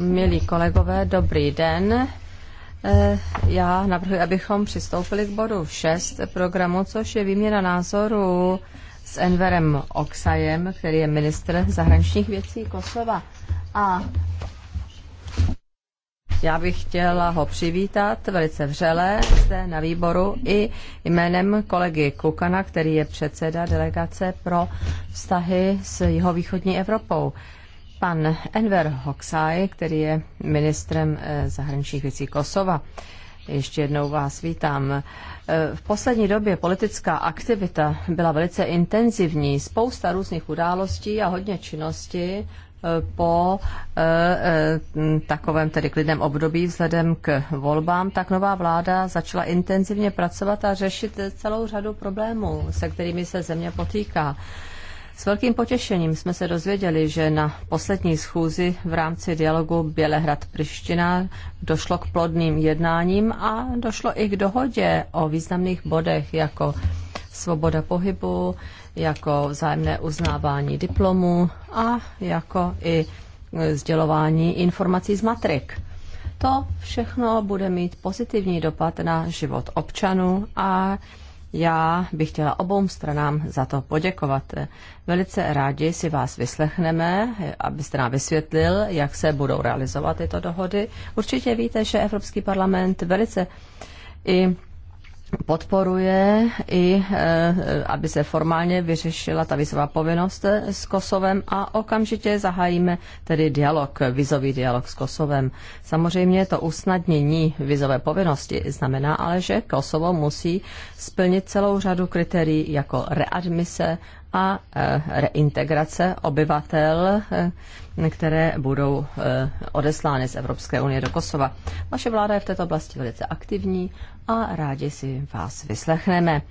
Milí kolegové, dobrý den. Eh, já navrhuji, abychom přistoupili k bodu 6 programu, což je výměna názoru s Enverem Oksajem, který je ministr zahraničních věcí Kosova. A já bych chtěla ho přivítat velice vřele zde na výboru i jménem kolegy Kukana, který je předseda delegace pro vztahy s jihovýchodní Evropou pan Enver Hoxaj, který je ministrem eh, zahraničních věcí Kosova. Ještě jednou vás vítám. Eh, v poslední době politická aktivita byla velice intenzivní, spousta různých událostí a hodně činnosti eh, po takovém tedy klidném období vzhledem k volbám, tak nová vláda začala intenzivně pracovat a řešit celou řadu problémů, se kterými se země potýká. S velkým potěšením jsme se dozvěděli, že na poslední schůzi v rámci dialogu Bělehrad-Priština došlo k plodným jednáním a došlo i k dohodě o významných bodech jako svoboda pohybu, jako vzájemné uznávání diplomů a jako i sdělování informací z matrik. To všechno bude mít pozitivní dopad na život občanů a já bych chtěla obou stranám za to poděkovat. Velice rádi si vás vyslechneme, abyste nám vysvětlil, jak se budou realizovat tyto dohody. Určitě víte, že Evropský parlament velice i podporuje i, e, aby se formálně vyřešila ta vizová povinnost s Kosovem a okamžitě zahájíme tedy dialog, vizový dialog s Kosovem. Samozřejmě to usnadnění vizové povinnosti znamená ale, že Kosovo musí splnit celou řadu kritérií jako readmise a e, reintegrace obyvatel, e, které budou odeslány z Evropské unie do Kosova. Vaše vláda je v této oblasti velice aktivní a rádi si vás vyslechneme,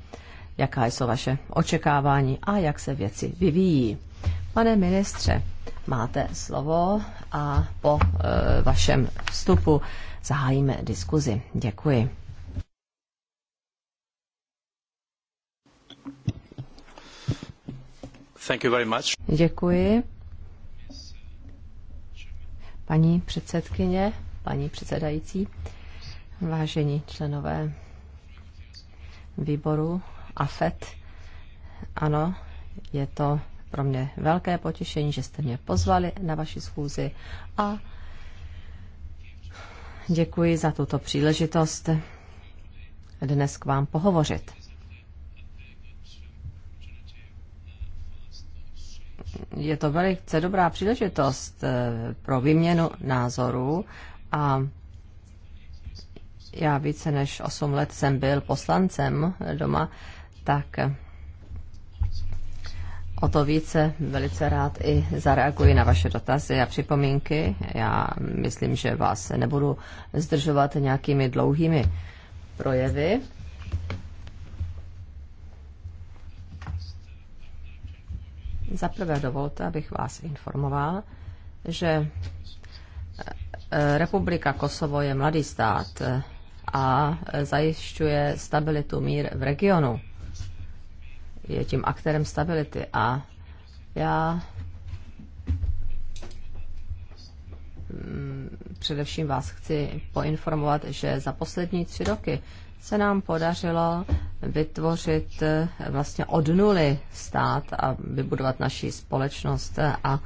jaká jsou vaše očekávání a jak se věci vyvíjí. Pane ministře, máte slovo a po e, vašem vstupu zahájíme diskuzi. Děkuji. Thank you very much. Děkuji. Paní předsedkyně, paní předsedající, Vážení členové výboru AFET, ano, je to pro mě velké potěšení, že jste mě pozvali na vaši schůzi a děkuji za tuto příležitost dnes k vám pohovořit. Je to velice dobrá příležitost eh, pro výměnu názorů a já více než 8 let jsem byl poslancem doma, tak o to více velice rád i zareaguji na vaše dotazy a připomínky. Já myslím, že vás nebudu zdržovat nějakými dlouhými projevy. Zaprvé dovolte, abych vás informoval, že Republika Kosovo je mladý stát, a zajišťuje stabilitu mír v regionu. Je tím aktérem stability a já mm, především vás chci poinformovat, že za poslední tři roky se nám podařilo vytvořit eh, vlastně od nuly stát a vybudovat naši společnost a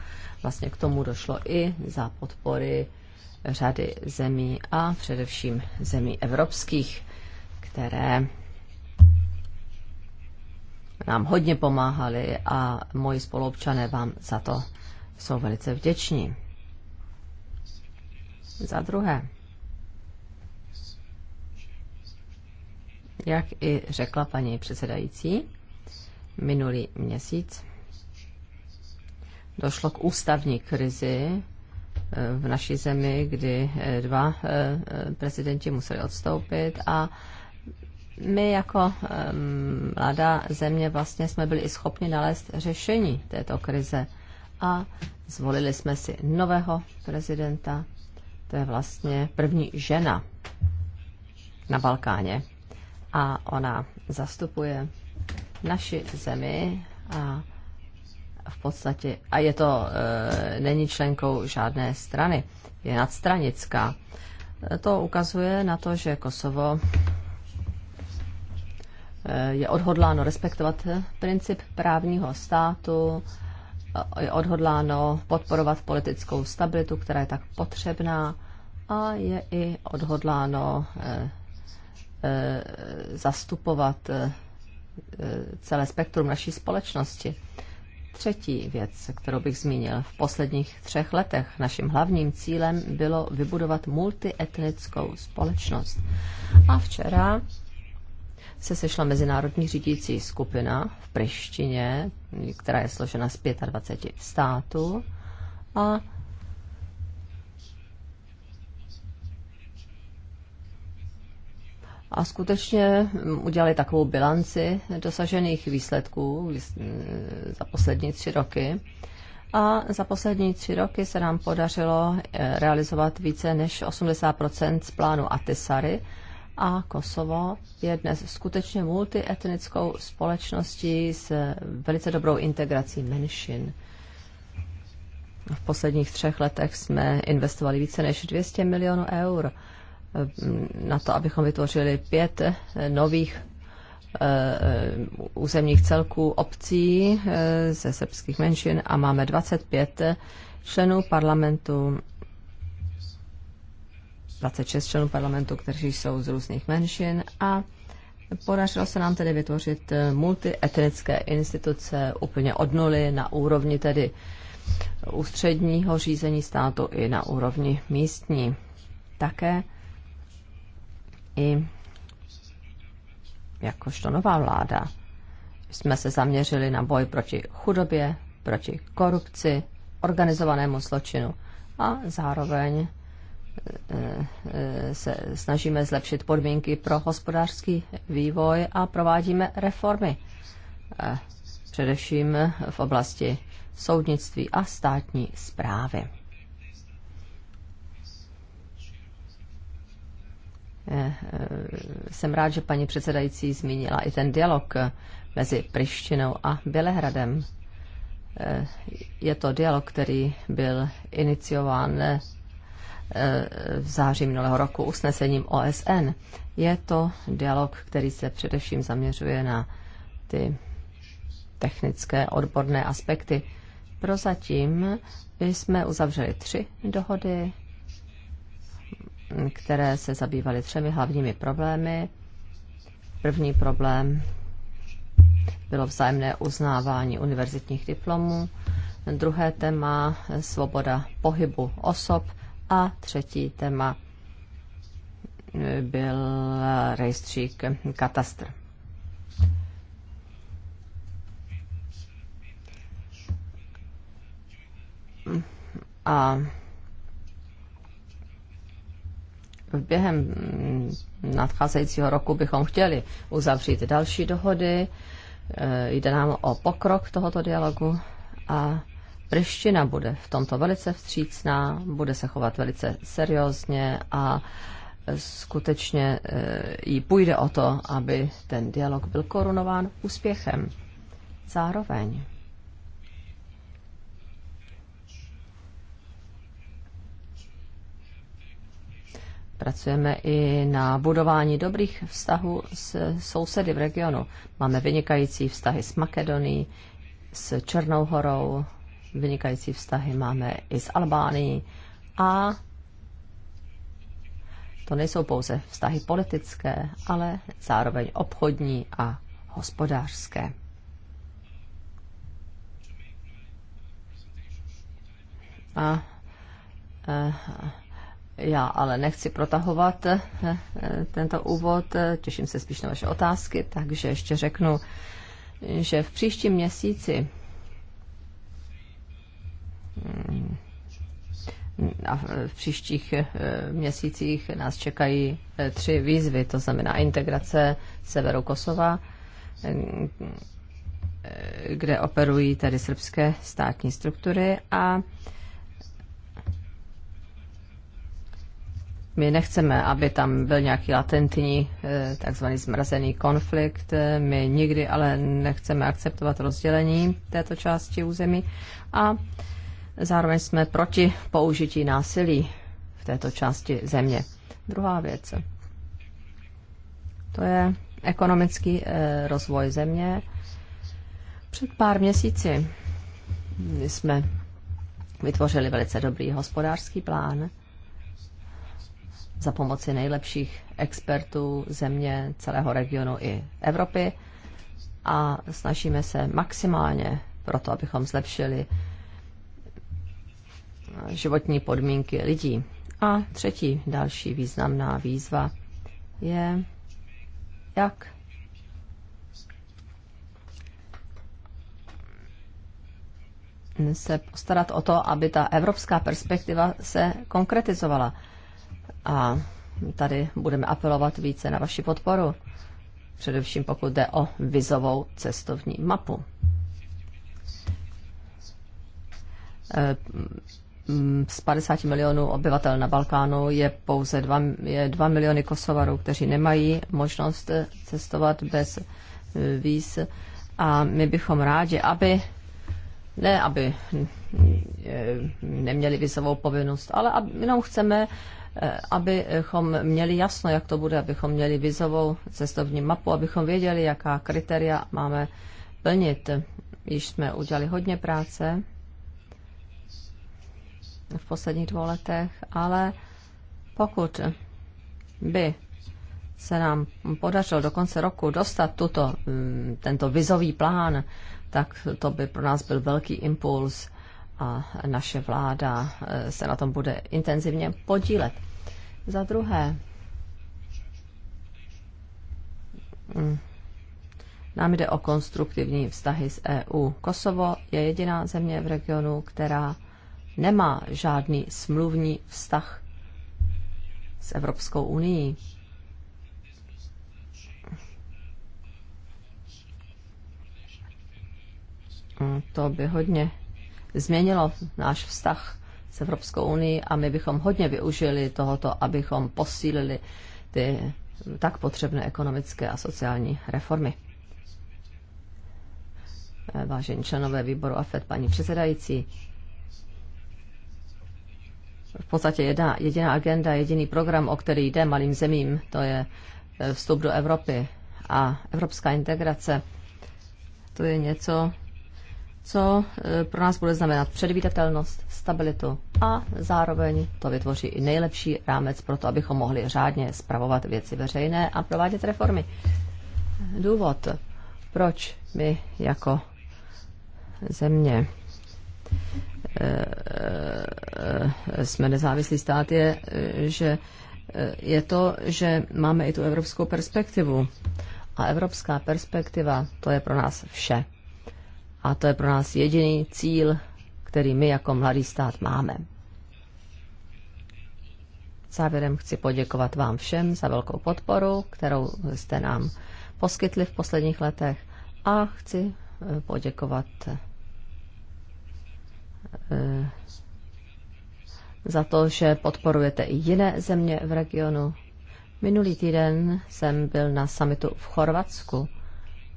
vlastně k tomu došlo i za podpory řady zemí a především zemí evropských, které nám hodně pomáhali a moji spoluobčané vám za to jsou velice vděční. Za druhé, jak i řekla paní předsedající, minulý měsíc došlo k ústavní krizi v naší zemi, kdy eh, dva eh, prezidenti museli odstoupit a my jako ehm, mladá země vlastně jsme byli i schopni nalézt řešení této krize a zvolili jsme si nového prezidenta, to je vlastně první žena na Balkáně a ona zastupuje naši zemi a v podstatě, a je to, e, není členkou žádné strany, je nadstranická. E, to ukazuje na to, že Kosovo e, je odhodláno respektovat princip právního státu, e, je odhodláno podporovat politickou stabilitu, která je tak potřebná a je i odhodláno zastupovat celé spektrum naší společnosti. Třetí věc, kterou bych zmínil. V posledních třech letech naším hlavním cílem bylo vybudovat multietnickou společnost. A včera se sešla mezinárodní řídící skupina v Prištině, která je složena z 25 států. A a skutečně mm, udělali takovou bilanci dosažených výsledků mm, za poslední tři roky. A za poslední tři roky se nám podařilo eh, realizovat více než 80 z plánu Atisary a Kosovo je dnes skutečně multietnickou společností s eh, velice dobrou integrací menšin. V posledních třech letech jsme investovali více než 200 milionů eur na to, abychom vytvořili pět eh, nových eh, územních celků obcí eh, ze srbských menšin a máme 25 členů parlamentu, 26 členů parlamentu, kteří jsou z různých menšin a Podařilo se nám tedy vytvořit multietnické instituce úplně od nuly na úrovni tedy ústředního řízení státu i na úrovni místní. Také i jakožto nová vláda jsme se zaměřili na boj proti chudobě, proti korupci, organizovanému zločinu a zároveň e, e, se snažíme zlepšit podmínky pro hospodářský vývoj a provádíme reformy, e, především v oblasti soudnictví a státní zprávy. Eh, eh, jsem rád, že paní předsedající zmínila i ten dialog eh, mezi Prištinou a Bělehradem. Je to dialog, který byl iniciován v září minulého roku usnesením OSN. Je to dialog, který se především zaměřuje na ty technické odborné aspekty. Prozatím jsme uzavřeli tři dohody které se zabývaly třemi hlavními problémy. První problém bylo vzájemné uznávání univerzitních diplomů, druhé téma svoboda pohybu osob a třetí téma byl rejstřík katastr. A během mm, nadcházejícího roku bychom chtěli uzavřít další dohody. Eh, jde nám o pokrok tohoto dialogu a Priština bude v tomto velice vstřícná, bude se chovat velice seriózně a skutečně eh, jí půjde o to, aby ten dialog byl korunován úspěchem. Zároveň Pracujeme i na budování dobrých vztahů s sousedy v regionu. Máme vynikající vztahy s Makedonií, s Černou horou, vynikající vztahy máme i s Albánií a to nejsou pouze vztahy politické, ale zároveň obchodní a hospodářské. A, a eh, já ale nechci protahovat eh, eh, tento úvod, eh, těším se spíš na vaše otázky, takže ještě řeknu, že v příštím měsíci mm, a v příštích měsících nás čekají tři výzvy, to znamená integrace severu Kosova, mm, kde operují tedy srbské státní struktury a My nechceme, aby tam byl nějaký latentní eh, takzvaný zmrazený konflikt. My nikdy ale nechceme akceptovat rozdělení této části území a zároveň jsme proti použití násilí v této části země. Druhá věc. To je ekonomický eh, rozvoj země. Před pár měsíci jsme vytvořili velice dobrý hospodářský plán za pomoci nejlepších expertů země, celého regionu i Evropy a snažíme se maximálně pro to, abychom zlepšili eh, životní podmínky lidí. A třetí další významná výzva je, jak se postarat o to, aby ta evropská perspektiva se konkretizovala a tady budeme apelovat více na vaši podporu, především pokud jde o vizovou cestovní mapu. Eh, z 50 milionů obyvatel na Balkánu je pouze 2, je 2 miliony Kosovarů, kteří nemají možnost cestovat bez eh, víz. A my bychom rádi, aby ne, aby eh, neměli vizovou povinnost, ale aby, jenom chceme Eh, abychom měli jasno, jak to bude, abychom měli vizovou cestovní mapu, abychom věděli, jaká kritéria máme plnit. Již jsme udělali hodně práce v posledních dvou letech, ale pokud by se nám podařilo do konce roku dostat tuto, mm, tento vizový plán, tak to by pro nás byl velký impuls a naše vláda eh, se na tom bude intenzivně podílet. Za druhé, mm, nám jde o konstruktivní vztahy s EU. Kosovo je jediná země v regionu, která nemá žádný smluvní vztah s Evropskou unii. Mm, to by hodně změnilo náš vztah s Evropskou unii a my bychom hodně využili tohoto, abychom posílili ty tak potřebné ekonomické a sociální reformy. Vážení členové výboru AFED, paní předsedající, v podstatě jedna, jediná agenda, jediný program, o který jde malým zemím, to je eh, vstup do Evropy a evropská integrace. To je něco, co e, pro nás bude znamenat předvídatelnost, stabilitu a zároveň to vytvoří i nejlepší rámec pro to, abychom mohli řádně zpravovat věci veřejné a provádět reformy. Důvod, proč my jako země e, e, jsme nezávislý stát, je, že je to, že máme i tu evropskou perspektivu. A evropská perspektiva, to je pro nás vše. A to je pro nás jediný cíl, který my jako mladý stát máme. Závěrem chci poděkovat vám všem za velkou podporu, kterou jste nám poskytli v posledních letech a chci eh, poděkovat eh, za to, že podporujete i jiné země v regionu. Minulý týden jsem byl na samitu v Chorvatsku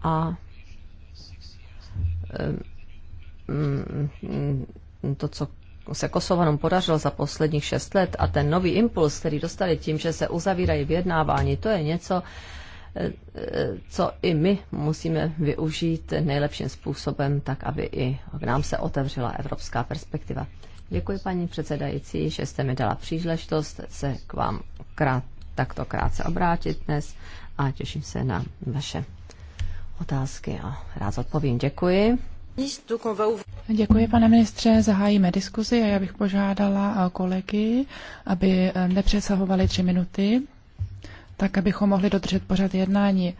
a Ehm, to, co se Kosovanům podařilo za posledních šest let a ten nový impuls, který dostali tím, že se uzavírají vyjednávání, to je něco, eh, eh, co i my musíme využít nejlepším způsobem, tak aby i k nám se otevřela evropská perspektiva. Děkuji, paní předsedající, že jste mi dala příležitost se k vám krát, takto krátce obrátit dnes a těším se na vaše otázky a rád odpovím. Děkuji. Děkuji, pane ministře. Zahájíme diskuzi a já bych požádala kolegy, aby eh, nepřesahovali tři minuty, tak abychom mohli dodržet pořad jednání.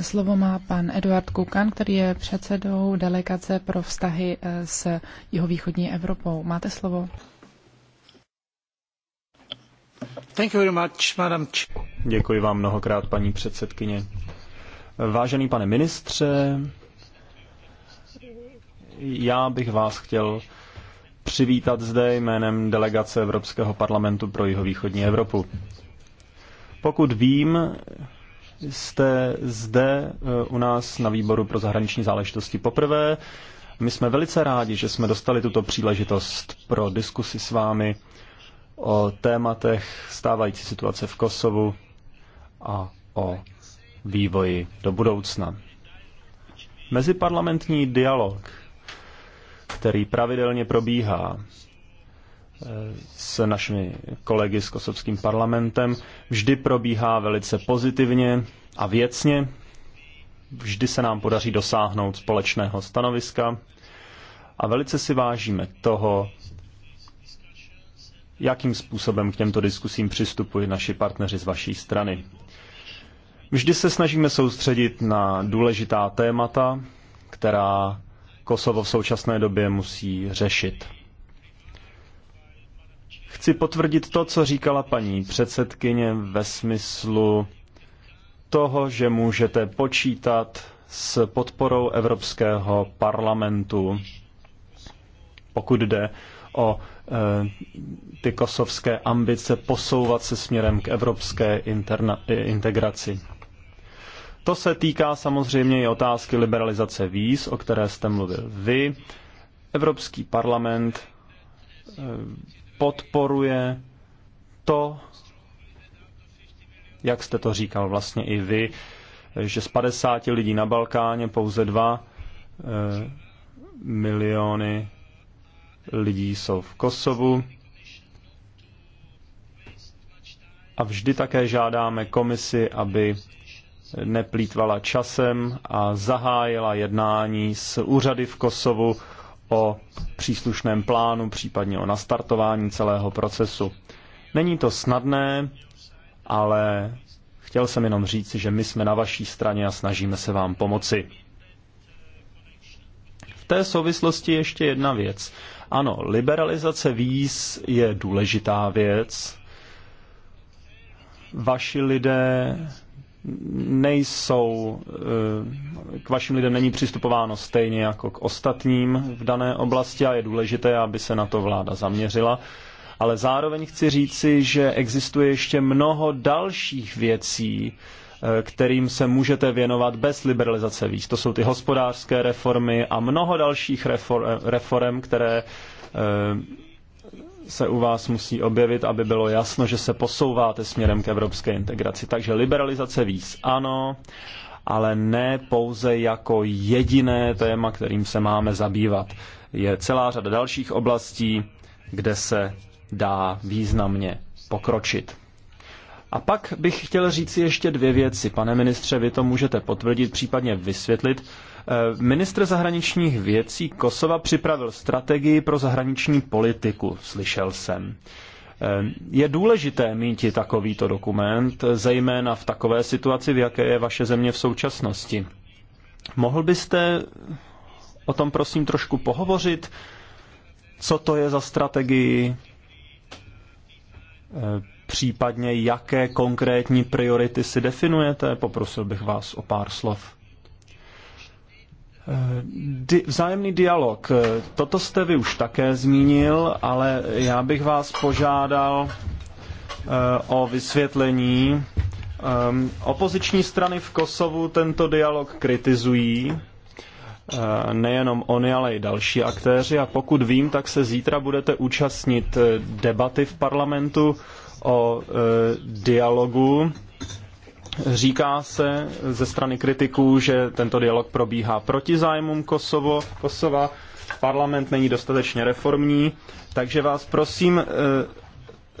Slovo má pan Eduard Kukan, který je předsedou delegace pro vztahy eh, s jihovýchodní Evropou. Máte slovo. Děkuji vám mnohokrát, paní předsedkyně. Vážený pane ministře, já bych vás chtěl přivítat zde jménem delegace Evropského parlamentu pro jihovýchodní Evropu. Pokud vím, jste zde eh, u nás na výboru pro zahraniční záležitosti poprvé. My jsme velice rádi, že jsme dostali tuto příležitost pro diskusi s vámi o tématech stávající situace v Kosovu a o vývoji do budoucna. Meziparlamentní dialog, který pravidelně probíhá eh, s našimi kolegy s kosovským parlamentem, vždy probíhá velice pozitivně a věcně. Vždy se nám podaří dosáhnout společného stanoviska a velice si vážíme toho, jakým způsobem k těmto diskusím přistupují naši partneři z vaší strany. Vždy se snažíme soustředit na důležitá témata, která Kosovo v současné době musí řešit. Chci potvrdit to, co říkala paní předsedkyně ve smyslu toho, že můžete počítat s podporou Evropského parlamentu, pokud jde o e, ty kosovské ambice posouvat se směrem k evropské interna, integraci. To se týká samozřejmě i otázky liberalizace víz, o které jste mluvil vy. Evropský parlament eh, podporuje to, jak jste to říkal vlastně i vy, že z 50 lidí na Balkáně pouze 2 eh, miliony lidí jsou v Kosovu. A vždy také žádáme komisi, aby neplýtvala časem a zahájila jednání s úřady v Kosovu o příslušném plánu, případně o nastartování celého procesu. Není to snadné, ale chtěl jsem jenom říct, že my jsme na vaší straně a snažíme se vám pomoci. V té souvislosti ještě jedna věc. Ano, liberalizace víz je důležitá věc. Vaši lidé nejsou, eh, k vašim lidem není přistupováno stejně jako k ostatním v dané oblasti a je důležité, aby se na to vláda zaměřila. Ale zároveň chci říci, že existuje ještě mnoho dalších věcí, eh, kterým se můžete věnovat bez liberalizace víc. To jsou ty hospodářské reformy a mnoho dalších reform, které eh, se u vás musí objevit, aby bylo jasno, že se posouváte směrem k evropské integraci. Takže liberalizace víz ano, ale ne pouze jako jediné téma, kterým se máme zabývat. Je celá řada dalších oblastí, kde se dá významně pokročit. A pak bych chtěl říci ještě dvě věci. Pane ministře, vy to můžete potvrdit, případně vysvětlit. Eh, ministr zahraničních věcí Kosova připravil strategii pro zahraniční politiku, slyšel jsem. Eh, je důležité mít takovýto dokument, zejména v takové situaci, v jaké je vaše země v současnosti. Mohl byste o tom prosím trošku pohovořit? Co to je za strategii? Eh, případně jaké konkrétní priority si definujete? Poprosil bych vás o pár slov. Eh, di- vzájemný dialog. Eh, toto jste vy už také zmínil, ale já bych vás požádal eh, o vysvětlení. Opoziční strany v Kosovu tento dialog kritizují, nejenom oni, ale i další aktéři. A pokud vím, tak se zítra budete účastnit debaty v parlamentu o dialogu Říká se ze strany kritiků, že tento dialog probíhá proti zájmům Kosovo, Kosova, parlament není dostatečně reformní, takže vás prosím, eh,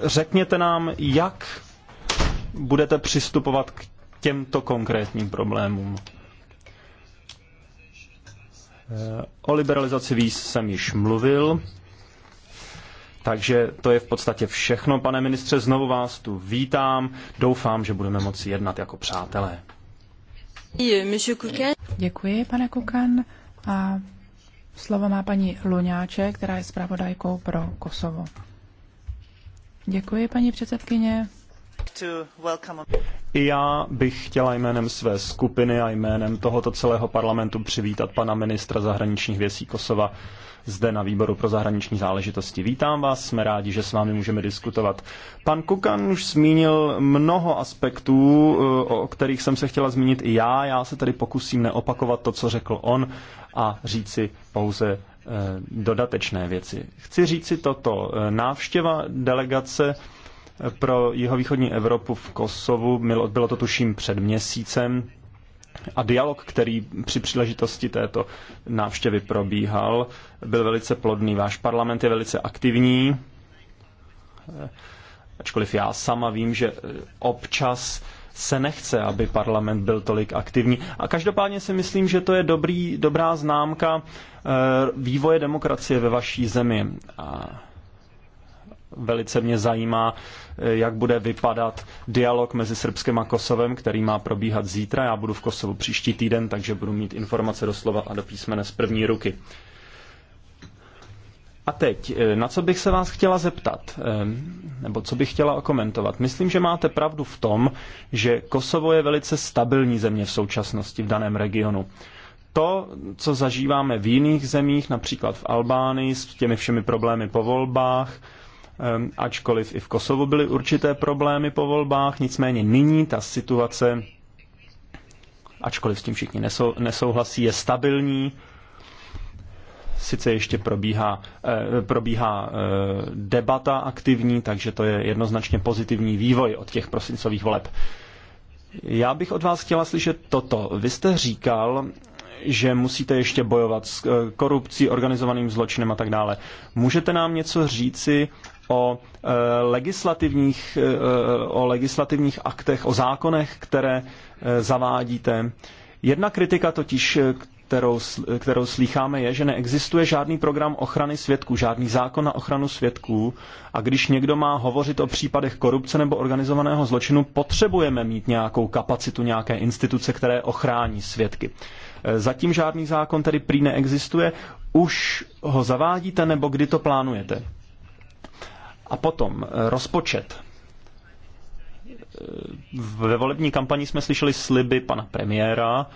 řekněte nám, jak budete přistupovat k těmto konkrétním problémům. Eh, o liberalizaci víz jsem již mluvil. Takže to je v podstatě všechno, pane ministře. Znovu vás tu vítám. Doufám, že budeme moci jednat jako přátelé. Děkuji, pane Kukan. A slovo má paní Luňáče, která je zpravodajkou pro Kosovo. Děkuji, paní předsedkyně. I já bych chtěla jménem své skupiny a jménem tohoto celého parlamentu přivítat pana ministra zahraničních věcí Kosova zde na výboru pro zahraniční záležitosti. Vítám vás, jsme rádi, že s vámi můžeme diskutovat. Pan Kukan už zmínil mnoho aspektů, eh, o kterých jsem se chtěla zmínit i já. Já se tedy pokusím neopakovat to, co řekl on a říci pouze eh, dodatečné věci. Chci říci toto. Eh, návštěva delegace pro jihovýchodní Evropu v Kosovu. Bylo to tuším před měsícem. A dialog, který při příležitosti této návštěvy probíhal, byl velice plodný. Váš parlament je velice aktivní, ačkoliv já sama vím, že e, občas se nechce, aby parlament byl tolik aktivní. A každopádně si myslím, že to je dobrý, dobrá známka e, vývoje demokracie ve vaší zemi. A velice mě zajímá, eh, jak bude vypadat dialog mezi Srbskem a Kosovem, který má probíhat zítra. Já budu v Kosovu příští týden, takže budu mít informace doslova a do písmene z první ruky. A teď, eh, na co bych se vás chtěla zeptat, eh, nebo co bych chtěla okomentovat. Myslím, že máte pravdu v tom, že Kosovo je velice stabilní země v současnosti v daném regionu. To, co zažíváme v jiných zemích, například v Albánii, s těmi všemi problémy po volbách, Ehm, ačkoliv i v Kosovu byly určité problémy po volbách, nicméně nyní ta situace, ačkoliv s tím všichni nesou, nesouhlasí, je stabilní. Sice ještě probíhá, eh, probíhá eh, debata aktivní, takže to je jednoznačně pozitivní vývoj od těch prosincových voleb. Já bych od vás chtěla slyšet toto. Vy jste říkal, že musíte ještě bojovat s eh, korupcí, organizovaným zločinem a tak dále. Můžete nám něco říci o eh, legislativních, eh, o legislativních aktech, o zákonech, které eh, zavádíte. Jedna kritika totiž, kterou, kterou slýcháme, je, že neexistuje žádný program ochrany svědků, žádný zákon na ochranu svědků. A když někdo má hovořit o případech korupce nebo organizovaného zločinu, potřebujeme mít nějakou kapacitu, nějaké instituce, které ochrání svědky. Zatím žádný zákon tedy prý neexistuje. Už ho zavádíte nebo kdy to plánujete? A potom eh, rozpočet. Eh, ve volební kampani jsme slyšeli sliby pana premiéra,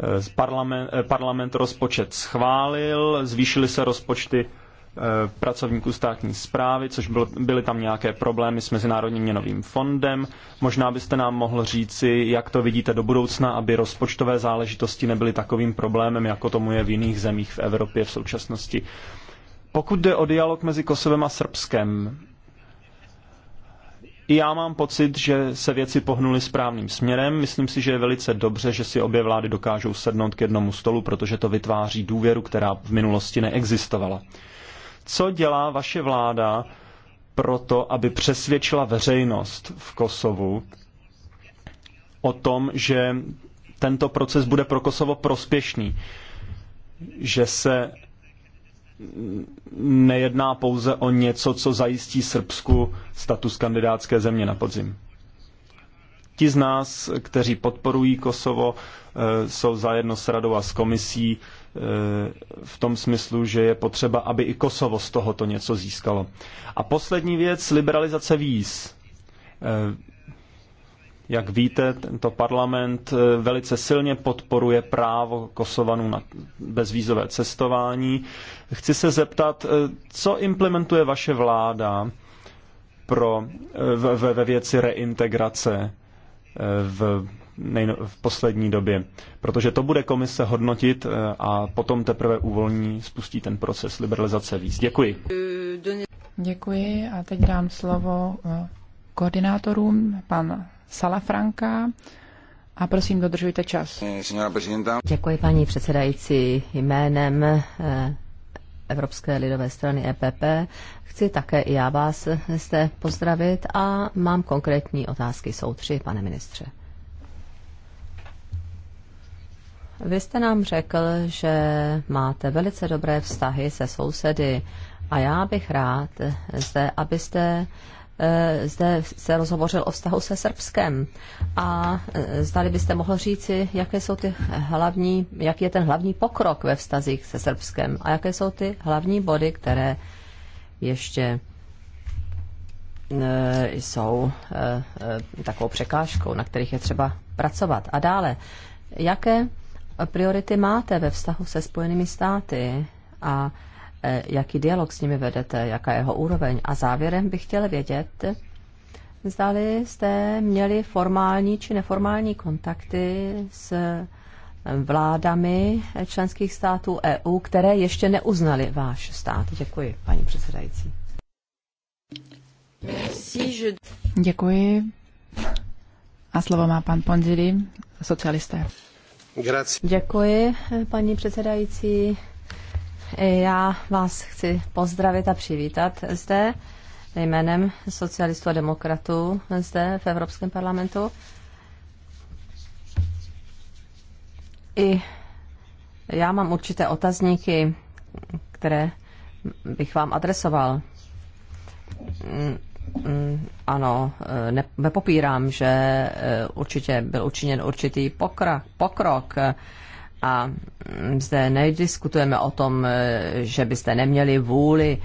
eh, Parlament, parlament rozpočet schválil, zvýšily se rozpočty Eh, pracovníků státní zprávy, což byl, byly tam nějaké problémy s Mezinárodním měnovým fondem. Možná byste nám mohl říci, jak to vidíte do budoucna, aby rozpočtové záležitosti nebyly takovým problémem, jako tomu je v jiných zemích v Evropě v současnosti. Pokud jde o dialog mezi Kosovem a Srbskem, i já mám pocit, že se věci pohnuly správným směrem. Myslím si, že je velice dobře, že si obě vlády dokážou sednout k jednomu stolu, protože to vytváří důvěru, která v minulosti neexistovala. Co dělá vaše vláda pro to, aby přesvědčila veřejnost v Kosovu o tom, že tento proces bude pro Kosovo prospěšný, že se nejedná pouze o něco, co zajistí Srbsku status kandidátské země na podzim. Ti z nás, kteří podporují Kosovo, eh, jsou zajedno s radou a s komisí v tom smyslu, že je potřeba, aby i Kosovo z tohoto něco získalo. A poslední věc, liberalizace víz. Eh, jak víte, tento parlament eh, velice silně podporuje právo Kosovanů na bezvízové cestování. Chci se zeptat, eh, co implementuje vaše vláda pro, ve, ve věci reintegrace v v poslední době, protože to bude komise hodnotit eh, a potom teprve uvolní, spustí ten proces liberalizace víc. Děkuji. Děkuji a teď dám slovo eh, koordinátorům, pan Salafranka. A prosím, dodržujte čas. Děkuji, paní předsedající. Jménem eh, Evropské lidové strany EPP chci také i já vás zde pozdravit a mám konkrétní otázky. Jsou tři, pane ministře. Vy jste nám řekl, že máte velice dobré vztahy se sousedy a já bych rád zde, abyste eh, zde se rozhovořil o vztahu se Srbskem. A eh, zdali byste mohl říci, jaké jsou ty hlavní, jaký je ten hlavní pokrok ve vztazích se Srbskem a jaké jsou ty hlavní body, které ještě eh, jsou takovou překážkou, na kterých je třeba pracovat. A dále, jaké priority máte ve vztahu se Spojenými státy a e, jaký dialog s nimi vedete, jaká je jeho úroveň. A závěrem bych chtěl vědět, zdali jste měli formální či neformální kontakty s e, vládami členských států EU, které ještě neuznali váš stát. Děkuji, paní předsedající. Děkuji. A slovo má pan Pondili, socialisté. Děkuji, paní předsedající. Já vás chci pozdravit a přivítat zde jménem socialistů a demokratů zde v Evropském parlamentu. I já mám určité otazníky, které bych vám adresoval. Mm, ano, eh, ne, nepopírám, že eh, určitě byl učiněn určitý pokrok, pokrok a mm, zde nediskutujeme o tom, eh, že byste neměli vůli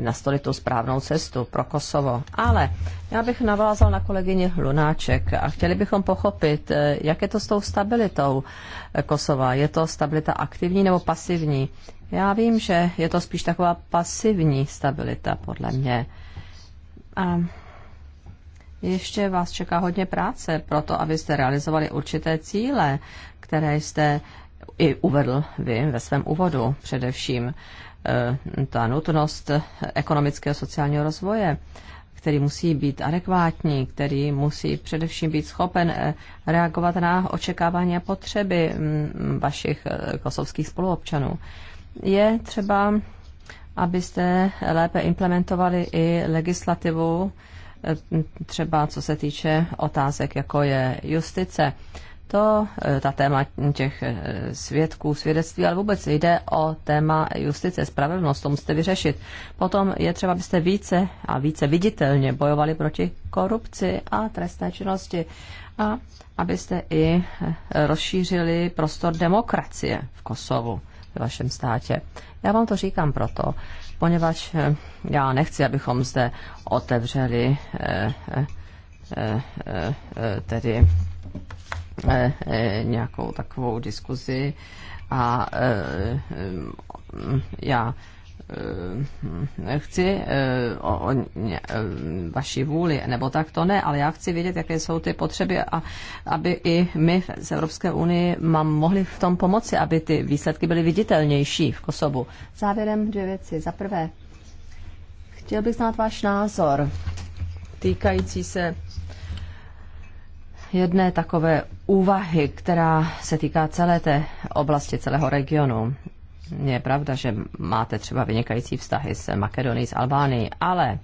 nastolit tu správnou cestu pro Kosovo. Ale já bych navázal na kolegyně Lunáček a chtěli bychom pochopit, jak je to s tou stabilitou Kosova. Je to stabilita aktivní nebo pasivní? Já vím, že je to spíš taková pasivní stabilita, podle mě. A ještě vás čeká hodně práce pro to, abyste realizovali určité cíle, které jste i uvedl vy ve svém úvodu, především e, ta nutnost ekonomického a sociálního rozvoje, který musí být adekvátní, který musí především být schopen e, reagovat na očekávání a potřeby vašich e, kosovských spoluobčanů je třeba, abyste lépe implementovali i legislativu, eh, třeba co se týče otázek, jako je justice. To, eh, ta téma těch eh, svědků, svědectví, ale vůbec jde o téma justice, spravedlnost, to musíte vyřešit. Potom je třeba, abyste více a více viditelně bojovali proti korupci a trestné činnosti a abyste i rozšířili prostor demokracie v Kosovu ve vašem státě. Já vám to říkám proto, poněvadž eh, já nechci, abychom zde otevřeli eh, eh, eh, eh tedy eh, nějakou takovou diskuzi a já Eh, chci eh, o, o ně, eh, vaši vůli, nebo tak to ne, ale já chci vědět, jaké jsou ty potřeby a aby i my z Evropské unii mám mohli v tom pomoci, aby ty výsledky byly viditelnější v Kosovu. Závěrem dvě věci. Za prvé, chtěl bych znát váš názor týkající se jedné takové úvahy, která se týká celé té oblasti, celého regionu je pravda, že máte třeba vynikající vztahy s Makedonií, s Albánií, ale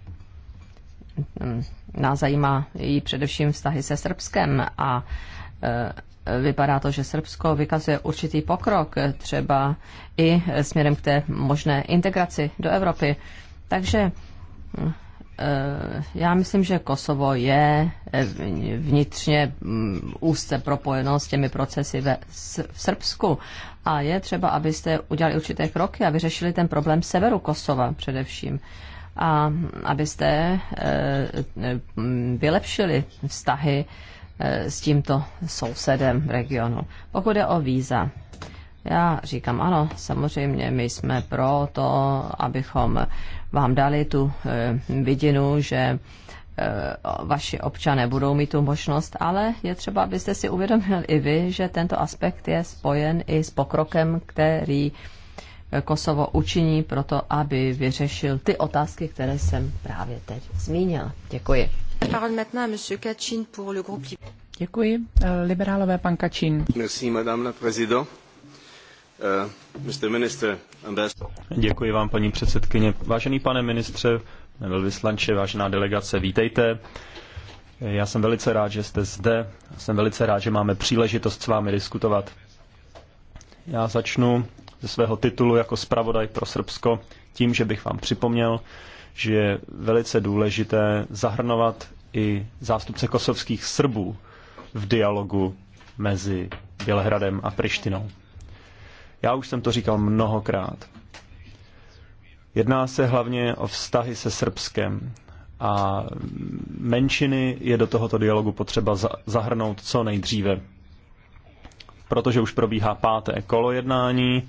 mm, nás zajímá i především vztahy se Srbskem a e, vypadá to, že Srbsko vykazuje určitý pokrok třeba i směrem k té možné integraci do Evropy. Takže mm, Eh, já myslím, že Kosovo je eh, vnitřně mm, úzce propojeno s těmi procesy ve, v Srbsku a je třeba, abyste udělali určité kroky a vyřešili ten problém severu Kosova především a abyste eh, vylepšili vztahy s tímto sousedem v regionu. Pokud je o víza, já říkám ano, samozřejmě my jsme pro to, abychom vám dali tu eh, vidinu, že eh, vaši občané budou mít tu možnost, ale je třeba, abyste si uvědomil i vy, že tento aspekt je spojen i s pokrokem, který eh, Kosovo učiní pro to, aby vyřešil ty otázky, které jsem právě teď zmínil. Děkuji. Děkuji. Liberálové pan Kačín. Merci, madame la présidente. Eh, Děkuji vám, paní předsedkyně. Vážený pane ministře, velvyslanče, vážená delegace, vítejte. Já jsem velice rád, že jste zde. Jsem velice rád, že máme příležitost s vámi diskutovat. Já začnu ze svého titulu jako zpravodaj pro Srbsko tím, že bych vám připomněl, že je velice důležité zahrnovat i zástupce kosovských Srbů v dialogu mezi Bělehradem a Prištinou. Já už jsem to říkal mnohokrát. Jedná se hlavně o vztahy se Srbskem a menšiny je do tohoto dialogu potřeba zahrnout co nejdříve. Protože už probíhá páté kolo jednání,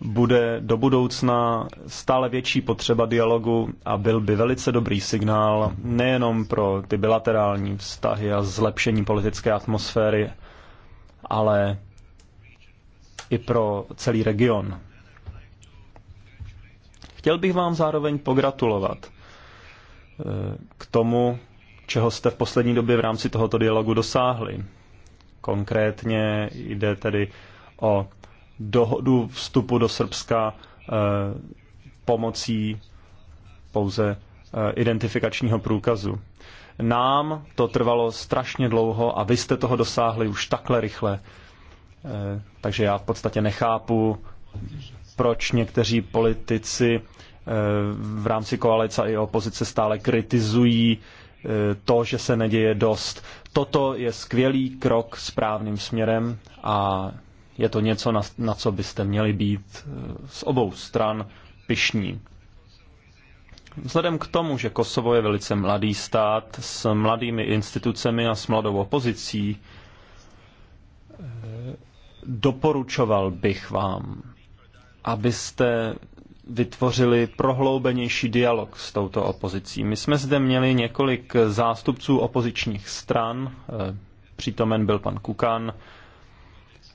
bude do budoucna stále větší potřeba dialogu a byl by velice dobrý signál nejenom pro ty bilaterální vztahy a zlepšení politické atmosféry, ale i pro celý region. Chtěl bych vám zároveň pogratulovat eh, k tomu, čeho jste v poslední době v rámci tohoto dialogu dosáhli. Konkrétně jde tedy o dohodu vstupu do Srbska eh, pomocí pouze eh, identifikačního průkazu. Nám to trvalo strašně dlouho a vy jste toho dosáhli už takhle rychle. Eh, takže já v podstatě nechápu, proč někteří politici eh, v rámci koalice i opozice stále kritizují eh, to, že se neděje dost. Toto je skvělý krok správným směrem a je to něco, na, na co byste měli být z obou stran pišní. Vzhledem k tomu, že Kosovo je velice mladý stát s mladými institucemi a s mladou opozicí, doporučoval bych vám, abyste vytvořili prohloubenější dialog s touto opozicí. My jsme zde měli několik zástupců opozičních stran, eh, přítomen byl pan Kukan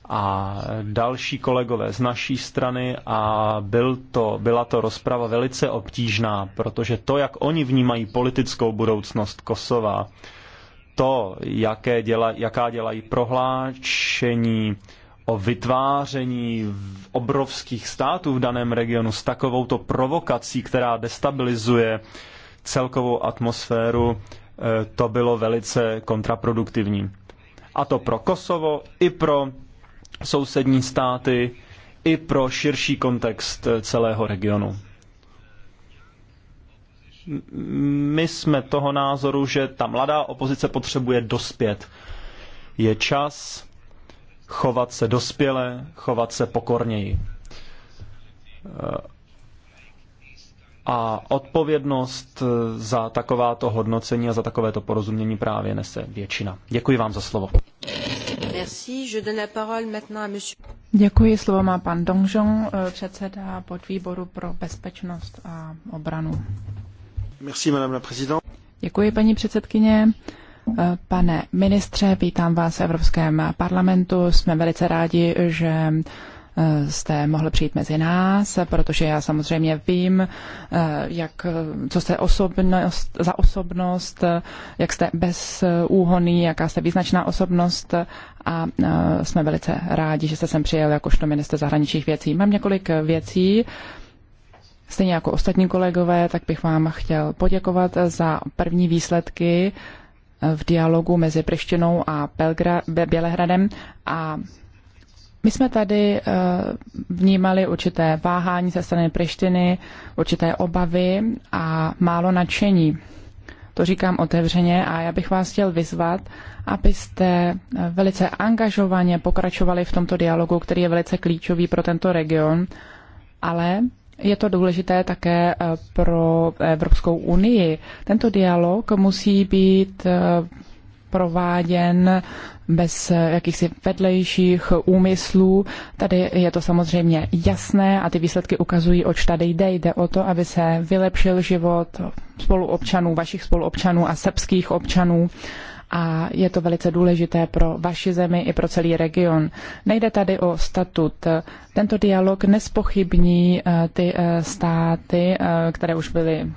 a další kolegové z naší strany a byl to, byla to rozprava velice obtížná, protože to, jak oni vnímají politickou budoucnost Kosova, to, jaké děla, jaká dělají prohlášení, o vytváření obrovských států v daném regionu s takovouto provokací, která destabilizuje celkovou atmosféru, eh, to bylo velice kontraproduktivní. A to pro Kosovo, i pro sousední státy, i pro širší kontext eh, celého regionu. My jsme toho názoru, že ta mladá opozice potřebuje dospět. Je čas chovat se dospěle, chovat se pokorněji. A odpovědnost za takováto hodnocení a za takovéto porozumění právě nese většina. Děkuji vám za slovo. Děkuji, slovo má pan Dongžong, eh, předseda podvýboru pro bezpečnost a obranu. Děkuji, paní předsedkyně pane ministře, vítám vás v Evropském parlamentu. Jsme velice rádi, že eh, jste mohl přijít mezi nás, protože já samozřejmě vím, eh, jak, co jste osobnost, za osobnost, jak jste úhony, jaká jste význačná osobnost a eh, jsme velice rádi, že jste sem přijel jakožto minister zahraničních věcí. Mám několik věcí, Stejně jako ostatní kolegové, tak bych vám chtěl poděkovat za první výsledky v dialogu mezi Prištinou a Belgra, Bělehradem a my jsme tady eh, vnímali určité váhání ze strany Prištiny, určité obavy a málo nadšení. To říkám otevřeně a já bych vás chtěl vyzvat, abyste eh, velice angažovaně pokračovali v tomto dialogu, který je velice klíčový pro tento region, ale je to důležité také eh, pro Evropskou unii. Tento dialog musí být eh, prováděn bez jakýchsi vedlejších úmyslů. Tady je to samozřejmě jasné a ty výsledky ukazují, oč tady jde. Jde o to, aby se vylepšil život spoluobčanů, vašich spoluobčanů a srbských občanů a je to velice důležité pro vaši zemi i pro celý region. Nejde tady o statut. Tento dialog nespochybní eh, ty eh, státy, eh, které už byly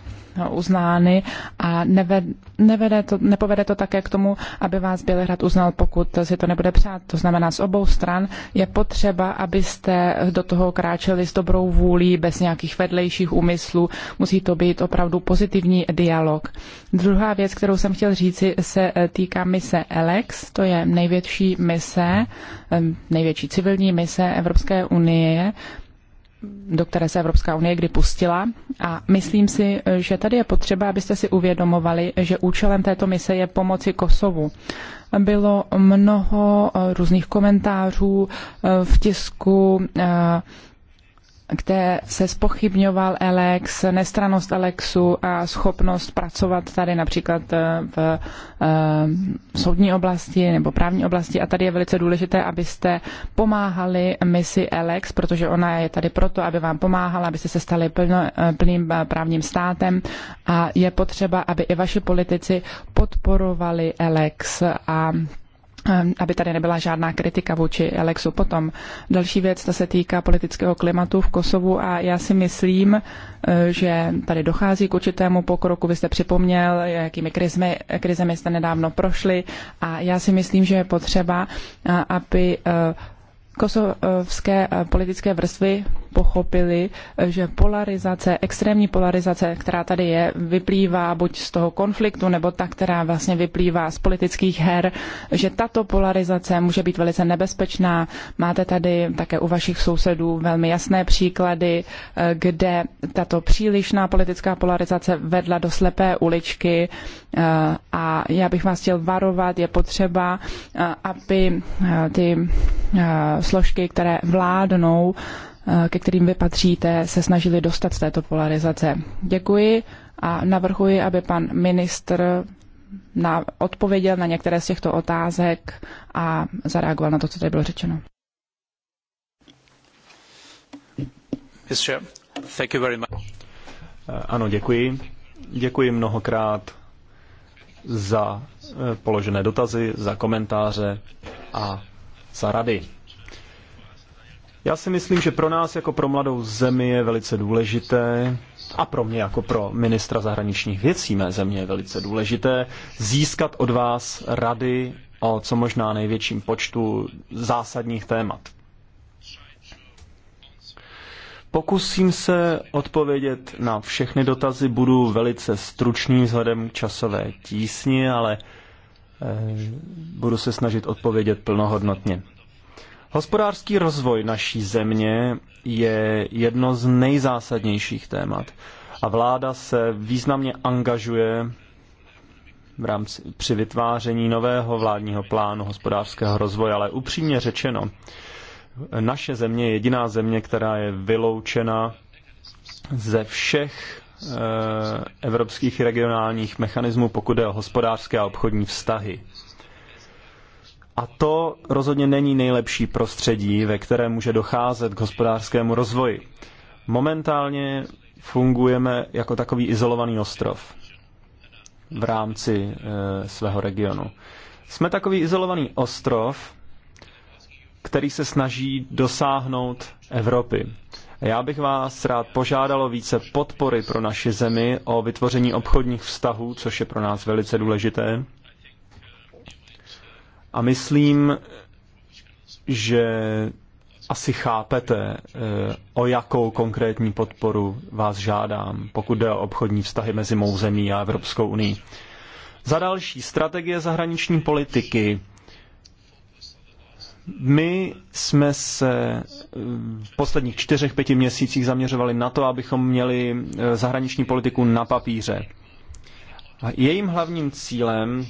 uznány a nevede, nevede to, nepovede to také k tomu, aby vás Bělehrad uznal, pokud si to nebude přát. To znamená, z obou stran je potřeba, abyste do toho kráčeli s dobrou vůlí, bez nějakých vedlejších úmyslů. Musí to být opravdu pozitivní dialog. Druhá věc, kterou jsem chtěl říci, se týká mise Alex. To je největší mise, největší civilní mise Evropské unie do které se Evropská unie kdy pustila. A myslím si, že tady je potřeba, abyste si uvědomovali, že účelem této mise je pomoci Kosovu. Bylo mnoho eh, různých komentářů eh, v tisku, eh, kde se spochybňoval Elex, nestranost Elexu a schopnost pracovat tady například eh, v, v eh, soudní oblasti nebo právní oblasti. A tady je velice důležité, abyste pomáhali misi Alex, protože ona je tady proto, aby vám pomáhala, abyste se stali plno, eh, plným právním státem a je potřeba, aby i vaši politici podporovali Alex a Ehm, aby tady nebyla žádná kritika vůči Alexu. Potom další věc, ta se týká politického klimatu v Kosovu a já si myslím, eh, že tady dochází k určitému pokroku. Vy jste připomněl, jakými krizmi, krizemi jste nedávno prošli a já si myslím, že je potřeba, eh, aby eh, kosovské politické vrstvy pochopili, že polarizace, extrémní polarizace, která tady je, vyplývá buď z toho konfliktu, nebo ta, která vlastně vyplývá z politických her, že tato polarizace může být velice nebezpečná. Máte tady také u vašich sousedů velmi jasné příklady, eh, kde tato přílišná politická polarizace vedla do slepé uličky eh, a já bych vás chtěl varovat, je potřeba, eh, aby ty složky, které vládnou, Eh, ke kterým vy patříte, se snažili dostat z této polarizace. Děkuji a navrhuji, aby pan ministr na, odpověděl na některé z těchto otázek a zareagoval na to, co tady bylo řečeno. Eh, ano, děkuji. Děkuji mnohokrát za eh, položené dotazy, za komentáře a za rady. Já si myslím, že pro nás jako pro mladou zemi je velice důležité a pro mě jako pro ministra zahraničních věcí mé země je velice důležité získat od vás rady o co možná největším počtu zásadních témat. Pokusím se odpovědět na všechny dotazy, budu velice stručný vzhledem k časové tísni, ale eh, budu se snažit odpovědět plnohodnotně. Hospodářský rozvoj naší země je jedno z nejzásadnějších témat a vláda se významně angažuje v rámci, při vytváření nového vládního plánu hospodářského rozvoje, ale upřímně řečeno, naše země je jediná země, která je vyloučena ze všech e, evropských regionálních mechanismů, pokud je o hospodářské a obchodní vztahy. A to rozhodně není nejlepší prostředí, ve kterém může docházet k hospodářskému rozvoji. Momentálně fungujeme jako takový izolovaný ostrov v rámci e, svého regionu. Jsme takový izolovaný ostrov, který se snaží dosáhnout Evropy. Já bych vás rád požádal o více podpory pro naši zemi, o vytvoření obchodních vztahů, což je pro nás velice důležité, a myslím, že asi chápete, eh, o jakou konkrétní podporu vás žádám, pokud jde o obchodní vztahy mezi mou zemí a Evropskou unii. Za další, strategie zahraniční politiky. My jsme se eh, v posledních čtyřech, pěti měsících zaměřovali na to, abychom měli eh, zahraniční politiku na papíře. Jejím hlavním cílem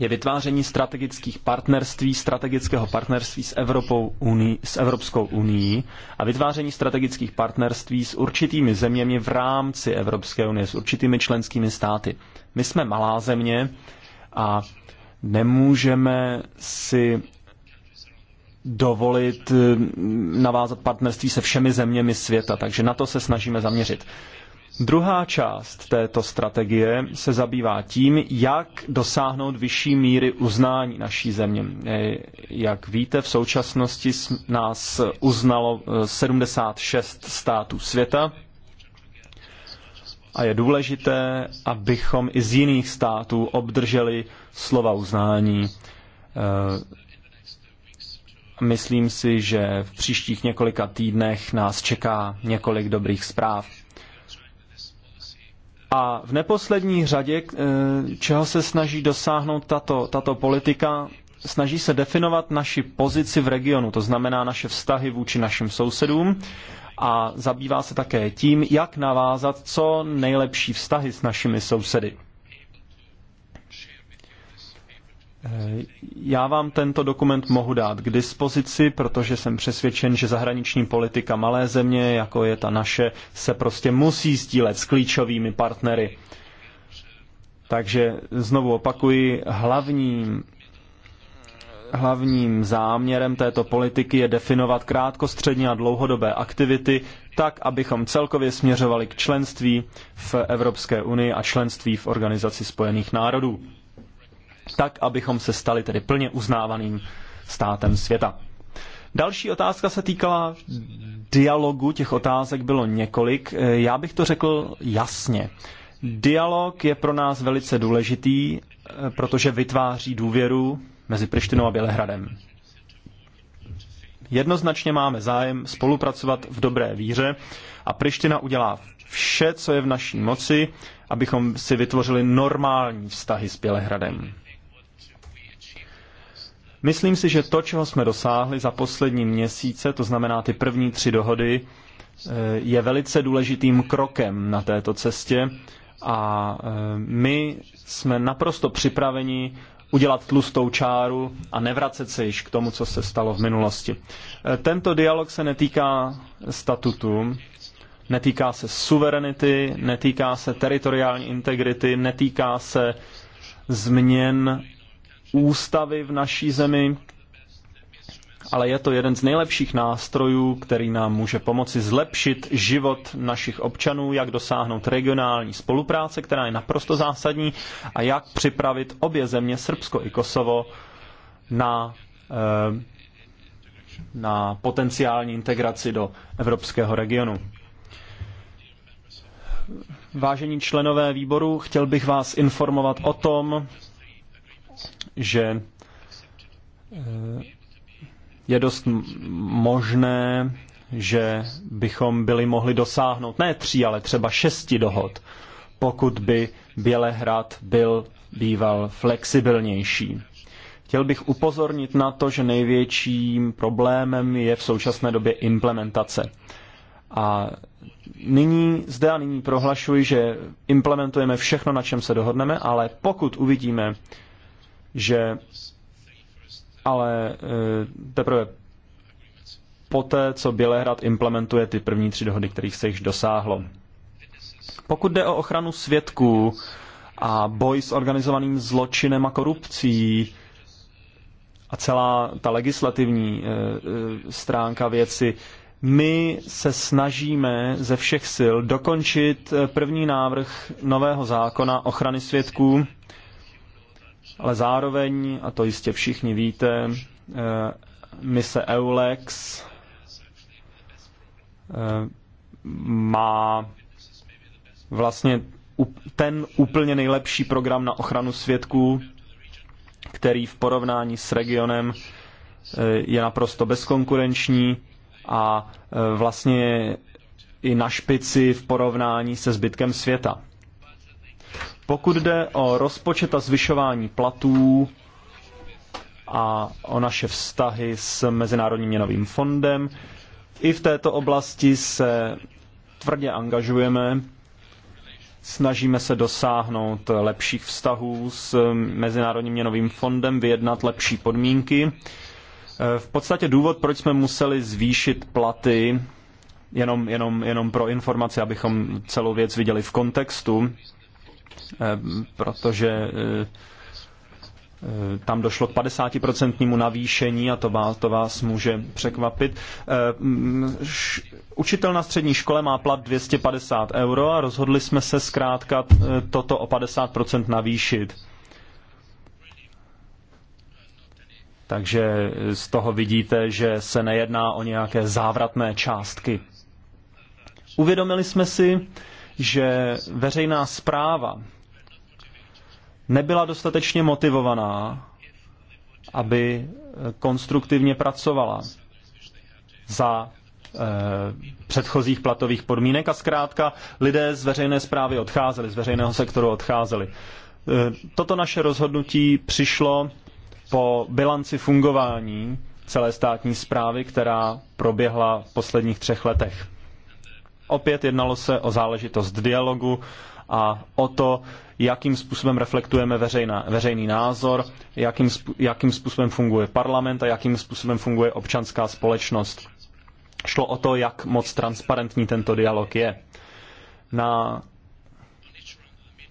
je vytváření strategických partnerství, strategického partnerství s, Evropou unii, s Evropskou unii a vytváření strategických partnerství s určitými zeměmi v rámci Evropské unie, s určitými členskými státy. My jsme malá země a nemůžeme si dovolit mm, navázat partnerství se všemi zeměmi světa, takže na to se snažíme zaměřit. Druhá část této strategie se zabývá tím, jak dosáhnout vyšší míry uznání naší země. E, jak víte, v současnosti nás uznalo 76 e, států světa a je důležité, abychom i z jiných států obdrželi slova uznání. E, myslím si, že v příštích několika týdnech nás čeká několik dobrých zpráv. A v neposlední řadě, eh, čeho se snaží dosáhnout tato, tato politika, snaží se definovat naši pozici v regionu, to znamená naše vztahy vůči našim sousedům a zabývá se také tím, jak navázat co nejlepší vztahy s našimi sousedy. Já vám tento dokument mohu dát k dispozici, protože jsem přesvědčen, že zahraniční politika malé země, jako je ta naše, se prostě musí sdílet s klíčovými partnery. Takže znovu opakuji, hlavním, hlavním záměrem této politiky je definovat krátkostřední a dlouhodobé aktivity tak, abychom celkově směřovali k členství v Evropské unii a členství v Organizaci spojených národů tak abychom se stali tedy plně uznávaným státem světa. Další otázka se týkala dialogu, těch otázek bylo několik. Já bych to řekl jasně. Dialog je pro nás velice důležitý, protože vytváří důvěru mezi Prištinou a Bělehradem. Jednoznačně máme zájem spolupracovat v dobré víře a Priština udělá vše, co je v naší moci, abychom si vytvořili normální vztahy s Bělehradem. Myslím si, že to, čeho jsme dosáhli za poslední měsíce, to znamená ty první tři dohody, eh, je velice důležitým krokem na této cestě a eh, my jsme naprosto připraveni udělat tlustou čáru a nevracet se již k tomu, co se stalo v minulosti. Eh, tento dialog se netýká statutu, netýká se suverenity, netýká se teritoriální integrity, netýká se změn ústavy v naší zemi, ale je to jeden z nejlepších nástrojů, který nám může pomoci zlepšit život našich občanů, jak dosáhnout regionální spolupráce, která je naprosto zásadní, a jak připravit obě země, Srbsko i Kosovo, na, eh, na potenciální integraci do evropského regionu. Vážení členové výboru, chtěl bych vás informovat o tom, že eh, je dost možné, že bychom byli mohli dosáhnout ne tří, ale třeba šesti dohod, pokud by Bělehrad byl býval flexibilnější. Chtěl bych upozornit na to, že největším problémem je v současné době implementace. A nyní, zde a nyní prohlašuji, že implementujeme všechno, na čem se dohodneme, ale pokud uvidíme, že ale eh, teprve poté, co Bělehrad implementuje ty první tři dohody, kterých se již dosáhlo. Pokud jde o ochranu svědků a boj s organizovaným zločinem a korupcí a celá ta legislativní eh, eh, stránka věci, my se snažíme ze všech sil dokončit první návrh nového zákona ochrany svědků, ale zároveň, a to jistě všichni víte, eh, mise EULEX eh, má vlastně ten úplně nejlepší program na ochranu svědků, který v porovnání s regionem eh, je naprosto bezkonkurenční a vlastně i na špici v porovnání se zbytkem světa. Pokud jde o rozpočet a zvyšování platů a o naše vztahy s Mezinárodním měnovým fondem, i v této oblasti se tvrdě angažujeme. Snažíme se dosáhnout lepších vztahů s Mezinárodním měnovým fondem, vyjednat lepší podmínky. V podstatě důvod, proč jsme museli zvýšit platy, jenom, jenom, jenom pro informaci, abychom celou věc viděli v kontextu, Eh, protože eh, tam došlo k 50% navýšení a to vás, to vás může překvapit. Eh, učitel na střední škole má plat 250 euro a rozhodli jsme se zkrátka toto o 50% navýšit. Takže z toho vidíte, že se nejedná o nějaké závratné částky. Uvědomili jsme si, že veřejná zpráva nebyla dostatečně motivovaná, aby eh, konstruktivně pracovala za eh, předchozích platových podmínek a zkrátka lidé z veřejné zprávy odcházeli, z veřejného sektoru odcházeli. Eh, toto naše rozhodnutí přišlo po bilanci fungování celé státní zprávy, která proběhla v posledních třech letech. Opět jednalo se o záležitost dialogu a o to, jakým způsobem reflektujeme veřejná, veřejný názor, jakým, jakým způsobem funguje parlament a jakým způsobem funguje občanská společnost. Šlo o to, jak moc transparentní tento dialog je. Na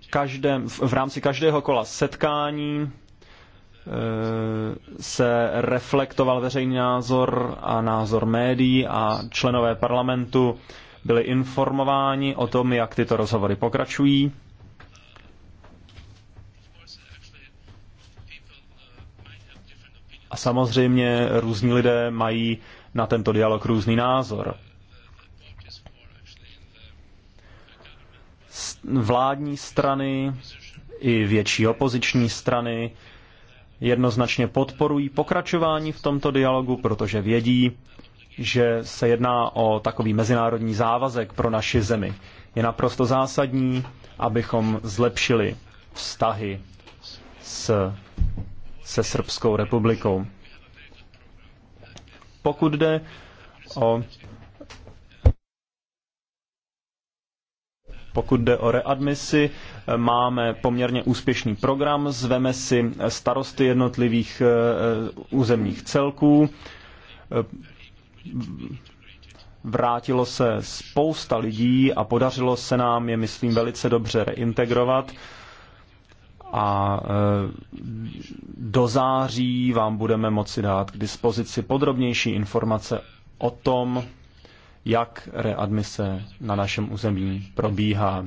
každém, v rámci každého kola setkání e, se reflektoval veřejný názor a názor médií a členové parlamentu byli informováni o tom, jak tyto rozhovory pokračují. A samozřejmě různí lidé mají na tento dialog různý názor. Vládní strany i větší opoziční strany jednoznačně podporují pokračování v tomto dialogu, protože vědí, že se jedná o takový mezinárodní závazek pro naši zemi. Je naprosto zásadní, abychom zlepšili vztahy s, se Srbskou republikou. Pokud jde o Pokud jde o readmisi, máme poměrně úspěšný program, zveme si starosty jednotlivých eh, územních celků, vrátilo se spousta lidí a podařilo se nám je, myslím, velice dobře reintegrovat. A e, do září vám budeme moci dát k dispozici podrobnější informace o tom, jak readmise na našem území probíhá.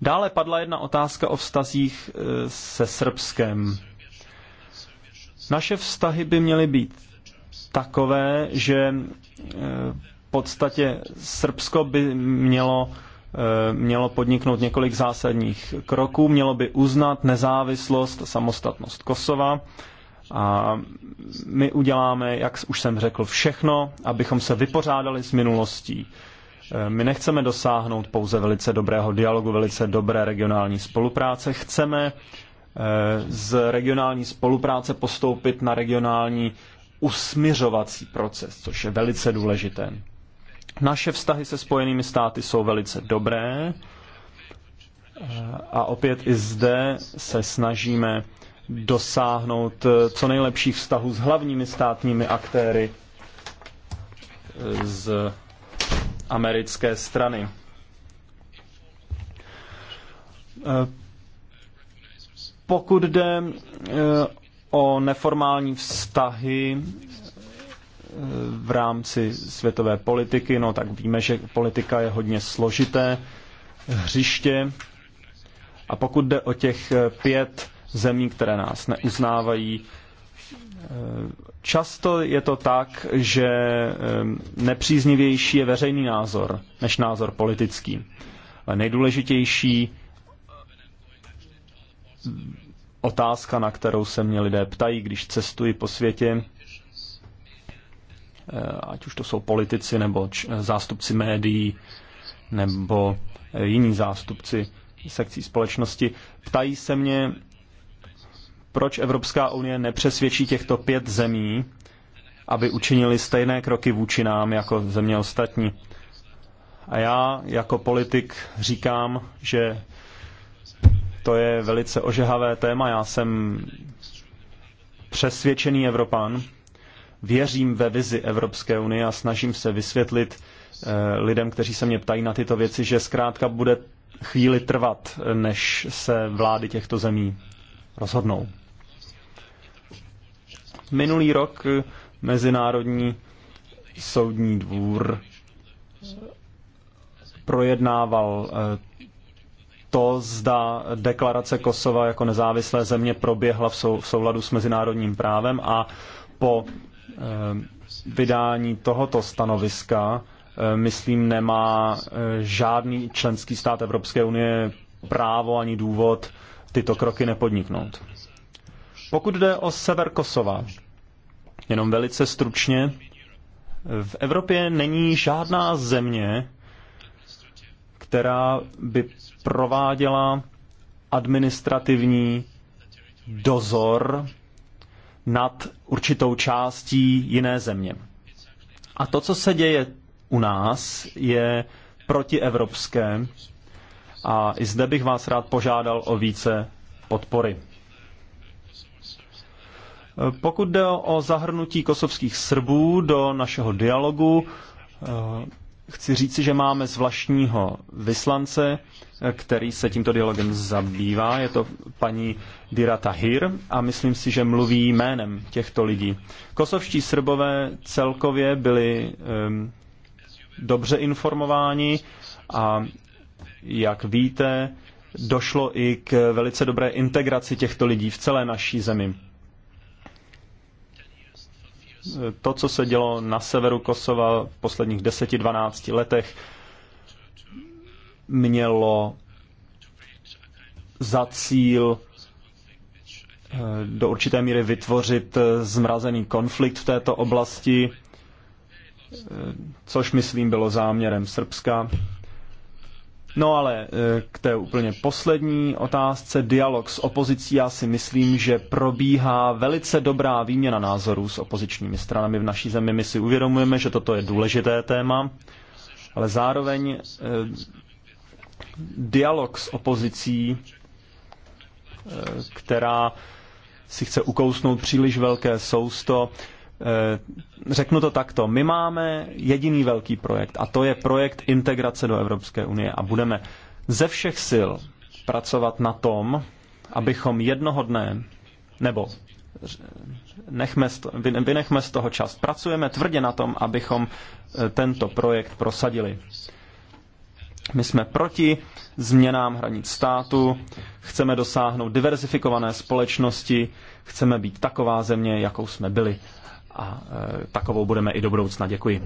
Dále padla jedna otázka o vztazích e, se Srbskem. Naše vztahy by měly být takové, že e, v podstatě Srbsko by mělo e, mělo podniknout několik zásadních kroků, mělo by uznat nezávislost, samostatnost Kosova a my uděláme, jak už jsem řekl, všechno, abychom se vypořádali s minulostí. E, my nechceme dosáhnout pouze velice dobrého dialogu, velice dobré regionální spolupráce. Chceme z regionální spolupráce postoupit na regionální usmiřovací proces, což je velice důležité. Naše vztahy se Spojenými státy jsou velice dobré eh, a opět i zde se snažíme dosáhnout eh, co nejlepších vztahů s hlavními státními aktéry eh, z americké strany. Pokud jde o neformální vztahy eh, v rámci světové politiky, no tak víme, že politika je hodně složité hřiště. A pokud jde o těch eh, pět zemí, které nás neuznávají, eh, často je to tak, že nepříznivější je veřejný názor než názor politický. Ale nejdůležitější otázka, na kterou se mě lidé ptají, když cestuji po světě, eh, ať už to jsou politici nebo eh, zástupci médií nebo eh, jiní zástupci sekcí společnosti, ptají se mě, proč Evropská unie nepřesvědčí těchto pět zemí, aby učinili stejné kroky vůči nám jako země ostatní. A já jako politik říkám, že to je velice ožehavé téma. Já jsem přesvědčený Evropan, věřím ve vizi Evropské unie a snažím se vysvětlit eh, lidem, kteří se mě ptají na tyto věci, že zkrátka bude chvíli trvat, než se vlády těchto zemí rozhodnou. Minulý rok Mezinárodní soudní dvůr projednával eh, to, zda deklarace Kosova jako nezávislé země proběhla v, sou, v souladu s mezinárodním právem a po eh, vydání tohoto stanoviska, eh, myslím, nemá eh, žádný členský stát Evropské unie právo ani důvod tyto kroky nepodniknout. Pokud jde o sever Kosova, jenom velice stručně, v Evropě není žádná země, která by prováděla administrativní dozor nad určitou částí jiné země. A to, co se děje u nás, je protievropské a i zde bych vás rád požádal o více podpory. Pokud jde o zahrnutí kosovských Srbů do našeho dialogu, eh, chci říci, že máme zvláštního vyslance, který se tímto dialogem zabývá. Je to paní Dira Tahir a myslím si, že mluví jménem těchto lidí. Kosovští Srbové celkově byli um, dobře informováni a jak víte, došlo i k velice dobré integraci těchto lidí v celé naší zemi. To, co se dělo na severu Kosova v posledních 10-12 letech, mělo za cíl eh, do určité míry vytvořit eh, zmrazený konflikt v této oblasti, eh, což myslím bylo záměrem Srbska. No ale k té úplně poslední otázce, dialog s opozicí, já si myslím, že probíhá velice dobrá výměna názorů s opozičními stranami v naší zemi. My si uvědomujeme, že toto je důležité téma, ale zároveň dialog s opozicí, eh, která si chce ukousnout příliš velké sousto. Eh, řeknu to takto. My máme jediný velký projekt a to je projekt integrace do Evropské unie a budeme ze všech sil pracovat na tom, abychom jednoho dne, nebo nechme z, vynechme z toho čas, pracujeme tvrdě na tom, abychom eh, tento projekt prosadili. My jsme proti změnám hranic státu, chceme dosáhnout diverzifikované společnosti, chceme být taková země, jakou jsme byli. A e, takovou budeme i do budoucna. Děkuji.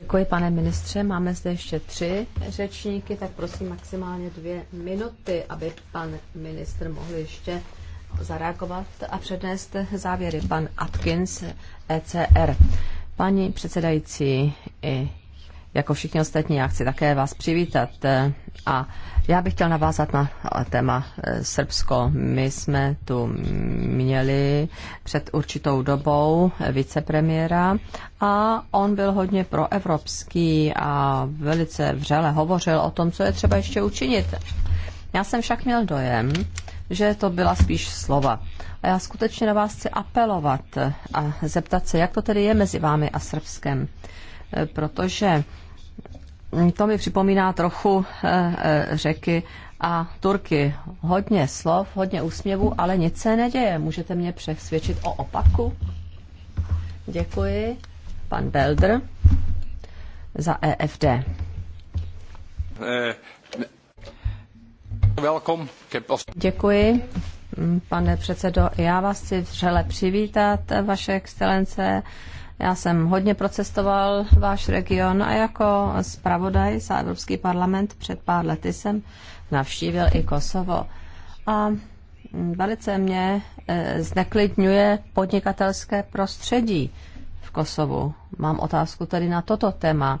Děkuji, pane ministře. Máme zde ještě tři řečníky, tak prosím maximálně dvě minuty, aby pan ministr mohl ještě zareagovat a přednést závěry. Pan Atkins, ECR. Paní předsedající, i jako všichni ostatní, já chci také vás přivítat. Eh, a já bych chtěl navázat na eh, téma eh, Srbsko. My jsme tu měli před určitou dobou vicepremiéra a on byl hodně proevropský a velice vřele hovořil o tom, co je třeba ještě učinit. Já jsem však měl dojem, že to byla spíš slova. A já skutečně na vás chci apelovat a zeptat se, jak to tedy je mezi vámi a Srbskem. Protože to mi připomíná trochu eh, eh, řeky a Turky. Hodně slov, hodně úsměvů, ale nic se neděje. Můžete mě přesvědčit o opaku? Děkuji. Pan Belder za EFD. Eh, Děkuji, mm, pane předsedo. Já vás chci vřele přivítat, vaše excelence já jsem hodně procestoval váš region a jako zpravodaj za Evropský parlament před pár lety jsem navštívil i Kosovo. A velice mě eh, zneklidňuje podnikatelské prostředí v Kosovu. Mám otázku tedy na toto téma.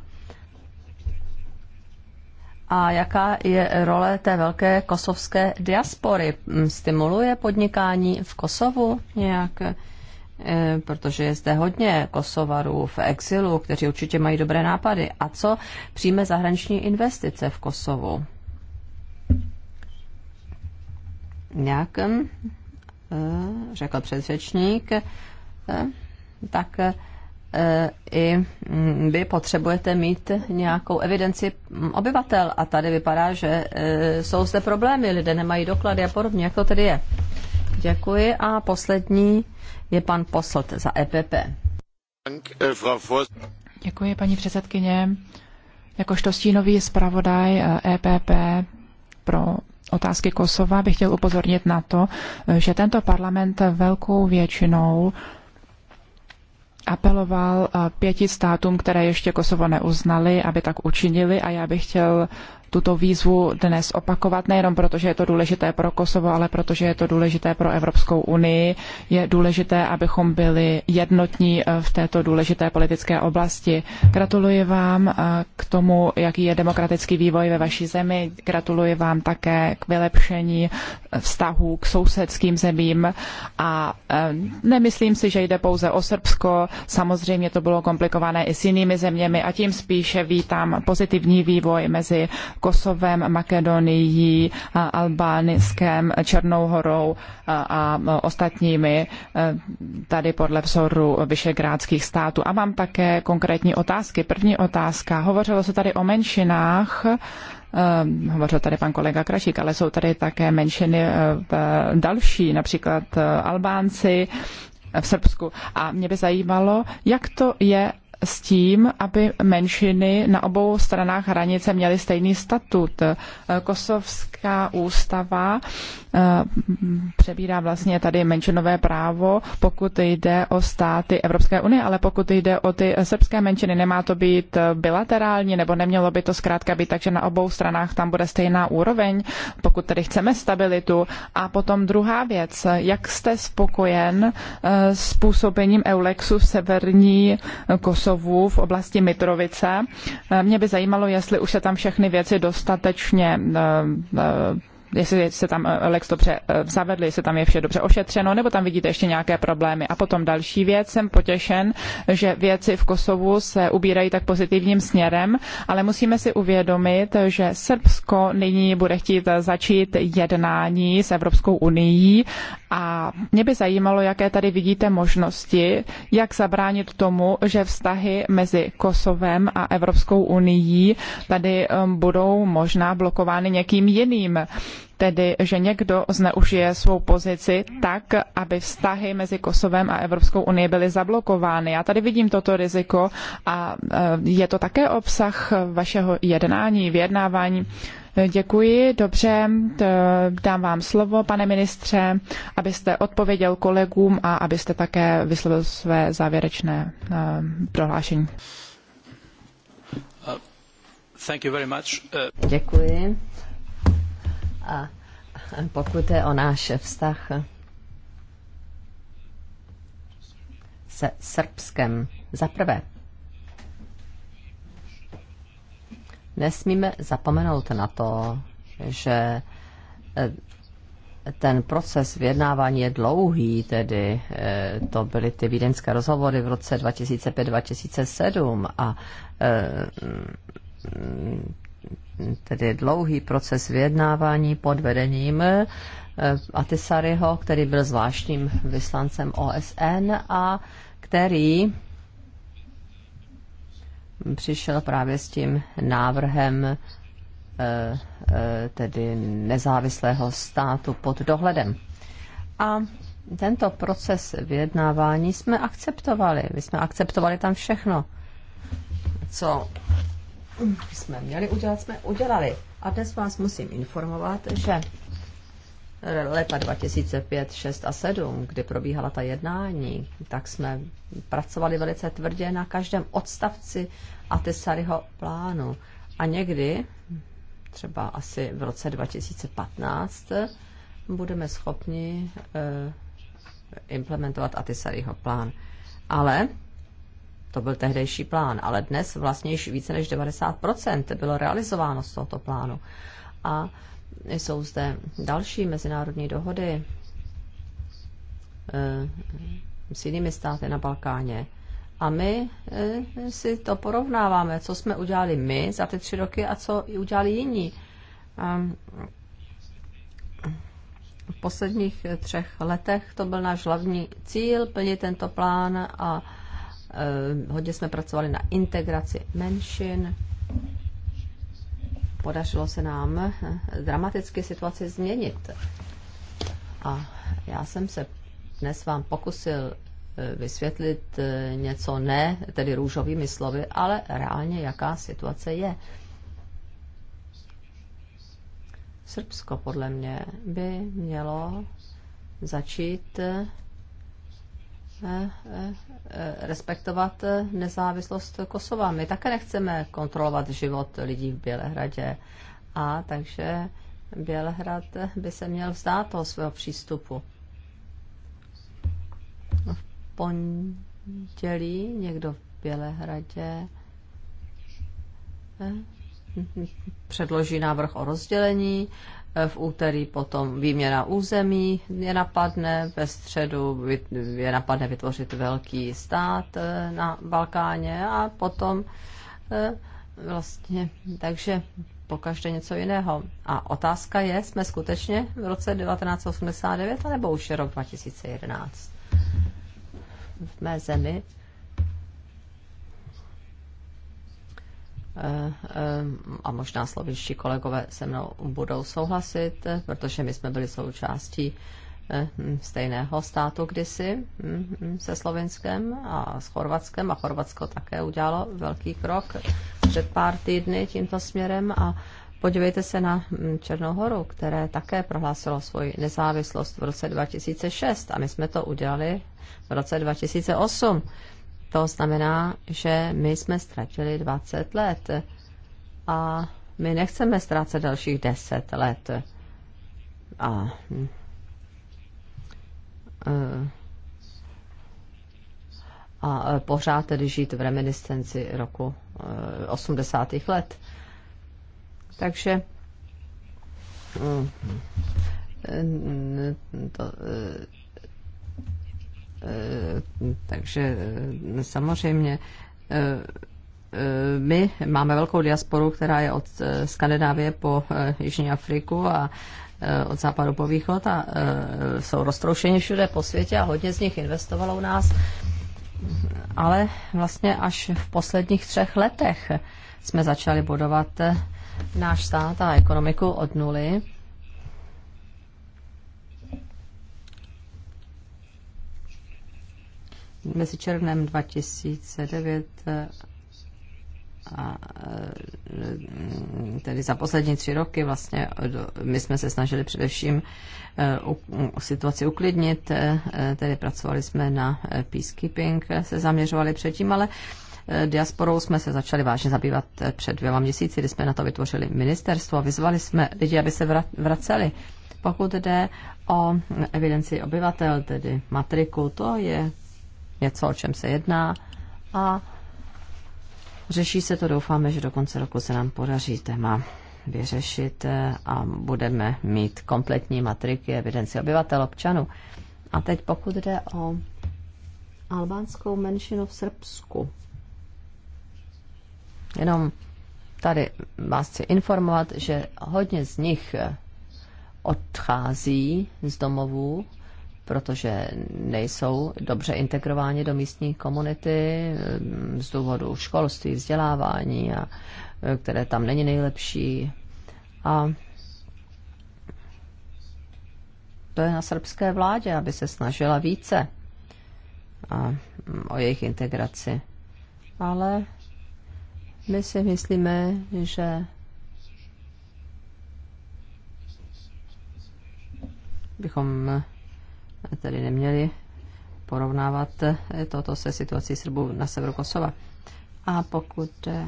A jaká je role té velké kosovské diaspory? Stimuluje podnikání v Kosovu nějak? Eh, protože je zde hodně Kosovarů v exilu, kteří určitě mají dobré nápady. A co přijme zahraniční investice v Kosovu? Jak eh, řekl předřečník, eh, tak i mm, vy potřebujete mít nějakou evidenci mm, obyvatel a tady vypadá, že jsou zde problémy, lidé nemají doklady a podobně. Jak to tedy je? Děkuji a poslední je pan Poslt za EPP. Děkuji, paní předsedkyně. Jakožto stínový zpravodaj EPP eh, e pro otázky Kosova bych chtěl upozornit na to, eh, že tento parlament velkou většinou apeloval eh, pěti státům, které ještě Kosovo neuznali, aby tak učinili a já bych chtěl tuto výzvu dnes opakovat, nejenom proto, že je to důležité pro Kosovo, ale protože je to důležité pro Evropskou unii. Je důležité, abychom byli jednotní eh, v této důležité politické oblasti. Gratuluji vám eh, k tomu, jaký je demokratický vývoj ve vaší zemi. Gratuluji vám také k vylepšení eh, vztahů k sousedským zemím a nemyslím si, že jde pouze o Srbsko. Samozřejmě to bylo komplikované i s jinými zeměmi a tím spíše vítám pozitivní vývoj mezi Kosovem, Makedonií, Albániskem, Černou horou a ostatními e, tady podle vzoru vyšegrádských států. A mám také konkrétní otázky. První otázka. Hovořilo se tady o menšinách e, hovořil tady pan kolega Krašík, ale jsou tady také menšiny e, další, například Albánci v Srbsku. A mě by zajímalo, jak to je s tím, aby menšiny na obou stranách hranice měly stejný statut. E, Kosovská ústava e, přebírá vlastně tady menšinové právo, pokud jde o státy Evropské unie, ale pokud jde o ty srbské menšiny, nemá to být bilaterální, nebo nemělo by to zkrátka být tak, že na obou stranách tam bude stejná úroveň, pokud tedy chceme stabilitu. A potom druhá věc, jak jste spokojen e, s působením Eulexu v severní Kosovo? Kosovu v oblasti Mitrovice. Eh, mě by zajímalo, jestli už se tam všechny věci dostatečně eh, eh, jestli se tam eh, Lex dobře eh, zavedl, jestli tam je vše dobře ošetřeno, nebo tam vidíte ještě nějaké problémy. A potom další věc, jsem potěšen, že věci v Kosovu se ubírají tak pozitivním směrem, ale musíme si uvědomit, že Srbsko nyní bude chtít začít jednání s Evropskou unii a mě by zajímalo, jaké tady vidíte možnosti, jak zabránit tomu, že vztahy mezi Kosovem a Evropskou unii tady eh, budou možná blokovány někým jiným tedy že někdo zneužije svou pozici tak, aby vztahy mezi Kosovem a Evropskou unii byly zablokovány. Já tady vidím toto riziko a eh, je to také obsah vašeho jednání, vyjednávání. Eh, děkuji, dobře, dám vám slovo, pane ministře, abyste odpověděl kolegům a abyste také vyslovil své závěrečné eh, prohlášení. Uh, uh, děkuji. A pokud je o náš vztah se Srbskem, za prvé, nesmíme zapomenout na to, že e, ten proces vyjednávání je dlouhý, tedy e, to byly ty vídeňské rozhovory v roce 2005-2007 a e, tedy dlouhý proces vyjednávání pod vedením eh, Atisariho, který byl zvláštním vyslancem OSN a který přišel právě s tím návrhem eh, eh, tedy nezávislého státu pod dohledem. A tento proces vyjednávání jsme akceptovali. My jsme akceptovali tam všechno, co jsme měli udělat, jsme udělali. A dnes vás musím informovat, že leta 2005, 6 a 7, kdy probíhala ta jednání, tak jsme pracovali velice tvrdě na každém odstavci Atesaryho plánu. A někdy, třeba asi v roce 2015, budeme schopni eh, implementovat Atisaryho plán. Ale to byl tehdejší plán, ale dnes vlastně již více než 90% bylo realizováno z tohoto plánu. A jsou zde další mezinárodní dohody eh, s jinými státy na Balkáně. A my eh, si to porovnáváme, co jsme udělali my za ty tři roky a co udělali jiní. Ehm, v posledních třech letech to byl náš hlavní cíl, plnit tento plán a Eh, hodně jsme pracovali na integraci menšin. Podařilo se nám eh, dramaticky situaci změnit. A já jsem se dnes vám pokusil eh, vysvětlit něco ne, tedy růžovými slovy, ale reálně jaká situace je. Srbsko podle mě by mělo začít Eh, eh, respektovat eh, nezávislost Kosova. My také nechceme kontrolovat život lidí v Bělehradě. A takže Bělehrad by se měl vzdát toho svého přístupu. V pondělí někdo v Bělehradě předloží návrh o rozdělení v úterý potom výměna území je napadne, ve středu je napadne vytvořit velký stát eh, na Balkáně a potom eh, vlastně, takže pokaždé něco jiného. A otázka je, jsme skutečně v roce 1989 nebo už je rok 2011? V mé zemi Eh, eh, a možná slovinští kolegové se mnou budou souhlasit, protože my jsme byli součástí eh, stejného státu kdysi hm, se Slovenskem a s Chorvatskem a Chorvatsko také udělalo velký krok před pár týdny tímto směrem a podívejte se na hm, Černohoru, které také prohlásilo svoji nezávislost v roce 2006 a my jsme to udělali v roce 2008 to znamená, že my jsme ztratili 20 let a my nechceme ztrácet dalších 10 let. A eh, a pořád tedy žít v reminiscenci roku 80. Eh, let. Takže eh, to, Eh, takže eh, samozřejmě eh, my máme velkou diasporu, která je od Skandinávie po Jižní Afriku a od západu po východ a jsou roztroušeni všude po světě a hodně z nich investovalo u nás. Ale vlastně až v posledních třech letech jsme začali budovat náš stát a ekonomiku od nuly mezi červnem 2009 eh, a eh, tedy za poslední tři roky vlastně my jsme se snažili především eh, situaci uklidnit, tedy pracovali jsme na peacekeeping, se zaměřovali předtím, ale diasporou jsme se začali vážně zabývat před dvěma měsíci, kdy jsme na to vytvořili ministerstvo a vyzvali jsme lidi, aby se vraceli. Pokud jde o evidenci obyvatel, tedy matriku, to je něco, o čem se jedná a řeší se to. Doufáme, že do konce roku se nám podaří téma vyřešit a budeme mít kompletní matriky evidenci obyvatel občanů. A teď pokud jde o albánskou menšinu v Srbsku. Jenom tady vás chci informovat, že hodně z nich odchází z domovů protože nejsou dobře integrováni do místní komunity mm, z důvodu školství, vzdělávání, a, e, které tam není nejlepší. A to je na srbské vládě, aby se snažila více a, mm, o jejich integraci. Ale my si myslíme, že bychom tedy neměli porovnávat eh, toto se situací Srbů na severu Kosova. A pokud eh,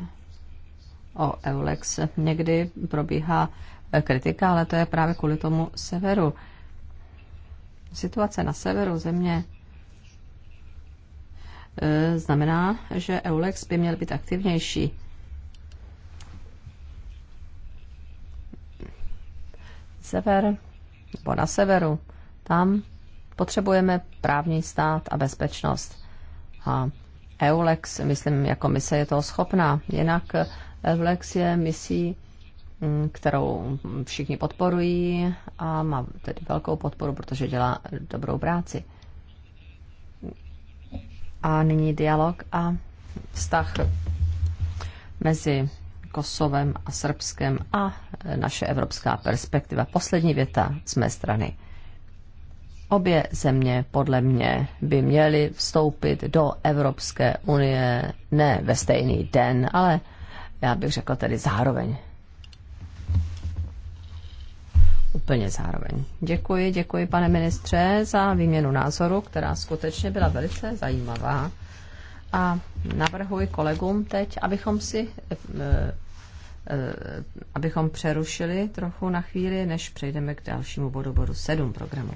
o Eulex eh, někdy probíhá kritika, ale to je právě kvůli tomu severu. Situace na severu země znamená, že Eulex by měl být aktivnější. Sever, nebo na severu, tam Potřebujeme právní stát a bezpečnost. A EULEX, myslím, jako mise je toho schopná. Jinak EULEX je misí, mm, kterou všichni podporují a má tedy velkou podporu, protože dělá dobrou práci. A nyní dialog a vztah mezi Kosovem a Srbskem a naše evropská perspektiva. Poslední věta z mé strany. Obě země podle mě by měly vstoupit do Evropské unie ne ve stejný den, ale já bych řekl tedy zároveň. Úplně zároveň. Děkuji, děkuji pane ministře za výměnu názoru, která skutečně byla velice zajímavá. A navrhuji kolegům teď, abychom si eh, eh, abychom přerušili trochu na chvíli, než přejdeme k dalšímu bodu, bodu 7 programu.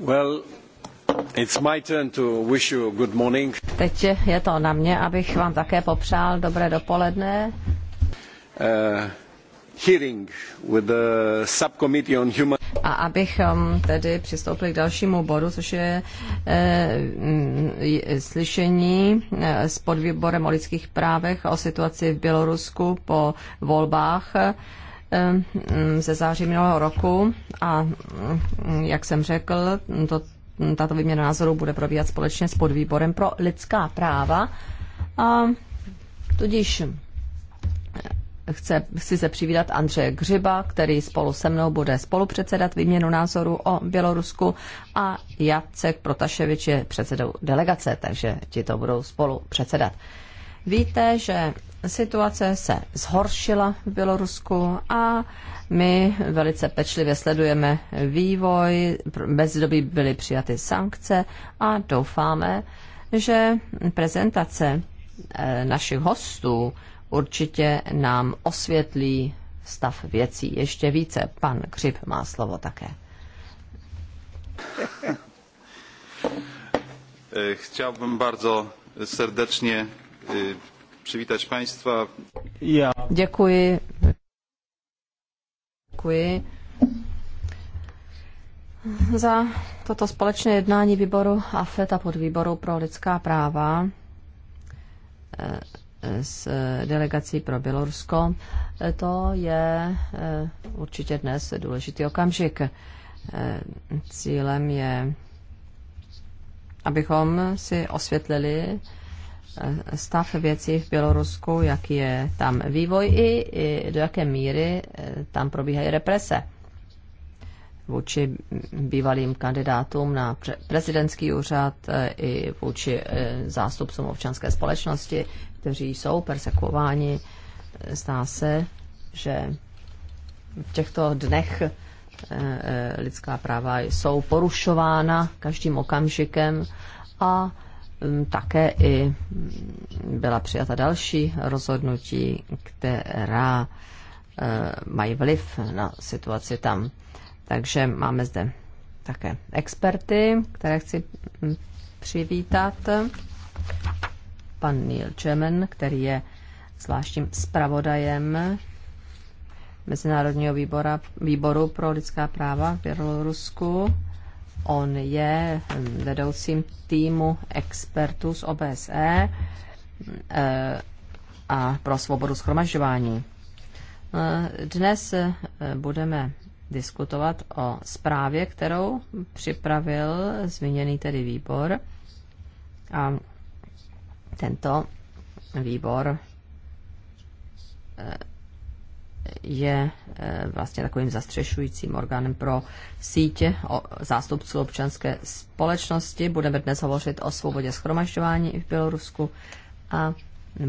Well, it's my turn to wish you good morning. Teď je to na mě, abych vám také popřál dobré dopoledne. Uh, hearing with the subcommittee on human a abychom um, tedy přistoupili k dalšímu bodu, což je e, slyšení eh, s podvýborem o lidských právech o situaci v Bělorusku po volbách. E, Eh, ze září minulého roku a mm, jak jsem řekl, to, tato výměna názorů bude probíhat společně s podvýborem pro lidská práva a tudíž eh, chce, chci se přivídat Andřeje Gřiba, který spolu se mnou bude spolupředsedat výměnu názoru o Bělorusku a Jacek Protaševič je předsedou delegace, takže ti to budou spolu předsedat. Víte, že Situace se zhoršila v Bělorusku a my velice pečlivě sledujeme vývoj. Bez doby byly přijaty sankce a doufáme, že prezentace eh, našich hostů určitě nám osvětlí stav věcí ještě více. Pan Křip má slovo také. Eh, chciałbym bardzo serdecznie Państwa. Děkuji. Děkuji za toto společné jednání výboru AFET a podvýboru pro lidská práva eh, eh, s delegací pro Bělorusko. Eh, to je určitě dnes důležitý okamžik. Cílem je, abychom si osvětlili Eh, stav věcí v Bělorusku, jaký je tam vývoj i, i do jaké míry eh, tam probíhají represe vůči bývalým kandidátům na prezidentský úřad eh, i vůči zástupcům občanské společnosti, kteří jsou persekováni. Zdá se, že v těchto dnech lidská práva jsou porušována každým okamžikem a také i byla přijata další rozhodnutí, která eh, mají vliv na situaci tam. Takže máme zde také experty, které chci hm, přivítat. Pan Neil Chemen, který je zvláštním zpravodajem Mezinárodního výbora, výboru pro lidská práva v Bělorusku On je vedoucím týmu expertů z OBSE eh, a pro svobodu schromažďování. Eh, dnes eh, budeme diskutovat o zprávě, kterou připravil zmíněný tedy výbor. A tento výbor je eh, vlastně takovým zastřešujícím orgánem pro sítě o zástupců občanské společnosti. Budeme dnes hovořit o svobodě schromažďování i v Bělorusku a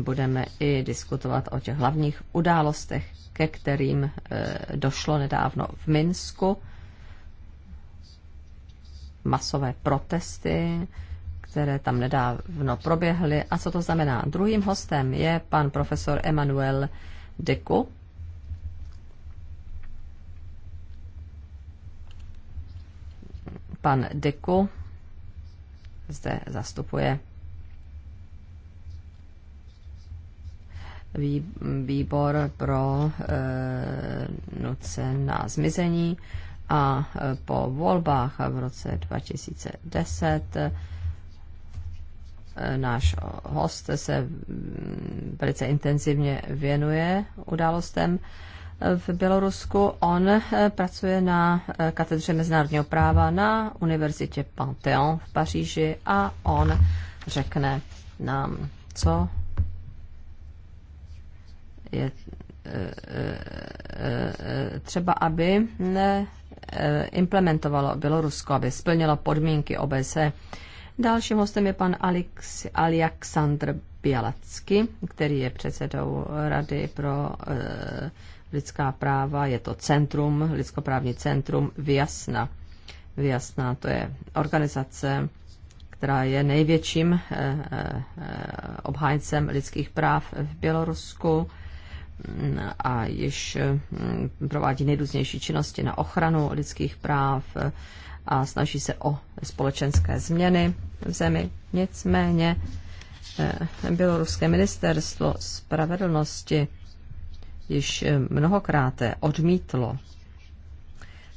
budeme i diskutovat o těch hlavních událostech, ke kterým eh, došlo nedávno v Minsku. Masové protesty, které tam nedávno proběhly. A co to znamená? Druhým hostem je pan profesor Emanuel Deku, Pan Deku zde zastupuje výbor pro e, nuce na zmizení a eh, po volbách v roce 2010 eh, náš host se mm, velice intenzivně věnuje událostem v Bělorusku. On eh, pracuje na eh, katedře mezinárodního práva na univerzitě Pantheon v Paříži a on řekne nám, co je eh, třeba, aby implementovalo Bělorusko, aby splnilo podmínky OBSE. Dalším hostem je pan Alex, Aleksandr Bialacky, který je předsedou Rady pro lidská práva, je to centrum, lidskoprávní centrum Vyjasna. Vyjasna to je organizace, která je největším eh, eh, obhájcem lidských práv v Bělorusku mm, a již mm, provádí nejrůznější činnosti na ochranu lidských práv eh, a snaží se o společenské změny v zemi. Nicméně Běloruské ministerstvo spravedlnosti již eh, mnohokrát odmítlo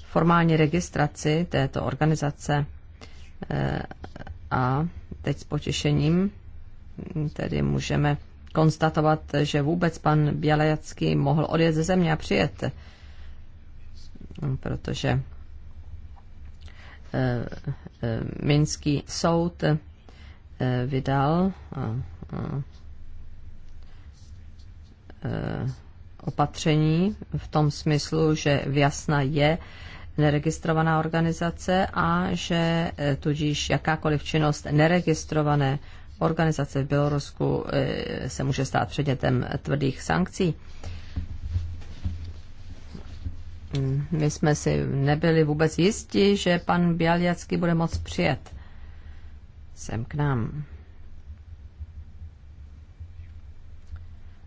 formální registraci této organizace eh, a teď s potěšením tedy můžeme konstatovat, že vůbec pan Bělejacký mohl odjet ze země a přijet, protože eh, Minský soud vydal opatření v tom smyslu, že Vjasna je neregistrovaná organizace a že eh, tudíž jakákoliv činnost neregistrované organizace v Bělorusku eh, se může stát předmětem tvrdých sankcí. My jsme si nebyli vůbec jisti, že pan Bialiacký bude moc přijet sem k nám.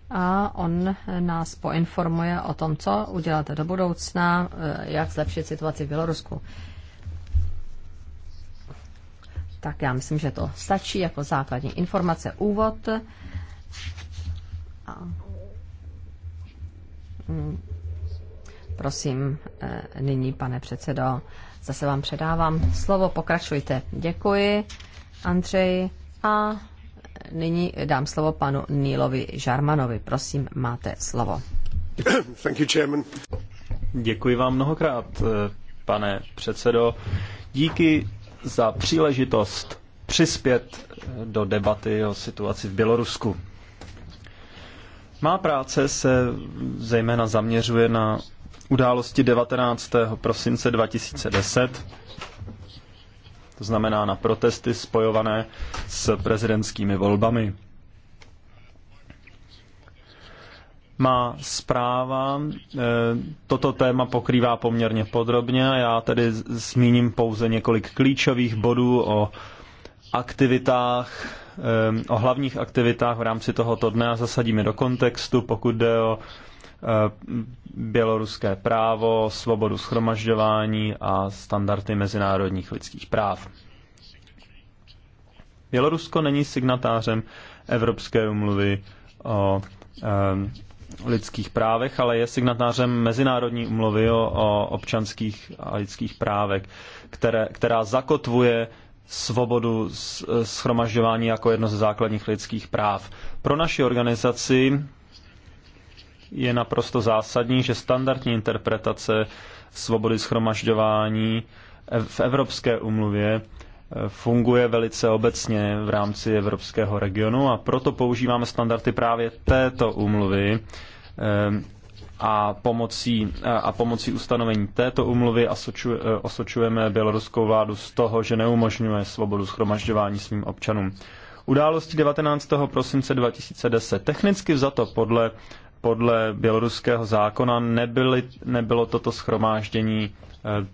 a on nás poinformuje o tom, co uděláte do budoucna, eh, jak zlepšit situaci v Bělorusku. Tak já myslím, že to stačí jako základní informace, úvod. A... Mm, prosím, eh, nyní, pane předsedo, zase vám předávám slovo, pokračujte. Děkuji, Andřej. A nyní dám slovo panu Nílovi Žarmanovi. Prosím, máte slovo. Thank you, chairman. Děkuji vám mnohokrát, eh, pane předsedo. Díky za příležitost přispět eh, do debaty o situaci v Bělorusku. Má práce se zejména zaměřuje na události 19. prosince 2010, to znamená na protesty spojované s prezidentskými volbami. Má zpráva eh, toto téma pokrývá poměrně podrobně a já tedy zmíním pouze několik klíčových bodů o aktivitách, eh, o hlavních aktivitách v rámci tohoto dne a zasadíme do kontextu, pokud jde o Eh, běloruské právo, svobodu schromažďování a standardy mezinárodních lidských práv. Bělorusko není signatářem Evropské umluvy o eh, lidských právech, ale je signatářem Mezinárodní umluvy o, o občanských a lidských právech, které, která zakotvuje svobodu schromažďování eh, jako jedno ze základních lidských práv. Pro naši organizaci je naprosto zásadní, že standardní interpretace svobody schromažďování v Evropské umluvě eh, funguje velice obecně v rámci Evropského regionu a proto používáme standardy právě této umluvy eh, a pomocí, eh, a pomocí ustanovení této umluvy osočujeme běloruskou vládu z toho, že neumožňuje svobodu schromažďování svým občanům. Události 19. prosince 2010 technicky vzato podle podle běloruského zákona nebyly, nebylo toto schromáždění eh,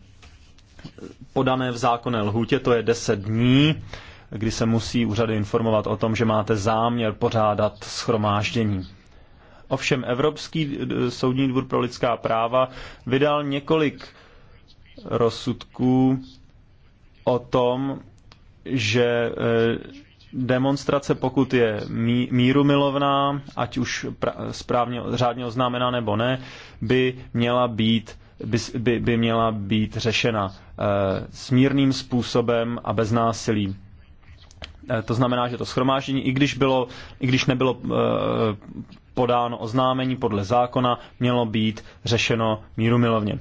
podané v zákonné lhůtě, to je 10 dní, kdy se musí úřady informovat o tom, že máte záměr pořádat schromáždění. Ovšem Evropský eh, soudní dvůr pro lidská práva vydal několik rozsudků o tom, že eh, demonstrace, pokud je mí, milovná ať už pra, správně, řádně oznámená nebo ne, by měla být, by, by, by měla být řešena e, smírným způsobem a bez násilí. E, to znamená, že to schromáždění, i když, bylo, i když nebylo e, podáno oznámení podle zákona, mělo být řešeno milovně. E,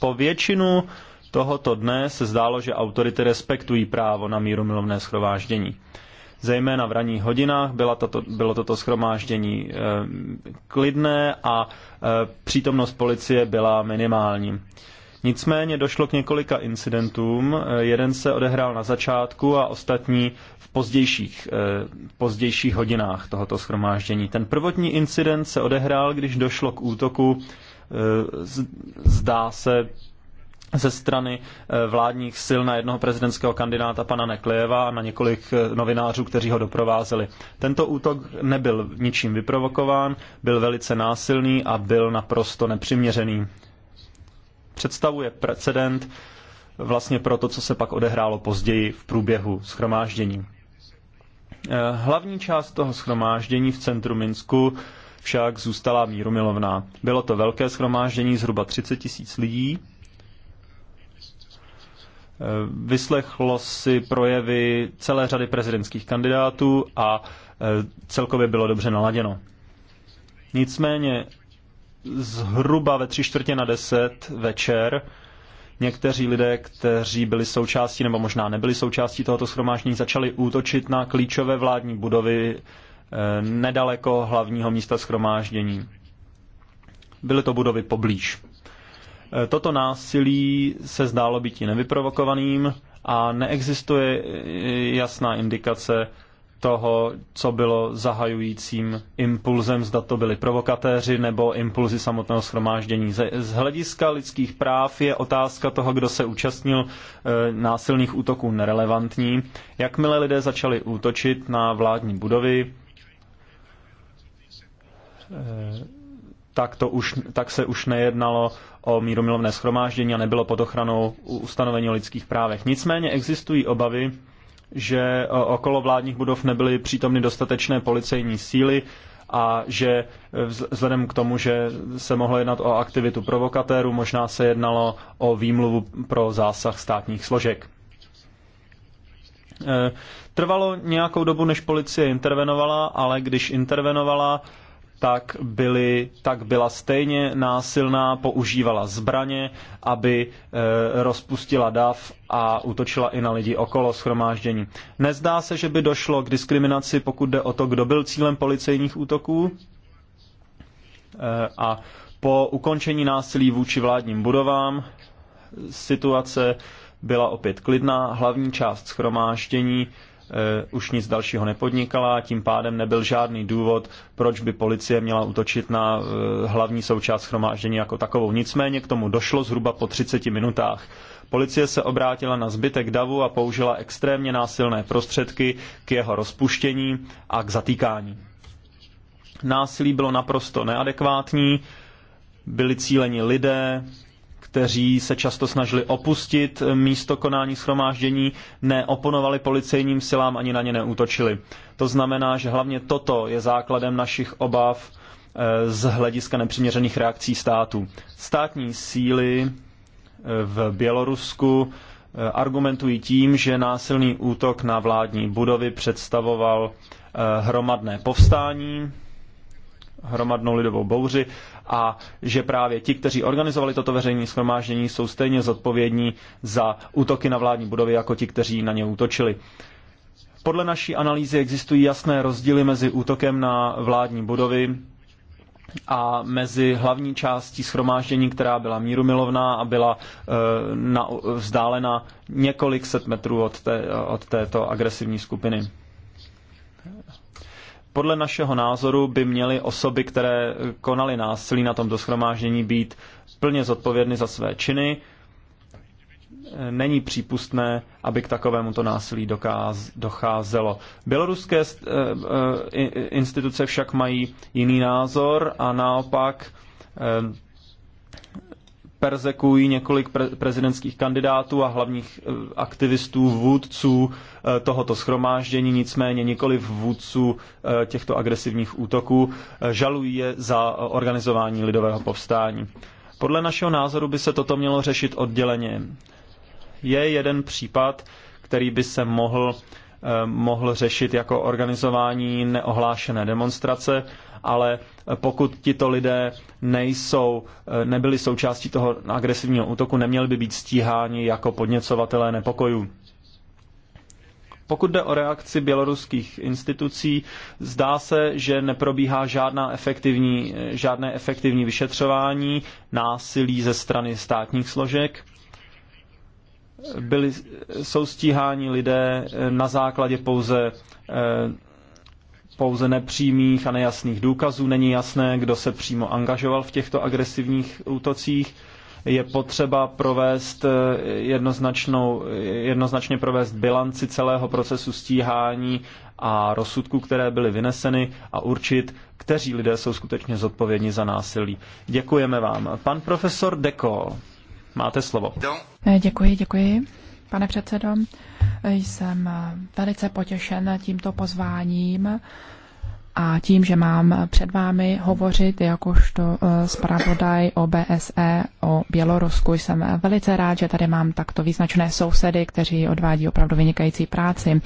po většinu e, tohoto dne se zdálo, že autority respektují právo na mírumilovné schromáždění. Zejména v ranních hodinách byla tato, bylo toto schromáždění e, eh, klidné a e, přítomnost policie byla minimální. Nicméně došlo k několika incidentům. Eh, jeden se odehrál na začátku a ostatní v pozdějších, v pozdějších hodinách tohoto schromáždění. Ten prvotní incident se odehrál, když došlo k útoku, zdá se, ze strany eh, vládních sil na jednoho prezidentského kandidáta pana Neklejeva a na několik eh, novinářů, kteří ho doprovázeli. Tento útok nebyl ničím vyprovokován, byl velice násilný a byl naprosto nepřiměřený. Představuje precedent vlastně pro to, co se pak odehrálo později v průběhu schromáždění. Eh, hlavní část toho schromáždění v centru Minsku však zůstala mírumilovná. Bylo to velké schromáždění zhruba 30 tisíc lidí, Eh, vyslechlo si projevy celé řady prezidentských kandidátů a eh, celkově bylo dobře naladěno. Nicméně zhruba ve tři čtvrtě na deset večer někteří lidé, kteří byli součástí nebo možná nebyli součástí tohoto schromáždění, začali útočit na klíčové vládní budovy eh, nedaleko hlavního místa schromáždění. Byly to budovy poblíž. Eh, toto násilí se zdálo být nevyprovokovaným a neexistuje eh, jasná indikace toho, co bylo zahajujícím impulzem, zda to byli provokatéři nebo impulzy samotného schromáždění. Z hlediska lidských práv je otázka toho, kdo se účastnil eh, násilných útoků nerelevantní. Jakmile lidé začali útočit na vládní budovy, tak, to už, tak se už nejednalo o míromilovné schromáždění a nebylo pod ochranou ustanovení o lidských právech. Nicméně existují obavy, že e, okolo vládních budov nebyly přítomny dostatečné policejní síly a že e, vzhledem k tomu, že se mohlo jednat o aktivitu provokatérů, možná se jednalo o výmluvu pro zásah státních složek. E, trvalo nějakou dobu, než policie intervenovala, ale když intervenovala, tak, byly, tak byla stejně násilná, používala zbraně, aby e, rozpustila dav a útočila i na lidi okolo schromáždění. Nezdá se, že by došlo k diskriminaci, pokud jde o to, kdo byl cílem policejních útoků. E, a po ukončení násilí vůči vládním budovám eh, situace byla opět klidná. Hlavní část schromáždění Eh, už nic dalšího nepodnikala, tím pádem nebyl žádný důvod, proč by policie měla útočit na eh, hlavní součást schromáždění jako takovou. Nicméně k tomu došlo zhruba po 30 minutách. Policie se obrátila na zbytek davu a použila extrémně násilné prostředky k jeho rozpuštění a k zatýkání. Násilí bylo naprosto neadekvátní, byli cíleni lidé, kteří se často snažili opustit místo konání schromáždění, neoponovali policejním silám ani na ně neútočili. To znamená, že hlavně toto je základem našich obav eh, z hlediska nepřiměřených reakcí států. Státní síly eh, v Bělorusku eh, argumentují tím, že násilný útok na vládní budovy představoval hromadné povstání, hromadnou lidovou bouři a že právě ti, kteří organizovali toto veřejné schromáždění, jsou stejně zodpovědní za útoky na vládní budovy jako ti, kteří na ně útočili. Podle naší analýzy existují jasné rozdíly mezi útokem na vládní budovy a mezi hlavní částí schromáždění, která byla mírumilovná a byla e, na, vzdálena několik set metrů od, té, od této agresivní skupiny. Podle našeho názoru by měly osoby, které konaly násilí na tomto schromáždění, být plně zodpovědny za své činy. Není přípustné, aby k takovému to násilí dokáz, docházelo. Běloruské eh, eh, instituce však mají jiný názor a naopak eh, persekují několik pre- prezidentských kandidátů a hlavních eh, aktivistů, vůdců eh, tohoto schromáždění, nicméně nikoli vůdců eh, těchto agresivních útoků. Žalují je za organizování lidového povstání. Podle našeho názoru by se toto mělo řešit odděleně. Je jeden případ, který by se mohl mohl řešit jako organizování neohlášené demonstrace, ale pokud tito lidé nejsou, eh, nebyli součástí toho agresivního útoku, neměli by být stíháni jako podněcovatelé nepokojů. Pokud jde o reakci běloruských institucí, zdá se, že neprobíhá žádná efektivní, eh, žádné efektivní vyšetřování násilí ze strany státních složek. Byli, jsou stíháni lidé eh, na základě pouze pouze nepřímých a nejasných důkazů. Není jasné, kdo se přímo angažoval v těchto agresivních útocích. Je potřeba provést eh, jednoznačnou, jednoznačně provést bilanci celého procesu stíhání a rozsudků, které byly vyneseny a určit, kteří lidé jsou skutečně zodpovědní za násilí. Děkujeme vám. Pan profesor Deko, máte slovo. Eh, děkuji, děkuji pane předsedo. Jsem velice potěšen tímto pozváním a tím, že mám před vámi hovořit jakožto eh, zpravodaj o BSE o Bělorusku. Jsem velice rád, že tady mám takto význačné sousedy, kteří odvádí opravdu vynikající práci.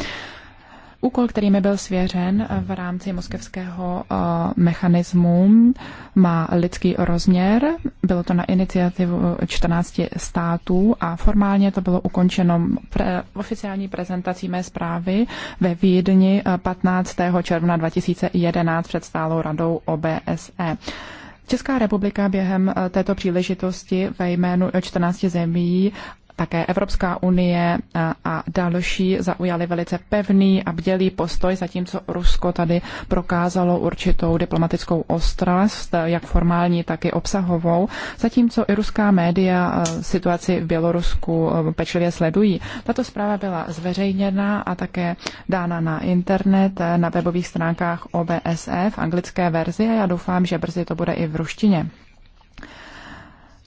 Úkol, který mi byl svěřen eh, v rámci moskevského eh, mechanismu, má lidský rozměr. Bylo to na iniciativu 14 eh, států a formálně to bylo ukončeno pre, oficiální prezentací mé zprávy ve Vídni 15. června 2011 před stálou radou OBSE. Česká republika během této příležitosti ve jménu 14 zemí také Evropská unie a další zaujali velice pevný a bdělý postoj, zatímco Rusko tady prokázalo určitou diplomatickou ostrost, jak formální, tak i obsahovou, zatímco i ruská média situaci v Bělorusku pečlivě sledují. Tato zpráva byla zveřejněna a také dána na internet, na webových stránkách OBSF, anglické verzi a já doufám, že brzy to bude i v ruštině.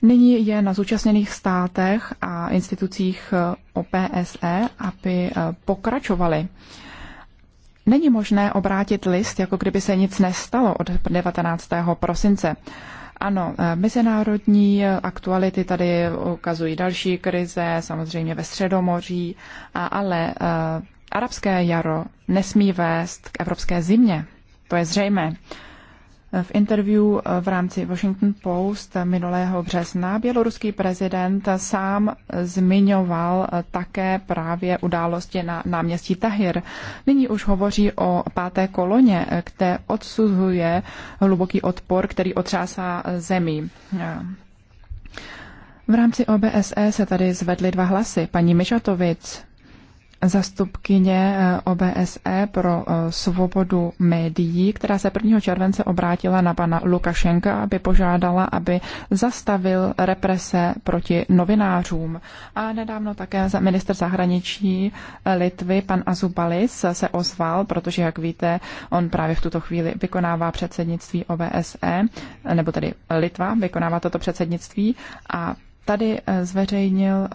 Nyní je na zúčastněných státech a institucích eh, OPSE, aby eh, pokračovali. Není možné obrátit list, jako kdyby se nic nestalo od 19. prosince. Ano, eh, mezinárodní aktuality tady ukazují další krize, samozřejmě ve Středomoří, ale arabské jaro nesmí vést k evropské zimě. To je zřejmé. V interview eh, v rámci Washington Post minulého března běloruský prezident sám zmiňoval eh, také právě události na náměstí Tahir. Nyní už hovoří o páté koloně, eh, které odsuzuje hluboký odpor, který otřásá zemí. V rámci OBSE se tady zvedly dva hlasy. Paní Mišatovic zastupkyně eh, OBSE pro eh, svobodu médií, která se 1. července obrátila na pana Lukašenka, aby požádala, aby zastavil represe proti novinářům. A nedávno také minister zahraničí eh, Litvy, pan Azubalis, se ozval, protože, jak víte, on právě v tuto chvíli vykonává předsednictví OBSE, nebo tedy Litva vykonává toto předsednictví a tady zveřejnil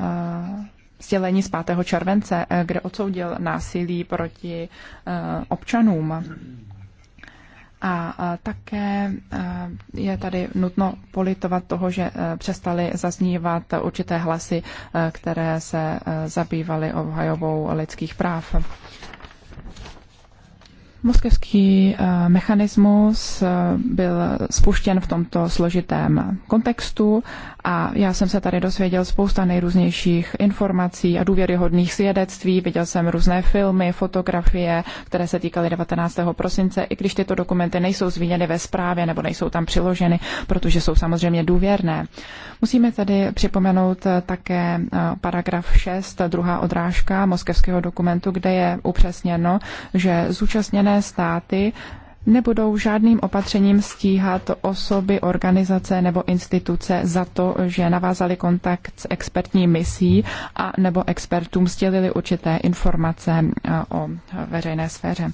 sdělení z 5. července, eh, kde odsoudil násilí proti eh, občanům. A také eh, je tady nutno politovat toho, že přestali zaznívat určité hlasy, které se zabývaly obhajovou lidských práv. Moskevský mechanismus byl spuštěn v tomto složitém kontextu a já jsem se tady dozvěděl spousta nejrůznějších informací a důvěryhodných svědectví. Viděl jsem různé filmy, fotografie, které se týkaly 19. prosince, i když tyto dokumenty nejsou zvíněny ve zprávě nebo nejsou tam přiloženy, protože jsou samozřejmě důvěrné. Musíme tedy připomenout také eh, paragraf 6, druhá odrážka moskevského dokumentu, kde je upřesněno, že zúčastněné státy nebudou žádným opatřením stíhat osoby, organizace nebo instituce za to, že navázali kontakt s expertní misí a nebo expertům sdělili určité informace eh, o veřejné sféře.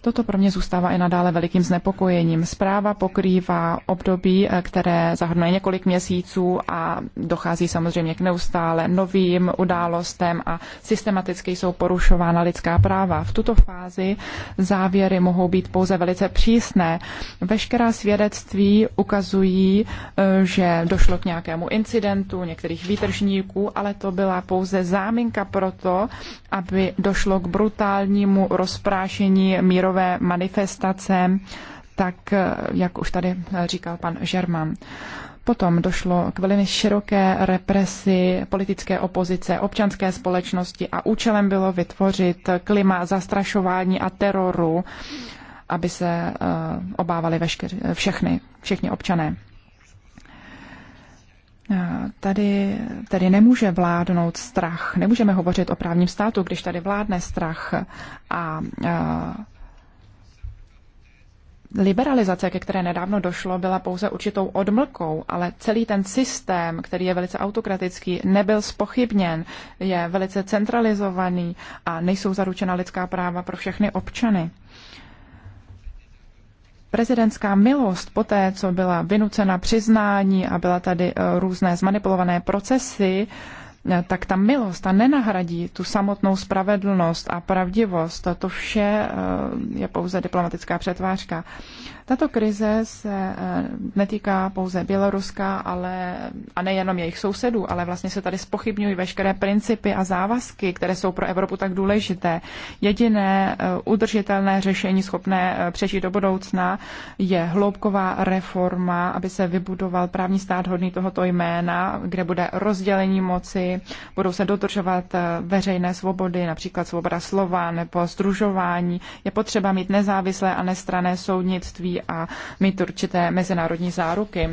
Toto pro mě zůstává i nadále velikým znepokojením. Zpráva pokrývá období, eh, které zahrnuje několik měsíců a dochází samozřejmě k neustále novým událostem a systematicky jsou porušována lidská práva. V tuto fázi závěry mohou být pouze velice přísné. Veškerá svědectví ukazují, eh, že došlo k nějakému incidentu některých výtržníků, ale to byla pouze záminka pro to, aby došlo k brutálnímu rozprášení míru mírové manifestace, tak eh, jak už tady eh, říkal pan Žerman. Potom došlo k velmi široké represi politické opozice, občanské společnosti a účelem bylo vytvořit klima zastrašování a teroru, aby se eh, obávali veškeři, všechny, všechny občané. Tady, tady nemůže vládnout strach. Nemůžeme hovořit o právním státu, když tady vládne strach a, a liberalizace, ke které nedávno došlo, byla pouze určitou odmlkou, ale celý ten systém, který je velice autokratický, nebyl spochybněn, je velice centralizovaný a nejsou zaručena lidská práva pro všechny občany. Prezidentská milost poté, co byla vynucena přiznání a byla tady eh, různé zmanipulované procesy, tak ta milost ta nenahradí tu samotnou spravedlnost a pravdivost. To vše eh, je pouze diplomatická přetvářka. Tato krize se eh, netýká pouze Běloruska, ale, a nejenom jejich sousedů, ale vlastně se tady spochybňují veškeré principy a závazky, které jsou pro Evropu tak důležité. Jediné eh, udržitelné řešení schopné eh, přežít do budoucna je hloubková reforma, aby se vybudoval právní stát hodný tohoto jména, kde bude rozdělení moci, budou se dodržovat veřejné svobody, například svoboda slova nebo združování. Je potřeba mít nezávislé a nestrané soudnictví a mít určité mezinárodní záruky.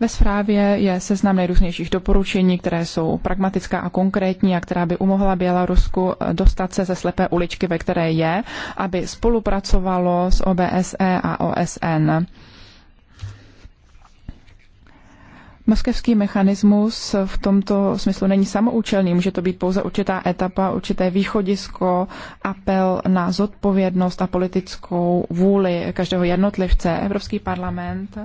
Ve zprávě je seznam nejrůznějších doporučení, které jsou pragmatická a konkrétní a která by umohla Bělorusku dostat se ze slepé uličky, ve které je, aby spolupracovalo s OBSE a OSN. Moskevský mechanismus v tomto smyslu není samoučelný, může to být pouze určitá etapa, určité východisko, apel na zodpovědnost a politickou vůli každého jednotlivce. Evropský parlament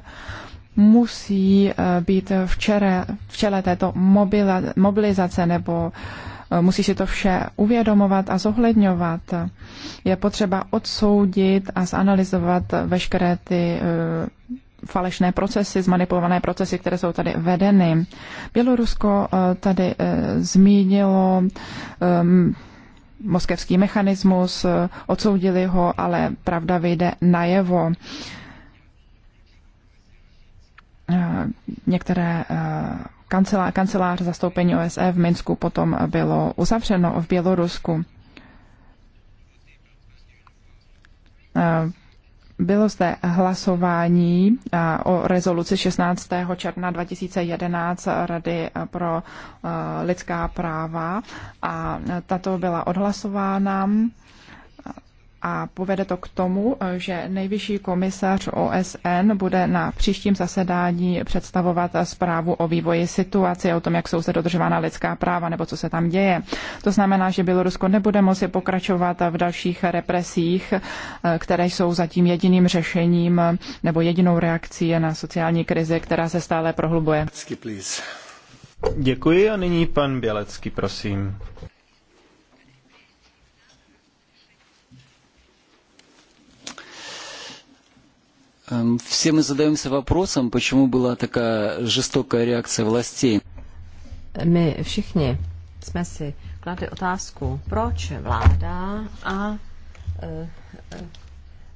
musí eh, být v, čere, v čele této mobilizace nebo eh, musí si to vše uvědomovat a zohledňovat. Je potřeba odsoudit a zanalizovat veškeré ty eh, falešné procesy, zmanipulované procesy, které jsou tady vedeny. Bělorusko eh, tady eh, zmínilo ehm, moskevský mechanismus, eh, odsoudili ho, ale pravda vyjde najevo. Některé kancelář, kancelář zastoupení OSE v Minsku potom bylo uzavřeno v Bělorusku bylo zde hlasování o rezoluci 16. června 2011 Rady pro e, lidská práva a tato byla odhlasována a povede to k tomu, eh, že nejvyšší komisař OSN bude na příštím zasedání představovat zprávu o vývoji situace, o tom, jak jsou se dodržována lidská práva nebo co se tam děje. To znamená, že Bělorusko nebude moci pokračovat v dalších represích, eh, které jsou zatím jediným řešením nebo jedinou reakcí na sociální krizi, která se stále prohlubuje. Děkuji a nyní pan Bělecký, prosím. Все мы задаемся вопросом, почему была такая жестокая реакция властей. My všichni jsme si kladli otázku, proč vláda a e, e,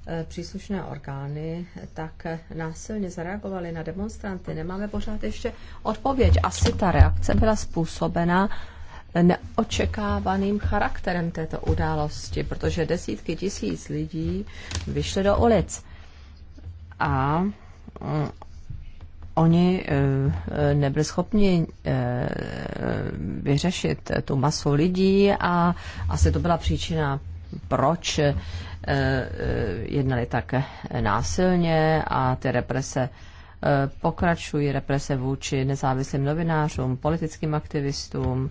e, příslušné orgány tak násilně zareagovaly na demonstranty. Nemáme pořád ještě odpověď. Asi ta reakce byla způsobena neočekávaným charakterem této události, protože desítky tisíc lidí vyšly do ulic a eh, oni eh, nebyli schopni eh, vyřešit tu masu lidí a asi to byla příčina, proč jednali tak násilně a ty represe pokračují, represe vůči nezávislým novinářům, politickým aktivistům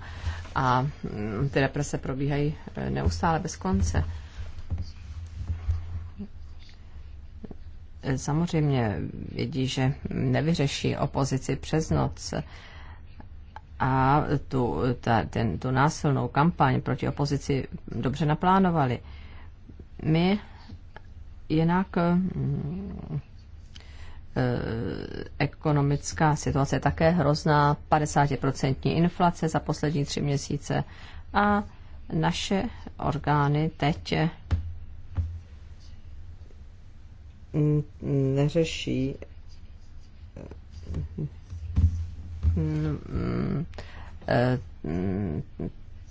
a mm, ty represe probíhají neustále bez konce. samozřejmě vědí, že nevyřeší opozici přes noc a tu, ta, ten, tu násilnou kampaň proti opozici dobře naplánovali. My jinak eh, ekonomická situace je také hrozná, 50% inflace za poslední tři měsíce a naše orgány teď neřeší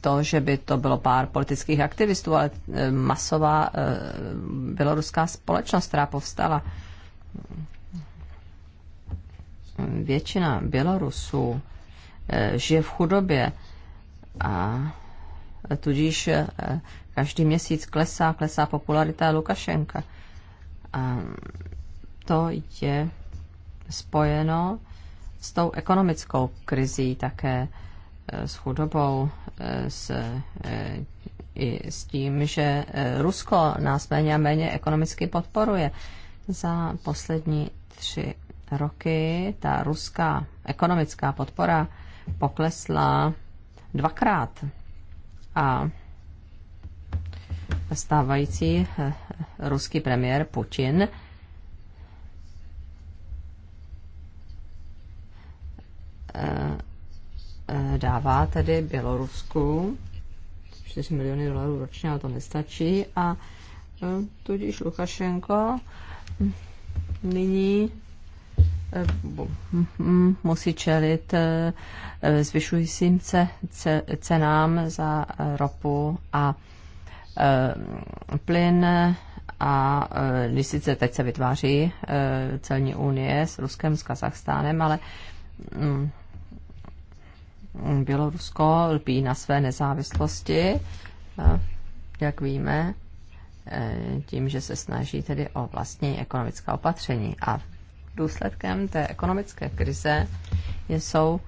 to, že by to bylo pár politických aktivistů, ale eh, masová eh, běloruská společnost, která povstala. Většina Bělorusů eh, žije v chudobě a tudíž každý měsíc klesá, klesá popularita Lukašenka. Ehm, to je spojeno s tou ekonomickou krizí také, eh, s chudobou, eh, s, eh, i s tím, že Rusko nás méně a méně ekonomicky podporuje. Za poslední tři roky ta ruská ekonomická podpora poklesla dvakrát. A stávající eh, eh, ruský premiér Putin eh, dává tedy Bělorusku 4 miliony dolarů ročně, ale to nestačí a tudíž Lukašenko nyní hm, hm, musí čelit zvyšujícím se cenám za ropu a Eh, plyn a eh, když sice teď se vytváří eh, celní unie s Ruskem, s Kazachstánem, ale mm, Bělorusko lpí na své nezávislosti, jak víme, tím, že se snaží tedy o vlastní ekonomická opatření. A důsledkem té ekonomické krize jsou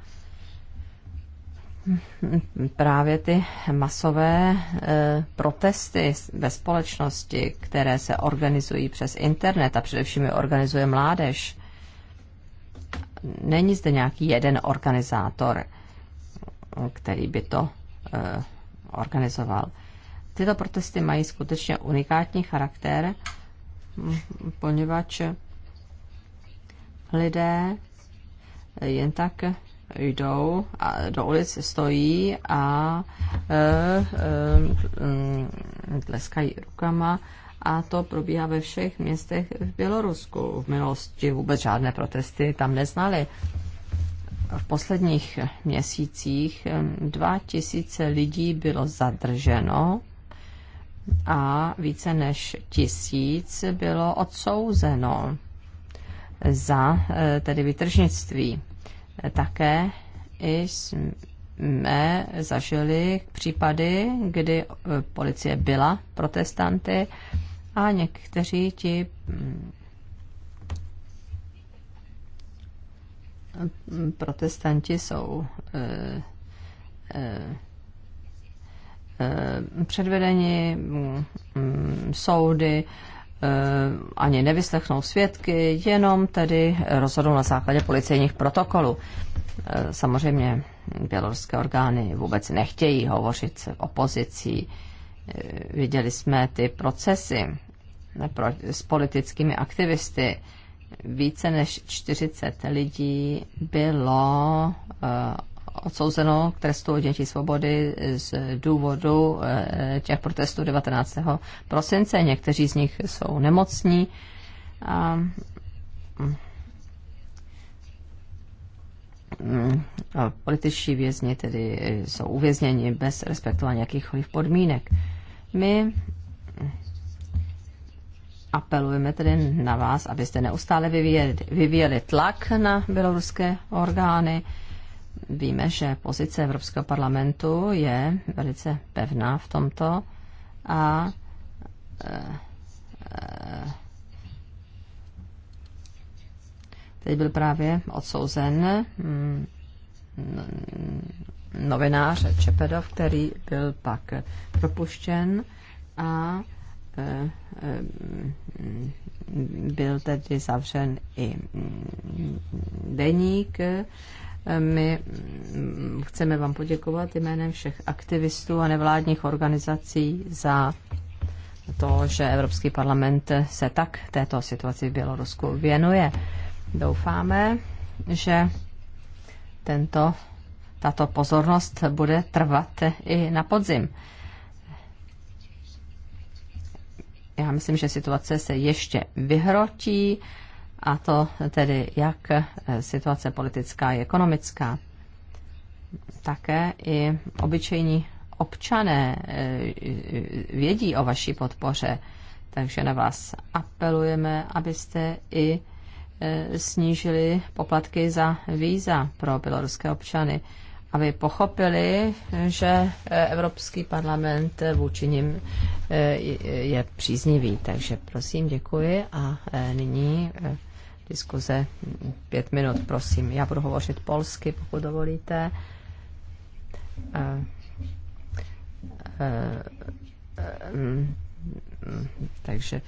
právě ty masové eh, protesty ve společnosti, které se organizují přes internet a především je organizuje mládež. Není zde nějaký jeden organizátor, který by to eh, organizoval. Tyto protesty mají skutečně unikátní charakter, poněvadž lidé jen tak jdou a do ulic, stojí a e, e, mm, tleskají rukama a to probíhá ve všech městech v Bělorusku. V minulosti vůbec žádné protesty tam neznali. V posledních měsících 2000 lidí bylo zadrženo a více než tisíc bylo odsouzeno za e, tedy vytržnictví také i jsme zažili případy, kdy eh, policie byla protestanty a někteří ti mm, protestanti jsou eh, eh, předvedeni mm, mm, soudy Eh, ani nevyslechnou svědky, jenom tedy rozhodnou na základě policejních protokolů. Eh, samozřejmě běloruské orgány vůbec nechtějí hovořit s opozicí. Eh, viděli jsme ty procesy s politickými aktivisty. Více než 40 lidí bylo odsouzeno k trestu odnětí svobody z důvodu eh, těch protestů 19. prosince. Někteří z nich jsou nemocní. a mm, političtí vězni tedy eh, jsou uvězněni bez respektování jakýchkoliv podmínek. My apelujeme tedy na vás, abyste neustále vyvíjeli, vyvíjeli tlak na běloruské orgány, víme, že pozice Evropského parlamentu je velice pevná v tomto a eh, eh, teď byl právě odsouzen mm, novinář Čepedov, který byl pak propuštěn a eh, mm, byl tedy zavřen i mm, deník my chceme vám poděkovat jménem všech aktivistů a nevládních organizací za to, že Evropský parlament se tak této situaci v Bělorusku věnuje. Doufáme, že tento, tato pozornost bude trvat i na podzim. Já myslím, že situace se ještě vyhrotí a to tedy jak eh, situace politická i ekonomická. Také i obyčejní občané eh, vědí o vaší podpoře, takže na vás apelujeme, abyste i eh, snížili poplatky za víza pro běloruské občany, aby pochopili, že Evropský parlament vůči nim je příznivý. Takže prosím, děkuji a nyní diskuze. Pět minut, prosím. Já budu hovořit polsky, pokud dovolíte. Eh, eh, eh, takže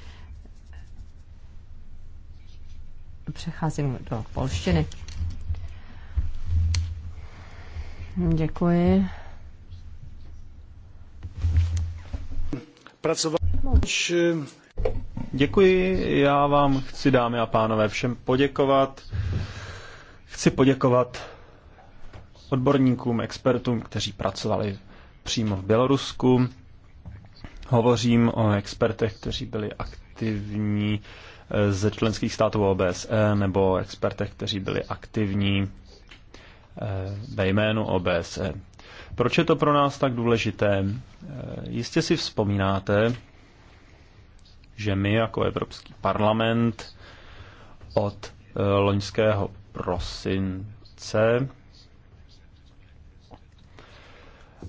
přecházím do polštiny. Děkuji. Pracovat Děkuji, já vám chci, dámy a pánové, všem poděkovat. Chci poděkovat odborníkům, expertům, kteří pracovali přímo v Bělorusku. Hovořím o expertech, kteří byli aktivní eh, ze členských států OBSE nebo expertech, kteří byli aktivní eh, ve jménu OBSE. Proč je to pro nás tak důležité? Eh, jistě si vzpomínáte, že my jako Evropský parlament od eh, loňského prosince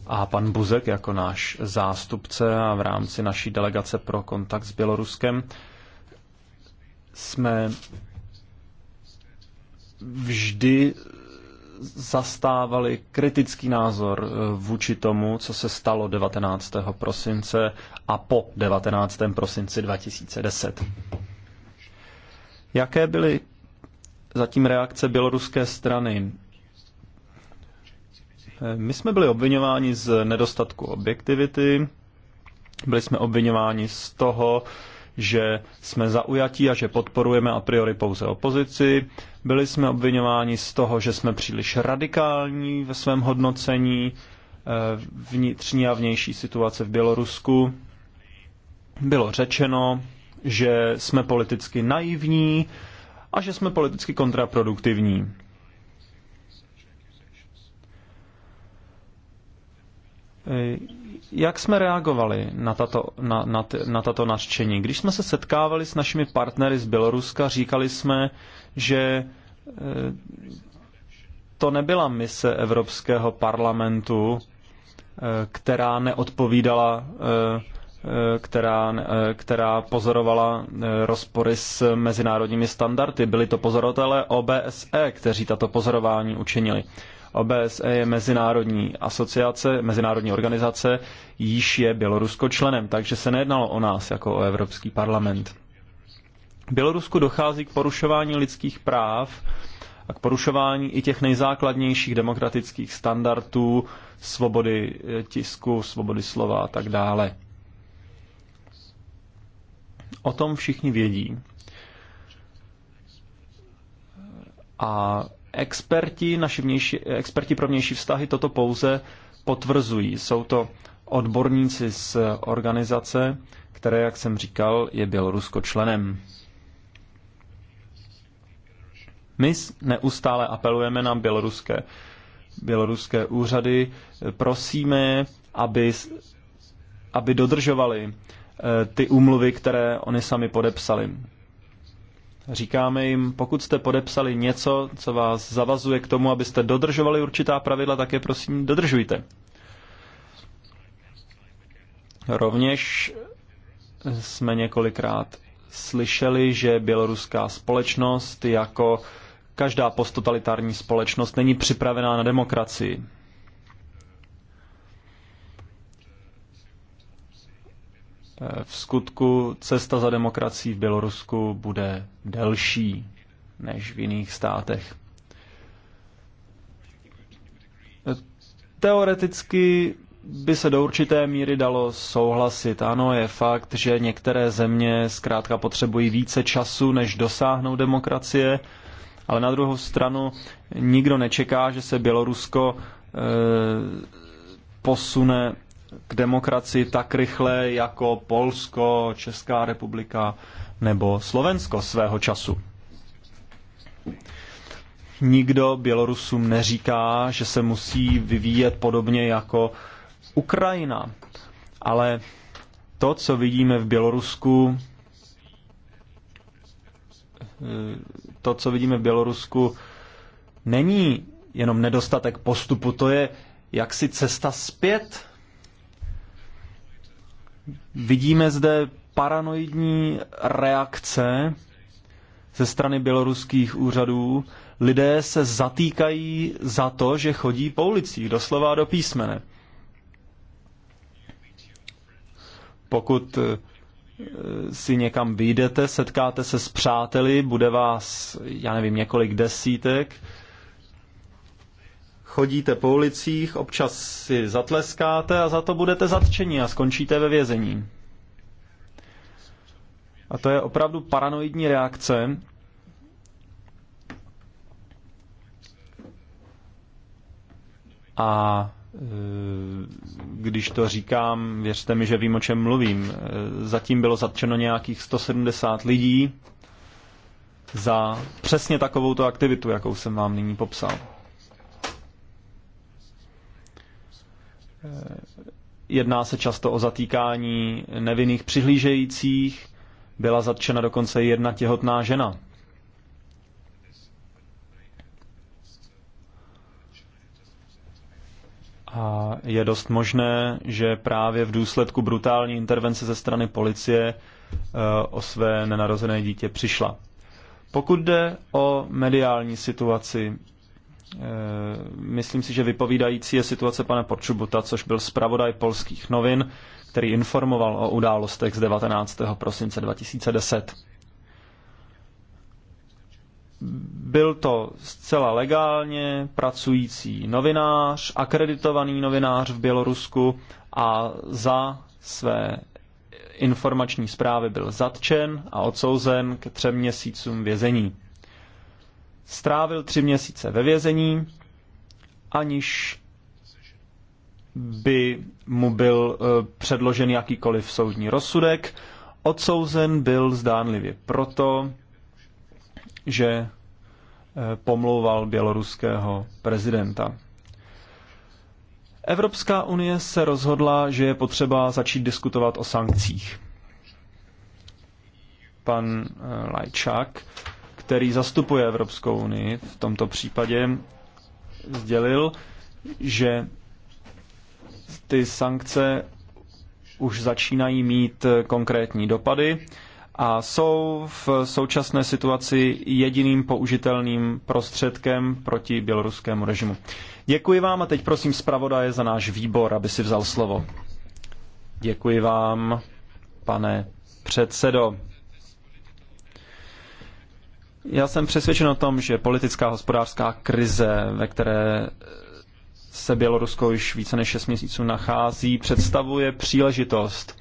a pan Buzek jako náš zástupce a v rámci naší delegace pro kontakt s Běloruskem jsme vždy zastávali kritický názor eh, vůči tomu, co se stalo 19. prosince a po 19. prosinci 2010. Jaké byly zatím reakce běloruské strany? Eh, my jsme byli obvinováni z nedostatku objektivity, byli jsme obvinováni z toho, že jsme zaujatí a že podporujeme a priori pouze opozici. Byli jsme obvinováni z toho, že jsme příliš radikální ve svém hodnocení eh, vnitřní a vnější situace v Bělorusku. Bylo řečeno, že jsme politicky naivní a že jsme politicky kontraproduktivní. Jak jsme reagovali na tato, na, na, na tato nařčení? Když jsme se setkávali s našimi partnery z Běloruska, říkali jsme, že e, to nebyla mise Evropského parlamentu, e, která neodpovídala, e, která, která pozorovala rozpory s mezinárodními standardy. Byli to pozorovatelé OBSE, kteří tato pozorování učinili. OBSE je mezinárodní asociace, mezinárodní organizace, již je Bělorusko členem, takže se nejednalo o nás jako o Evropský parlament. V Bělorusku dochází k porušování lidských práv a k porušování i těch nejzákladnějších demokratických standardů, svobody eh, tisku, svobody slova a tak dále. O tom všichni vědí. A Experti, naši vnější, experti pro vnější vztahy toto pouze potvrzují. Jsou to odborníci z organizace, které, jak jsem říkal, je Bělorusko členem. My neustále apelujeme na běloruské, běloruské úřady, prosíme, aby, aby dodržovali eh, ty úmluvy, které oni sami podepsali. Říkáme jim, pokud jste podepsali něco, co vás zavazuje k tomu, abyste dodržovali určitá pravidla, tak je prosím dodržujte. Rovněž jsme několikrát slyšeli, že běloruská společnost jako každá posttotalitární společnost není připravená na demokracii. v skutku cesta za demokracií v Bělorusku bude delší než v jiných státech. Teoreticky by se do určité míry dalo souhlasit. Ano, je fakt, že některé země zkrátka potřebují více času, než dosáhnou demokracie, ale na druhou stranu nikdo nečeká, že se Bělorusko e, posune k demokracii tak rychle jako Polsko, Česká republika nebo Slovensko svého času. Nikdo Bělorusům neříká, že se musí vyvíjet podobně jako Ukrajina, ale to, co vidíme v Bělorusku, to, co vidíme v Bělorusku, není jenom nedostatek postupu, to je jaksi cesta zpět Vidíme zde paranoidní reakce ze strany běloruských úřadů. Lidé se zatýkají za to, že chodí po ulicích, doslova do písmene. Pokud eh, si někam vyjdete, setkáte se s přáteli, bude vás, já nevím, několik desítek, chodíte po ulicích, občas si zatleskáte a za to budete zatčeni a skončíte ve vězení. A to je opravdu paranoidní reakce. A e, když to říkám, věřte mi, že vím, o čem mluvím. E, zatím bylo zatčeno nějakých 170 lidí za přesně takovouto aktivitu, jakou jsem vám nyní popsal. Jedná se často o zatýkání nevinných přihlížejících. Byla zatčena dokonce jedna těhotná žena. A je dost možné, že právě v důsledku brutální intervence ze strany policie eh, o své nenarozené dítě přišla. Pokud jde o mediální situaci, Eh, myslím si, že vypovídající je situace pana Počubuta, což byl zpravodaj polských novin, který informoval o událostech z 19. prosince 2010. Byl to zcela legálně pracující novinář, akreditovaný novinář v Bělorusku a za své informační zprávy byl zatčen a odsouzen k třem měsícům vězení strávil tři měsíce ve vězení, aniž by mu byl eh, předložen jakýkoliv soudní rozsudek. Odsouzen byl zdánlivě proto, že eh, pomlouval běloruského prezidenta. Evropská unie se rozhodla, že je potřeba začít diskutovat o sankcích. Pan eh, Lajčák který zastupuje Evropskou unii v tomto případě, sdělil, že ty sankce už začínají mít konkrétní dopady a jsou v současné situaci jediným použitelným prostředkem proti běloruskému režimu. Děkuji vám a teď prosím zpravodaje za náš výbor, aby si vzal slovo. Děkuji vám, pane předsedo. Já jsem přesvědčen o tom, že politická hospodářská krize, ve které se Bělorusko již více než 6 měsíců nachází, představuje příležitost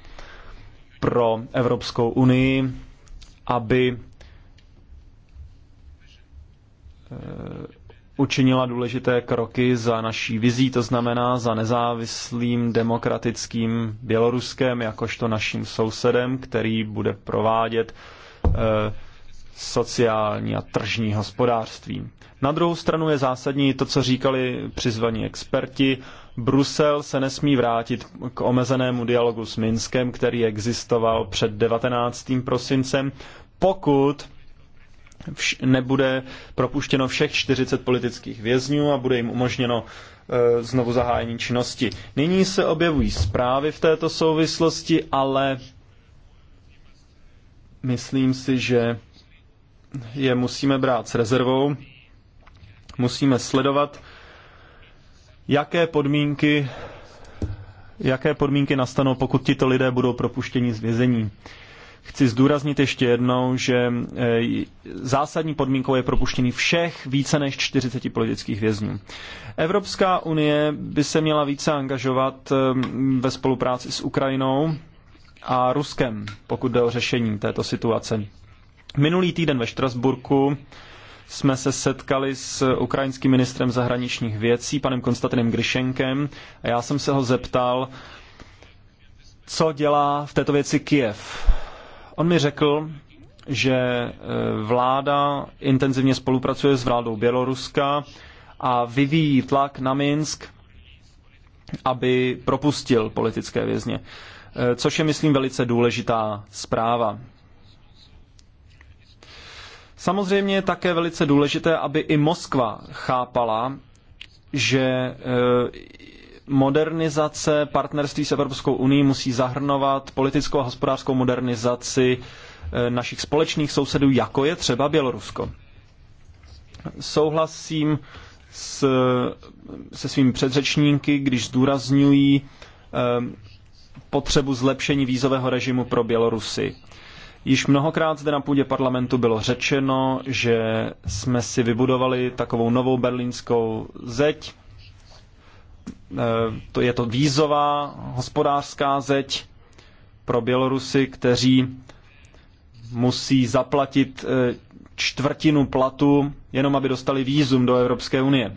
pro Evropskou unii, aby eh, učinila důležité kroky za naší vizí, to znamená za nezávislým demokratickým Běloruskem, jakožto naším sousedem, který bude provádět eh, sociální a tržní hospodářství. Na druhou stranu je zásadní to, co říkali přizvaní experti. Brusel se nesmí vrátit k omezenému dialogu s Minskem, který existoval před 19. prosincem, pokud nebude propuštěno všech 40 politických vězňů a bude jim umožněno e, znovu zahájení činnosti. Nyní se objevují zprávy v této souvislosti, ale myslím si, že je musíme brát s rezervou. Musíme sledovat, jaké podmínky, jaké podmínky nastanou, pokud tito lidé budou propuštěni z vězení. Chci zdůraznit ještě jednou, že e, zásadní podmínkou je propuštění všech více než 40 politických vězňů. Evropská unie by se měla více angažovat e, ve spolupráci s Ukrajinou a Ruskem, pokud jde o řešení této situace. Minulý týden ve Štrasburku jsme se setkali s ukrajinským ministrem zahraničních věcí, panem Konstantinem Gryšenkem, a já jsem se ho zeptal, co dělá v této věci Kiev. On mi řekl, že e, vláda intenzivně spolupracuje s vládou Běloruska a vyvíjí tlak na Minsk, aby propustil politické vězně. E, což je, myslím, velice důležitá zpráva. Samozřejmě je také velice důležité, aby i Moskva chápala, že e, modernizace partnerství s Evropskou unii musí zahrnovat politickou a hospodářskou modernizaci e, našich společných sousedů, jako je třeba Bělorusko. Souhlasím s, se svými předřečníky, když zdůrazňují e, potřebu zlepšení vízového režimu pro Bělorusy. Již mnohokrát zde na půdě parlamentu bylo řečeno, že jsme si vybudovali takovou novou berlínskou zeď. E, to je to vízová hospodářská zeď pro Bělorusy, kteří musí zaplatit e, čtvrtinu platu, jenom aby dostali vízum do Evropské unie.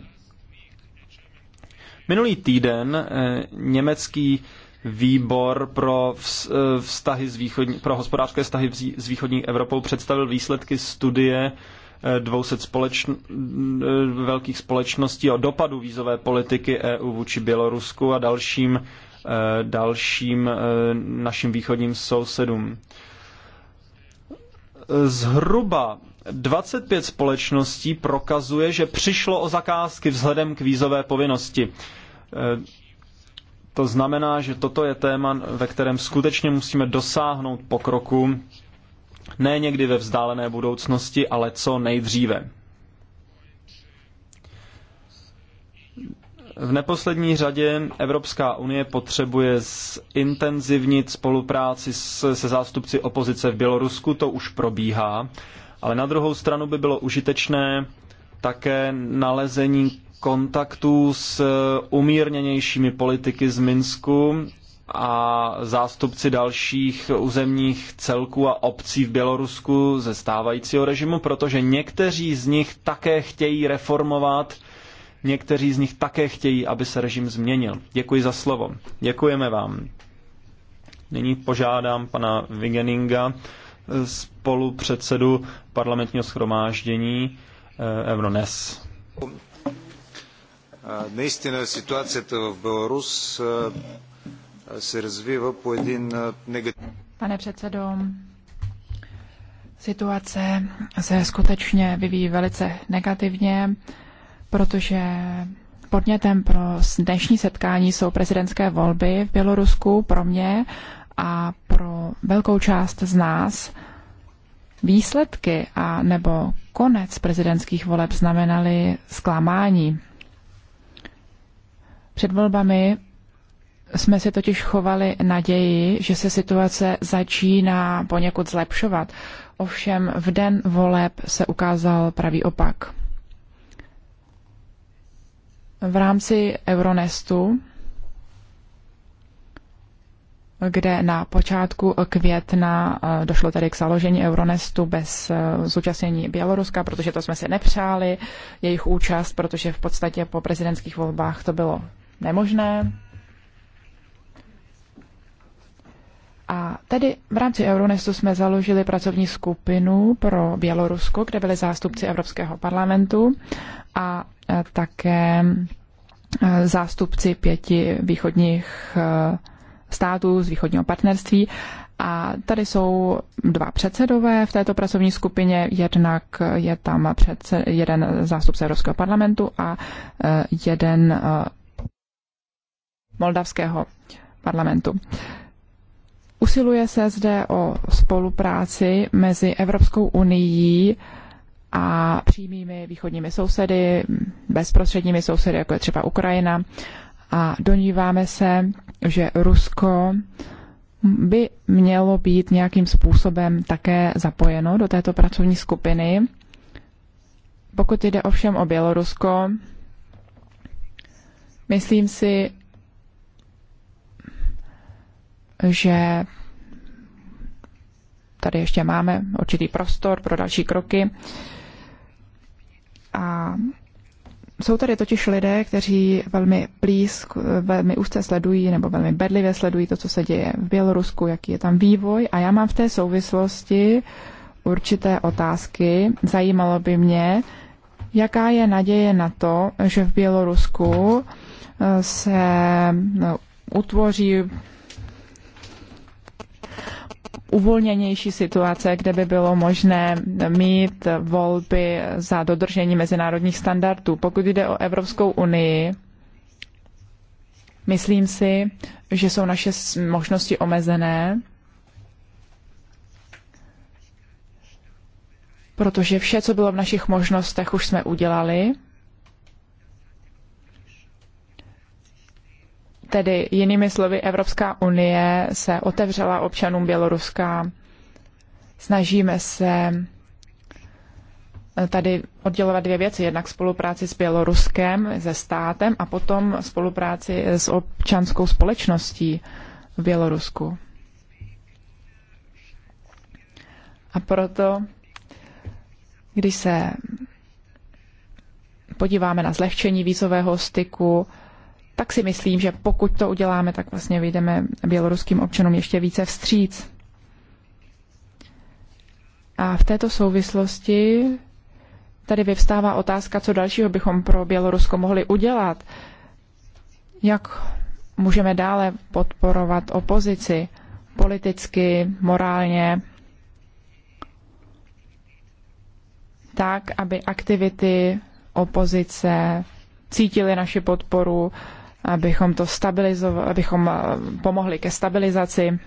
Minulý týden e, německý výbor pro, eh, vztahy z východní, pro hospodářské vztahy s východní Evropou představil výsledky studie 200 eh, společn- eh, velkých společností o dopadu vízové politiky EU vůči Bělorusku a dalším, dalším našim východním sousedům. Zhruba 25 společností prokazuje, že přišlo o zakázky vzhledem k vízové povinnosti. To znamená, že toto je téma, ve kterém skutečně musíme dosáhnout pokroku, ne někdy ve vzdálené budoucnosti, ale co nejdříve. V neposlední řadě Evropská unie potřebuje zintenzivnit spolupráci se zástupci opozice v Bělorusku, to už probíhá, ale na druhou stranu by bylo užitečné také nalezení kontaktů s umírněnějšími politiky z Minsku a zástupci dalších územních celků a obcí v Bělorusku ze stávajícího režimu, protože někteří z nich také chtějí reformovat, někteří z nich také chtějí, aby se režim změnil. Děkuji za slovo. Děkujeme vám. Nyní požádám pana Vigeninga, spolupředsedu parlamentního schromáždění eh, Evrones. Наистина ситуацията в Беларус se rozvíjí po jeden negativní. Pane předsedo, situace se skutečně vyvíjí velice negativně, protože podnětem pro dnešní setkání jsou prezidentské volby v Bělorusku pro mě a pro velkou část z nás. Výsledky a nebo konec prezidentských voleb znamenaly zklamání. Před volbami jsme se totiž chovali naději, že se situace začíná poněkud zlepšovat. Ovšem v den voleb se ukázal pravý opak. V rámci Euronestu, kde na počátku května eh, došlo tedy k založení Euronestu bez eh, zúčastnění Běloruska, protože to jsme si nepřáli, jejich účast, protože v podstatě po prezidentských volbách to bylo nemožné. A tedy v rámci Euronestu jsme založili pracovní skupinu pro Bělorusko, kde byli zástupci Evropského parlamentu a e, také e, zástupci pěti východních e, států z východního partnerství. A tady jsou dva předsedové v této pracovní skupině. Jednak je tam předse, jeden zástupce Evropského parlamentu a jeden moldavského parlamentu. Usiluje se zde o spolupráci mezi Evropskou unii a přímými východními sousedy, bezprostředními sousedy, jako je třeba Ukrajina. A doníváme se, že Rusko by mělo být nějakým způsobem také zapojeno do této pracovní skupiny. Pokud jde ovšem o Bělorusko, myslím si, že tady ještě máme určitý prostor pro další kroky. A jsou tady totiž lidé, kteří velmi blízko, velmi úzce sledují nebo velmi bedlivě sledují to, co se děje v Bělorusku, jaký je tam vývoj. A já mám v té souvislosti určité otázky. Zajímalo by mě, jaká je naděje na to, že v Bělorusku eh, se no, utvoří uvolněnější situace, kde by bylo možné mít volby za dodržení mezinárodních standardů. Pokud jde o Evropskou unii, myslím si, že jsou naše možnosti omezené, protože vše, co bylo v našich možnostech, už jsme udělali. Tedy jinými slovy, Evropská unie se otevřela občanům Běloruska. Snažíme se eh, tady oddělovat dvě věci. Jednak spolupráci s Běloruskem, se státem a potom spolupráci s občanskou společností v Bělorusku. A proto, když se podíváme na zlehčení vízového styku, tak si myslím, že pokud to uděláme, tak vlastně vyjdeme běloruským občanům ještě více vstříc. A v této souvislosti tady vyvstává otázka, co dalšího bychom pro Bělorusko mohli udělat. Jak můžeme dále podporovat opozici politicky, morálně, tak, aby aktivity opozice cítily naši podporu, abychom to stabilizovali, abychom eh, pomohli ke stabilizaci.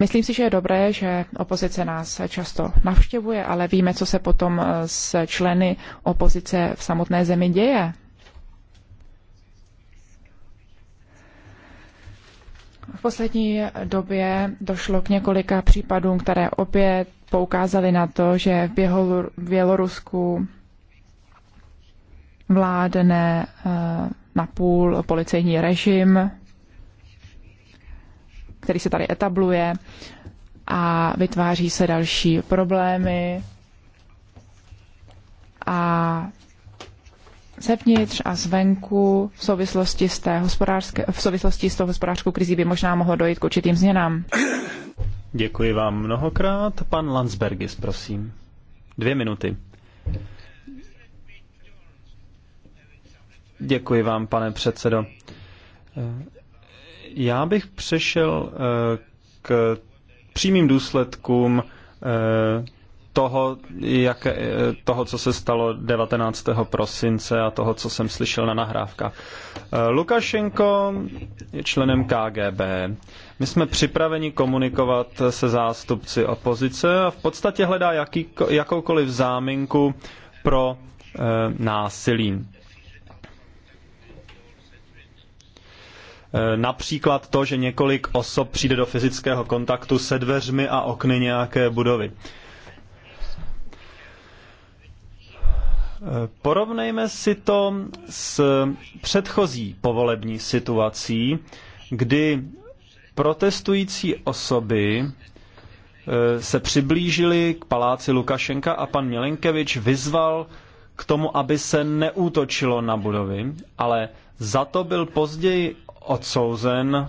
Myslím si, že je dobré, že opozice nás často navštěvuje, ale víme, co se potom eh, s členy opozice v samotné zemi děje. V poslední době došlo k několika případům, které opět poukázaly na to, že v Bělorusku vládne eh, napůl policejní režim, který se tady etabluje a vytváří se další problémy a zevnitř a zvenku v souvislosti s, té hospodářské, v souvislosti s tou hospodářskou krizí by možná mohlo dojít k určitým změnám. Děkuji vám mnohokrát. Pan Landsbergis, prosím. Dvě minuty. Děkuji vám, pane předsedo. Eh, já bych přešel eh, k přímým důsledkům eh, toho, jak, toho, co se stalo 19. prosince a toho, co jsem slyšel na nahrávkách. Lukašenko je členem KGB. My jsme připraveni komunikovat se zástupci opozice a v podstatě hledá jaký, jakoukoliv záminku pro e, násilí. Eh, například to, že několik osob přijde do fyzického kontaktu se dveřmi a okny nějaké budovy. Eh, porovnejme si to s předchozí povolební situací, kdy protestující osoby eh, se přiblížili k paláci Lukašenka a pan Milenkevič vyzval k tomu, aby se neútočilo na budovy, ale za to byl později odsouzen eh,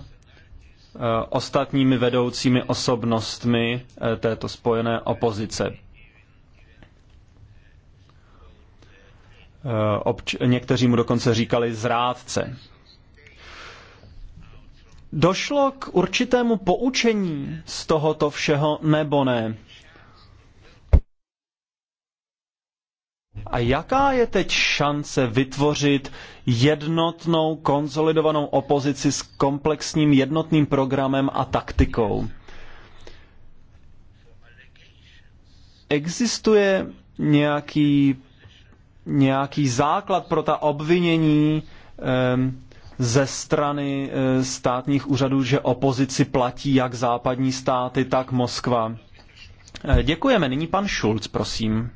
ostatními vedoucími osobnostmi eh, této spojené opozice. Eh, obč- někteří mu dokonce říkali zrádce. Došlo k určitému poučení z tohoto všeho nebo ne? A jaká je teď šance vytvořit jednotnou, konsolidovanou opozici s komplexním jednotným programem a taktikou? Existuje nějaký, nějaký základ pro ta obvinění ehm, ze strany eh, státních úřadů, že opozici platí jak západní státy, tak Moskva? Eh, děkujeme. Nyní pan Schulz, prosím.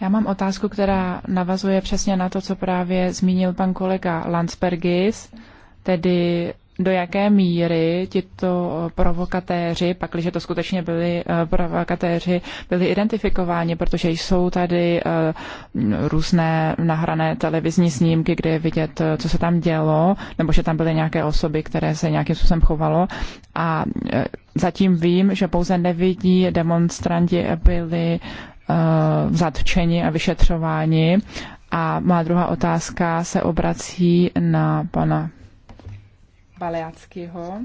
Já mám otázku, která navazuje přesně na to, co právě zmínil pan kolega Landsbergis, tedy do jaké míry tito provokatéři, pakliže to skutečně byli eh, provokatéři, byli identifikováni, protože jsou tady eh, různé nahrané televizní snímky, kde je vidět, eh, co se tam dělo, nebo že tam byly nějaké osoby, které se nějakým způsobem chovalo. A zatím vím, že pouze nevidí demonstranti byli zatčeni a vyšetřováni. A má druhá otázka se obrací na pana Baleackého,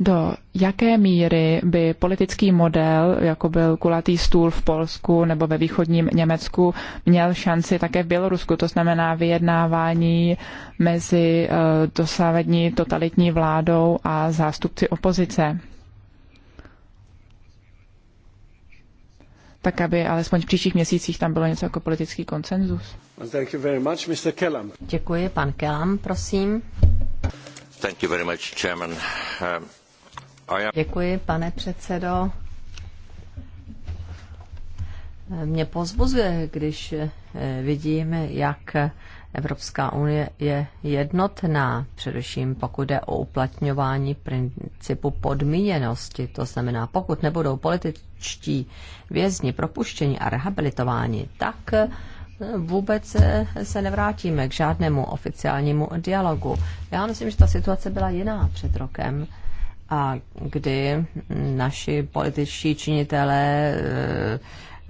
do jaké míry by politický model, jako byl kulatý stůl v Polsku nebo ve východním Německu, měl šanci také v Bělorusku, to znamená vyjednávání mezi eh, dosávadní totalitní vládou a zástupci opozice? Tak, aby alespoň v příštích měsících tam bylo něco jako politický konsenzus. Thank you very much, Mr. Kellam. Děkuji, pan Kellam, prosím. Thank you very much, Chairman. Um, I am... Děkuji, pane předsedo. Mě pozbuzuje, když eh, vidím, jak Evropská unie je jednotná, především pokud jde o uplatňování principu podmíněnosti. To znamená, pokud nebudou političtí vězni propuštěni a rehabilitováni, tak vůbec se nevrátíme k žádnému oficiálnímu dialogu. Já myslím, že ta situace byla jiná před rokem a kdy naši političtí činitelé eh,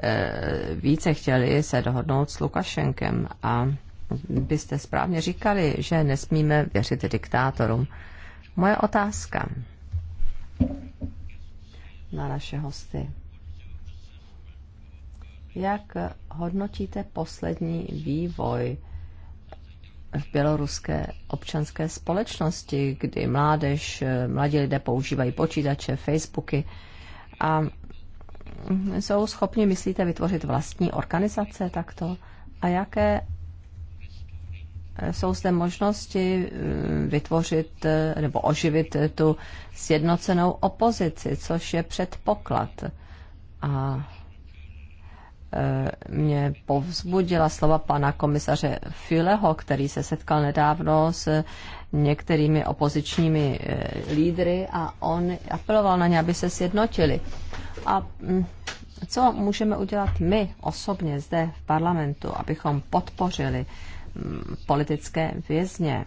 eh, více chtěli se dohodnout s Lukašenkem a byste správně říkali, že nesmíme věřit diktátorům. Moje otázka na naše hosty. Jak hodnotíte poslední vývoj v běloruské občanské společnosti, kdy mládež, mladí lidé používají počítače, Facebooky a jsou schopni, myslíte, vytvořit vlastní organizace takto? A jaké jsou zde možnosti mm, vytvořit nebo oživit tu sjednocenou opozici, což je předpoklad? A Eh, mě povzbudila slova pana komisaře Fileho, který se setkal nedávno s některými opozičními eh, lídry a on apeloval na ně, aby se sjednotili. A mm, co můžeme udělat my osobně zde v parlamentu, abychom podpořili mm, politické vězně?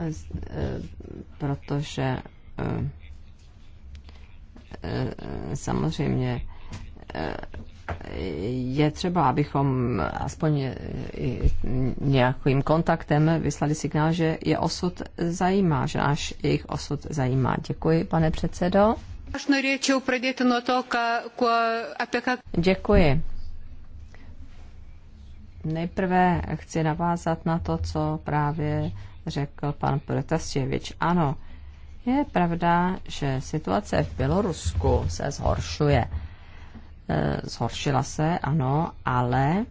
Eh, protože Eh, samozřejmě eh, je třeba, abychom aspoň eh, nějakým kontaktem vyslali signál, že je osud zajímá, že náš jejich osud zajímá. Děkuji, pane předsedo. Děkuji. Nejprve chci navázat na to, co právě řekl pan Protasěvič. Ano, je pravda, že situace v Bělorusku se zhoršuje. E, zhoršila se, ano, ale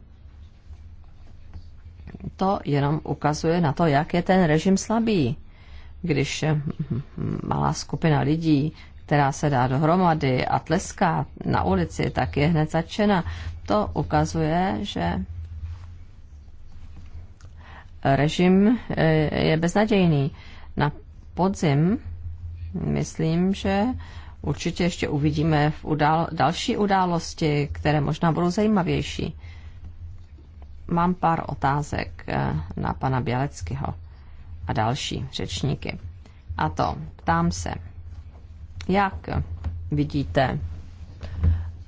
to jenom ukazuje na to, jak je ten režim slabý. Když malá skupina lidí, která se dá dohromady a tleská na ulici, tak je hned začena. To ukazuje, že režim e, je beznadějný. Na podzim myslím, že určitě ještě uvidíme v udál- další události, které možná budou zajímavější. Mám pár otázek eh, na pana Běleckého a další řečníky. A to ptám se, jak vidíte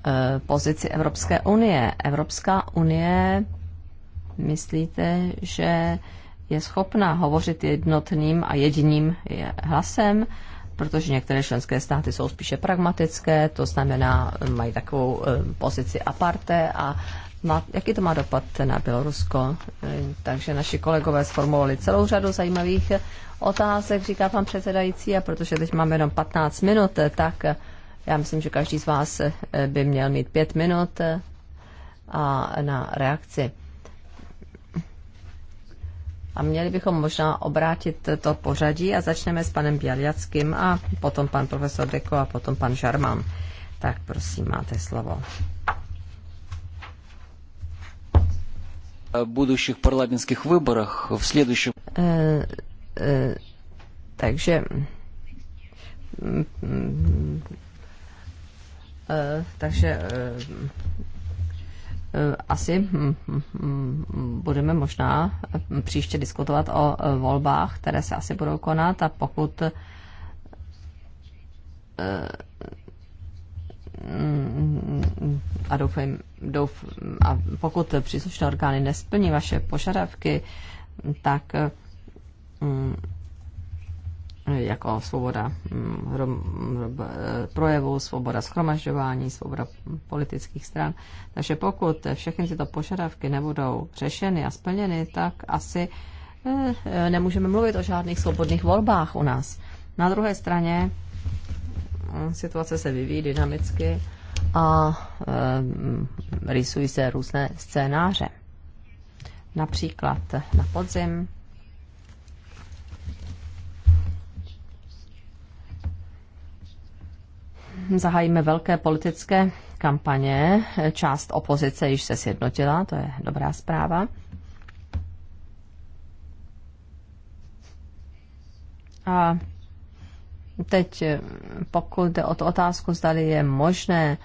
eh, pozici Evropské unie? Evropská unie, myslíte, že je schopná hovořit jednotným a jediným hlasem? protože některé členské státy jsou spíše pragmatické, to znamená, mají takovou eh, pozici aparte a má, jaký to má dopad na Bělorusko. Eh, takže naši kolegové sformulovali celou řadu zajímavých eh, otázek, říká pan předsedající, a protože teď máme jenom 15 minut, tak já myslím, že každý z vás by měl mít 5 minut a na reakci. A měli bychom možná obrátit to pořadí a začneme s panem Bělackým a potom pan profesor Deko a potom pan Žarman. Tak prosím, máte slovo. budущих v sledujším... в следующем... Takže mm, mm, eh, takže eh, Eh, asi hm, hm, hm, budeme možná příště diskutovat o eh, volbách, které se asi budou konat a pokud eh, a doufám, douf, a pokud příslušné orgány nesplní vaše požadavky, tak jako svoboda mm, eh, projevu, svoboda schromažďování, svoboda politických stran. Takže pokud všechny tyto požadavky nebudou řešeny a splněny, tak asi eh, nemůžeme mluvit o žádných svobodných volbách u nás. Na druhé straně eh, situace se vyvíjí dynamicky a rysují se různé scénáře. Například na podzim zahájíme velké politické kampaně. Část opozice již se sjednotila, to je dobrá zpráva. A teď, pokud jde o tu otázku, zda je možné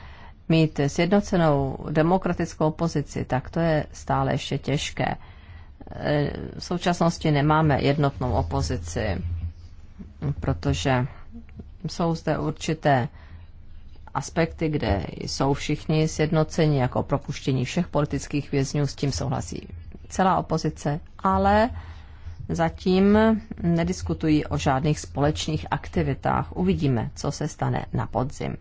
mít sjednocenou demokratickou opozici, tak to je stále ještě těžké. V současnosti nemáme jednotnou opozici, protože jsou zde určité aspekty, kde jsou všichni sjednoceni jako propuštění všech politických vězňů, s tím souhlasí celá opozice, ale zatím nediskutují o žádných společných aktivitách. Uvidíme, co se stane na podzim.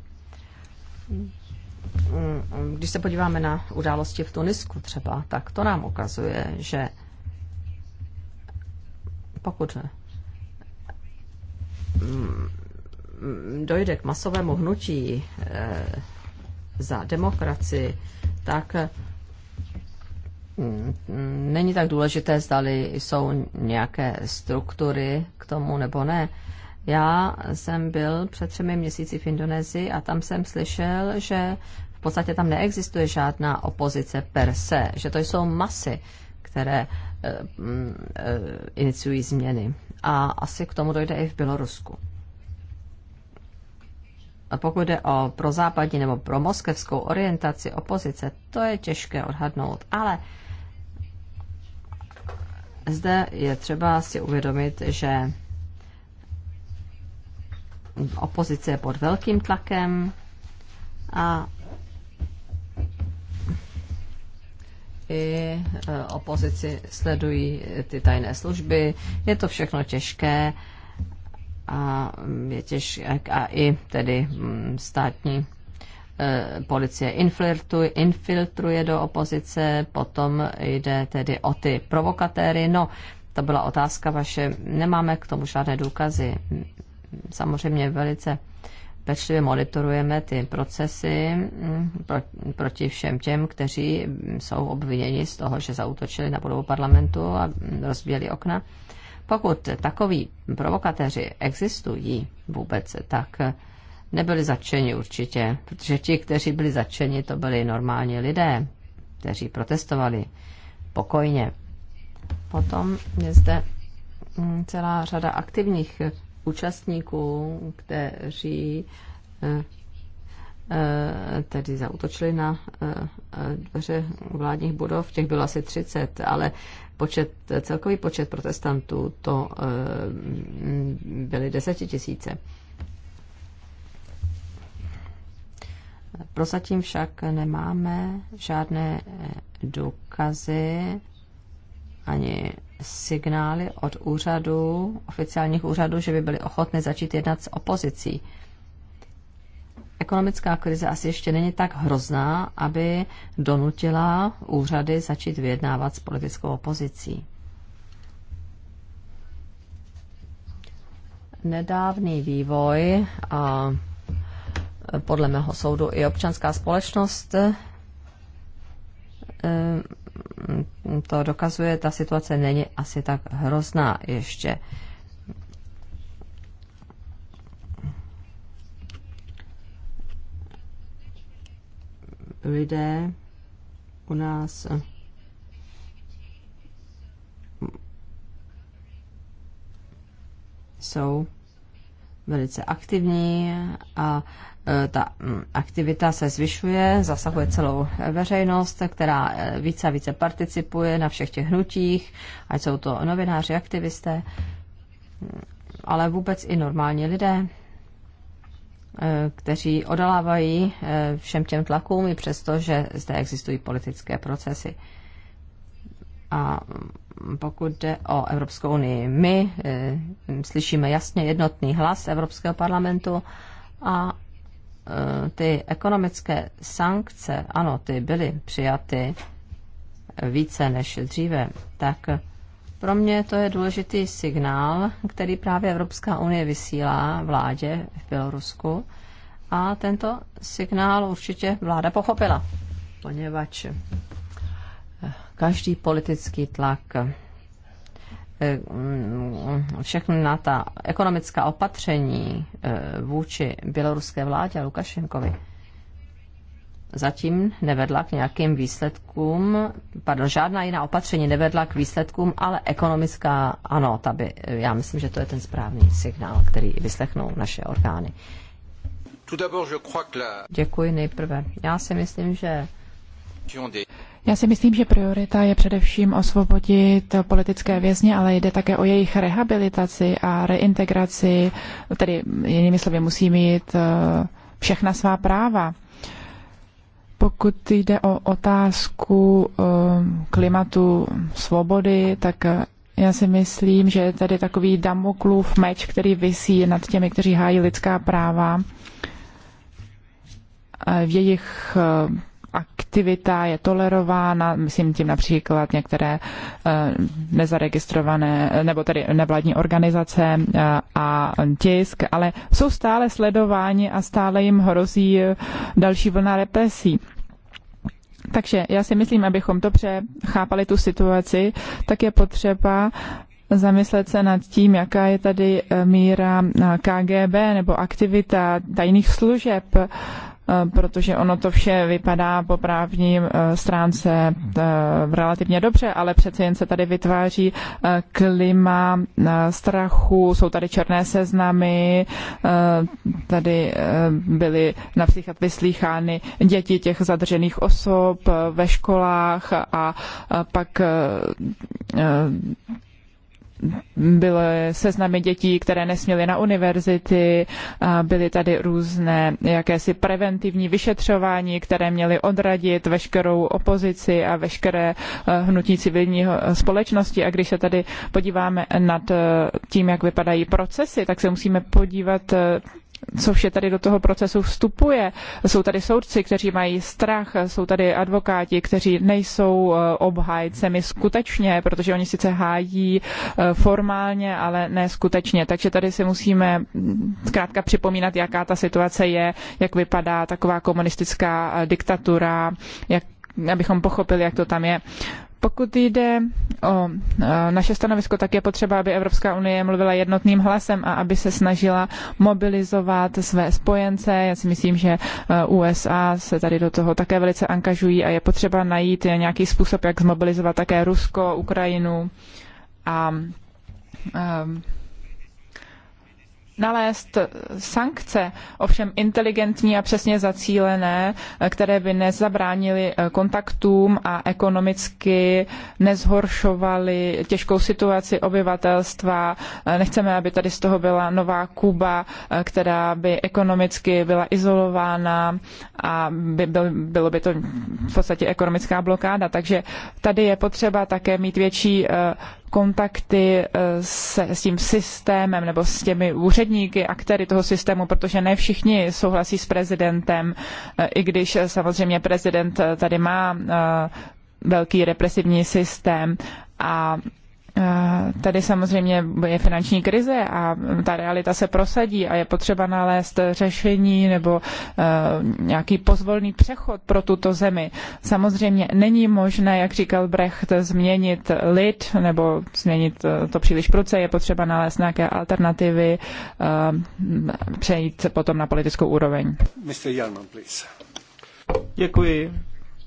Když se podíváme na události v Tunisku třeba, tak to nám ukazuje, že pokud Mm, dojde k masovému hnutí eh, za demokracii, tak mm, není tak důležité, zdali jsou nějaké struktury k tomu nebo ne. Já jsem byl před třemi měsíci v Indonésii a tam jsem slyšel, že v podstatě tam neexistuje žádná opozice per se, že to jsou masy, které eh, mm, eh, iniciují změny. A asi k tomu dojde i v Bělorusku pokud jde o prozápadní nebo pro moskevskou orientaci opozice, to je těžké odhadnout, ale zde je třeba si uvědomit, že opozice je pod velkým tlakem a i e, opozici sledují ty tajné služby. Je to všechno těžké a, mm, je těž, a i tedy mm, státní e, policie infiltruje, infiltruje do opozice, potom jde tedy o ty provokatéry. No, to byla otázka vaše. Nemáme k tomu žádné důkazy. Samozřejmě velice pečlivě monitorujeme ty procesy mm, proti všem těm, kteří jsou obviněni z toho, že zautočili na budovu parlamentu a rozbíjeli okna. Pokud takový provokatéři existují vůbec, tak nebyli zatčeni určitě, protože ti, kteří byli zatčeni, to byli normální lidé, kteří protestovali pokojně. Potom je zde mm, celá řada aktivních účastníků, kteří eh, eh, tedy zautočili na eh, dveře vládních budov, těch bylo asi 30, ale počet, celkový počet protestantů to eh, byly desetitisíce. Prozatím však nemáme žádné eh, důkazy ani signály od úřadů oficiálních úřadů, že by byli ochotni začít jednat s opozicí ekonomická krize asi ještě není tak hrozná, aby donutila úřady začít vyjednávat s politickou opozicí. Nedávný vývoj a podle mého soudu i občanská společnost eh, to dokazuje, ta situace není asi tak hrozná ještě. lidé u nás jsou velice aktivní a e, ta mm, aktivita se zvyšuje, zasahuje celou veřejnost, která e, více a více participuje na všech těch hnutích, ať jsou to novináři, aktivisté, mm, ale vůbec i normální lidé. Eh, kteří odolávají eh, všem těm tlakům i přesto, že zde existují politické procesy. A pokud jde o Evropskou unii, my eh, slyšíme jasně jednotný hlas Evropského parlamentu a ty ekonomické sankce, ano, ty byly přijaty více než dříve, tak pro mě to je důležitý signál, který právě Evropská unie vysílá vládě v Bělorusku. A tento signál určitě vláda pochopila, poněvadž eh, každý politický tlak, eh, mm, na ta ekonomická opatření eh, vůči běloruské vládě a Lukašenkovi zatím nevedla k nějakým výsledkům, pardon, žádná jiná opatření nevedla k výsledkům, ale ekonomická, ano, ta by, já myslím, že to je ten správný signál, který vyslechnou naše orgány. Děkuji nejprve. Já si myslím, že já si myslím, že priorita je především osvobodit politické vězně, ale jde také o jejich rehabilitaci a reintegraci, tedy jinými slovy musí mít eh, všechna svá práva. Pokud jde o otázku ehm, klimatu svobody, tak eh, já si myslím, že je tady takový damoklův meč, který vysí nad těmi, kteří hájí lidská práva eh, v jejich eh, aktivita je tolerována, myslím tím například některé eh, nezaregistrované eh, nebo tedy nevládní organizace eh, a tisk, ale jsou stále sledováni a stále jim hrozí další vlna represí. Takže já si myslím, abychom dobře chápali tu situaci, tak je potřeba zamyslet se nad tím, jaká je tady míra KGB nebo aktivita tajných služeb Eh, protože ono to vše vypadá po právní eh, stránce eh, relativně dobře, ale přece jen se tady vytváří klima strachu, jsou tady černé seznamy, tady byly například vyslýchány děti těch zadržených osob ve školách a pak byly seznamy dětí, které nesměly na univerzity, byly tady různé jakési preventivní vyšetřování, které měly odradit veškerou opozici a veškeré eh, hnutí civilní eh, společnosti. A když se tady podíváme nad eh, tím, jak vypadají procesy, tak se musíme podívat co vše tady do toho procesu vstupuje. Jsou tady soudci, kteří mají strach, jsou tady advokáti, kteří nejsou eh, obhájcemi skutečně, protože oni sice hájí eh, formálně, ale ne skutečně. Takže tady si musíme mm, zkrátka připomínat, jaká ta situace je, jak vypadá taková komunistická eh, diktatura, jak abychom pochopili, jak to tam je. Pokud jde o e, naše stanovisko, tak je potřeba, aby Evropská unie mluvila jednotným hlasem a aby se snažila mobilizovat své spojence. Já si myslím, že e, USA se tady do toho také velice angažují a je potřeba najít nějaký způsob, jak zmobilizovat také Rusko, Ukrajinu a, a e, nalézt sankce, ovšem inteligentní a přesně zacílené, které by nezabránily eh, kontaktům a ekonomicky nezhoršovaly těžkou situaci obyvatelstva. Eh, nechceme, aby tady z toho byla nová Kuba, eh, která by ekonomicky byla izolována a by bylo by to v podstatě ekonomická blokáda. Takže tady je potřeba také mít větší kontakty eh, se, s tím systémem nebo s těmi úředníky, aktéry toho systému, protože ne všichni souhlasí s prezidentem, eh, i když eh, samozřejmě prezident tady má velký represivní systém a Tady samozřejmě je finanční krize a ta realita se prosadí a je potřeba nalézt řešení nebo e, nějaký pozvolný přechod pro tuto zemi. Samozřejmě není možné, jak říkal Brecht, změnit lid nebo změnit e, to příliš proce, je potřeba nalézt nějaké alternativy, e, přejít potom na politickou úroveň. Mr. Jarman, please. Děkuji.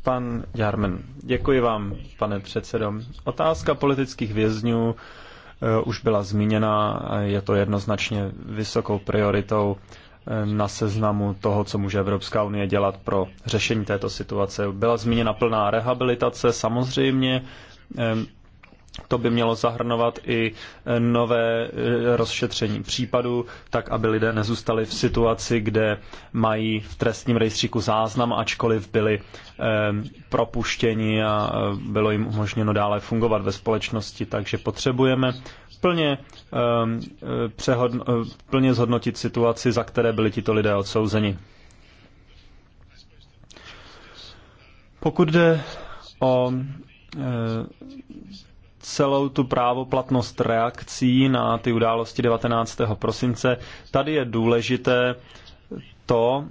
Pan Jarmen, děkuji vám, pane předsedo. Otázka politických vězňů eh, už byla zmíněna, je to jednoznačně vysokou prioritou eh, na seznamu toho, co může Evropská unie dělat pro řešení této situace. Byla zmíněna plná rehabilitace, samozřejmě eh, to by mělo zahrnovat i e, nové e, rozšetření případů, tak aby lidé nezůstali v situaci, kde mají v trestním rejstříku záznam, ačkoliv byli e, propuštěni a bylo jim umožněno dále fungovat ve společnosti. Takže potřebujeme plně, přehodno, plně zhodnotit situaci, za které byli tito lidé odsouzeni. Pokud jde o celou tu právoplatnost reakcí na ty události 19. prosince, tady je důležité to,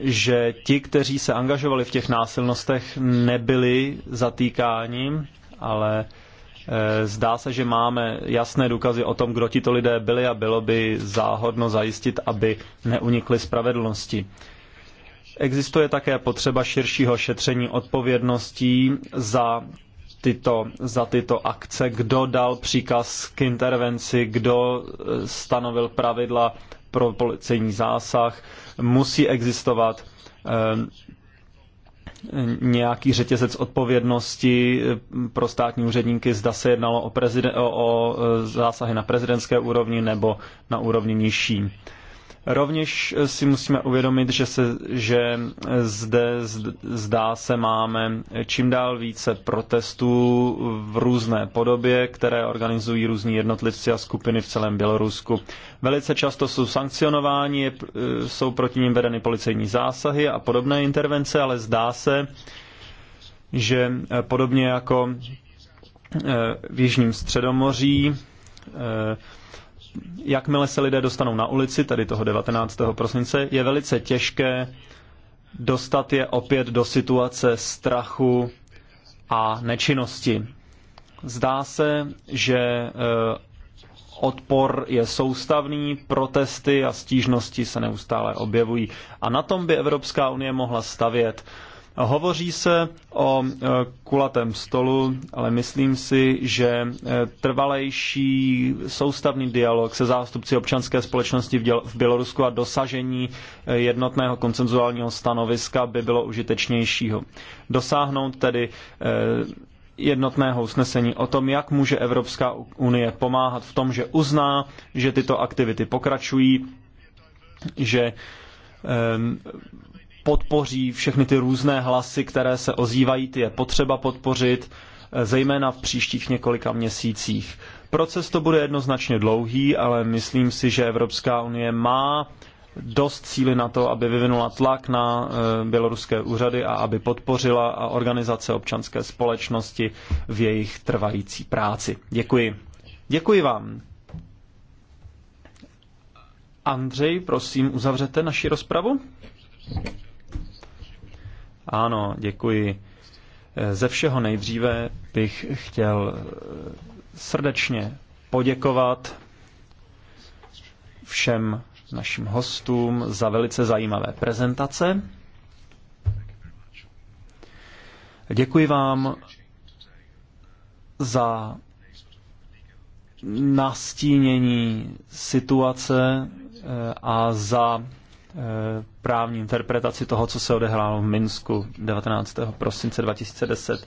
že ti, kteří se angažovali v těch násilnostech, nebyli zatýkáni, ale eh, Zdá se, že máme jasné důkazy o tom, kdo tito lidé byli a bylo by záhodno zajistit, aby neunikli spravedlnosti. Existuje také potřeba širšího šetření odpovědností za tyto, za tyto akce, kdo dal příkaz k intervenci, kdo eh, stanovil pravidla pro policejní zásah. Musí existovat eh, nějaký řetězec odpovědnosti eh, pro státní úředníky, zda se jednalo o, prezide- o, o zásahy na prezidentské úrovni nebo na úrovni nižší. Rovněž eh, si musíme uvědomit, že, se, že eh, zde zdá se máme čím dál více protestů v různé podobě, které organizují různí jednotlivci a skupiny v celém Bělorusku. Velice často jsou sankcionováni, eh, jsou proti ním vedeny policejní zásahy a podobné intervence, ale zdá se, že podobně jako v Jižním Středomoří, jakmile se lidé dostanou na ulici, tedy toho 19. prosince, je velice těžké dostat je opět do situace strachu a nečinnosti. Zdá se, že eh, odpor je soustavný, protesty a stížnosti se neustále objevují. A na tom by Evropská unie mohla stavět. Hovoří se o e, kulatém stolu, ale myslím si, že e, trvalejší soustavný dialog se zástupci občanské společnosti v Bělorusku a dosažení e, jednotného koncenzuálního stanoviska by bylo užitečnějšího. Dosáhnout tedy jednotného usnesení o tom, jak může Evropská unie pomáhat v tom, že uzná, že tyto aktivity pokračují, že podpoří všechny ty různé hlasy, které se ozývají, ty je potřeba podpořit, eh, zejména v příštích několika měsících. Proces to bude jednoznačně dlouhý, ale myslím si, že Evropská unie má dost síly na to, aby vyvinula tlak na eh, běloruské úřady a aby podpořila organizace občanské společnosti v jejich trvající práci. Děkuji. Děkuji vám. Andrej, prosím, uzavřete naši rozpravu. Ano, děkuji. Eh, ze všeho nejdříve bych chtěl eh, srdečně poděkovat všem našim hostům za velice zajímavé prezentace. Děkuji vám za nastínění situace eh, a za Eh, právní interpretaci toho, co se odehrálo v Minsku 19. prosince 2010.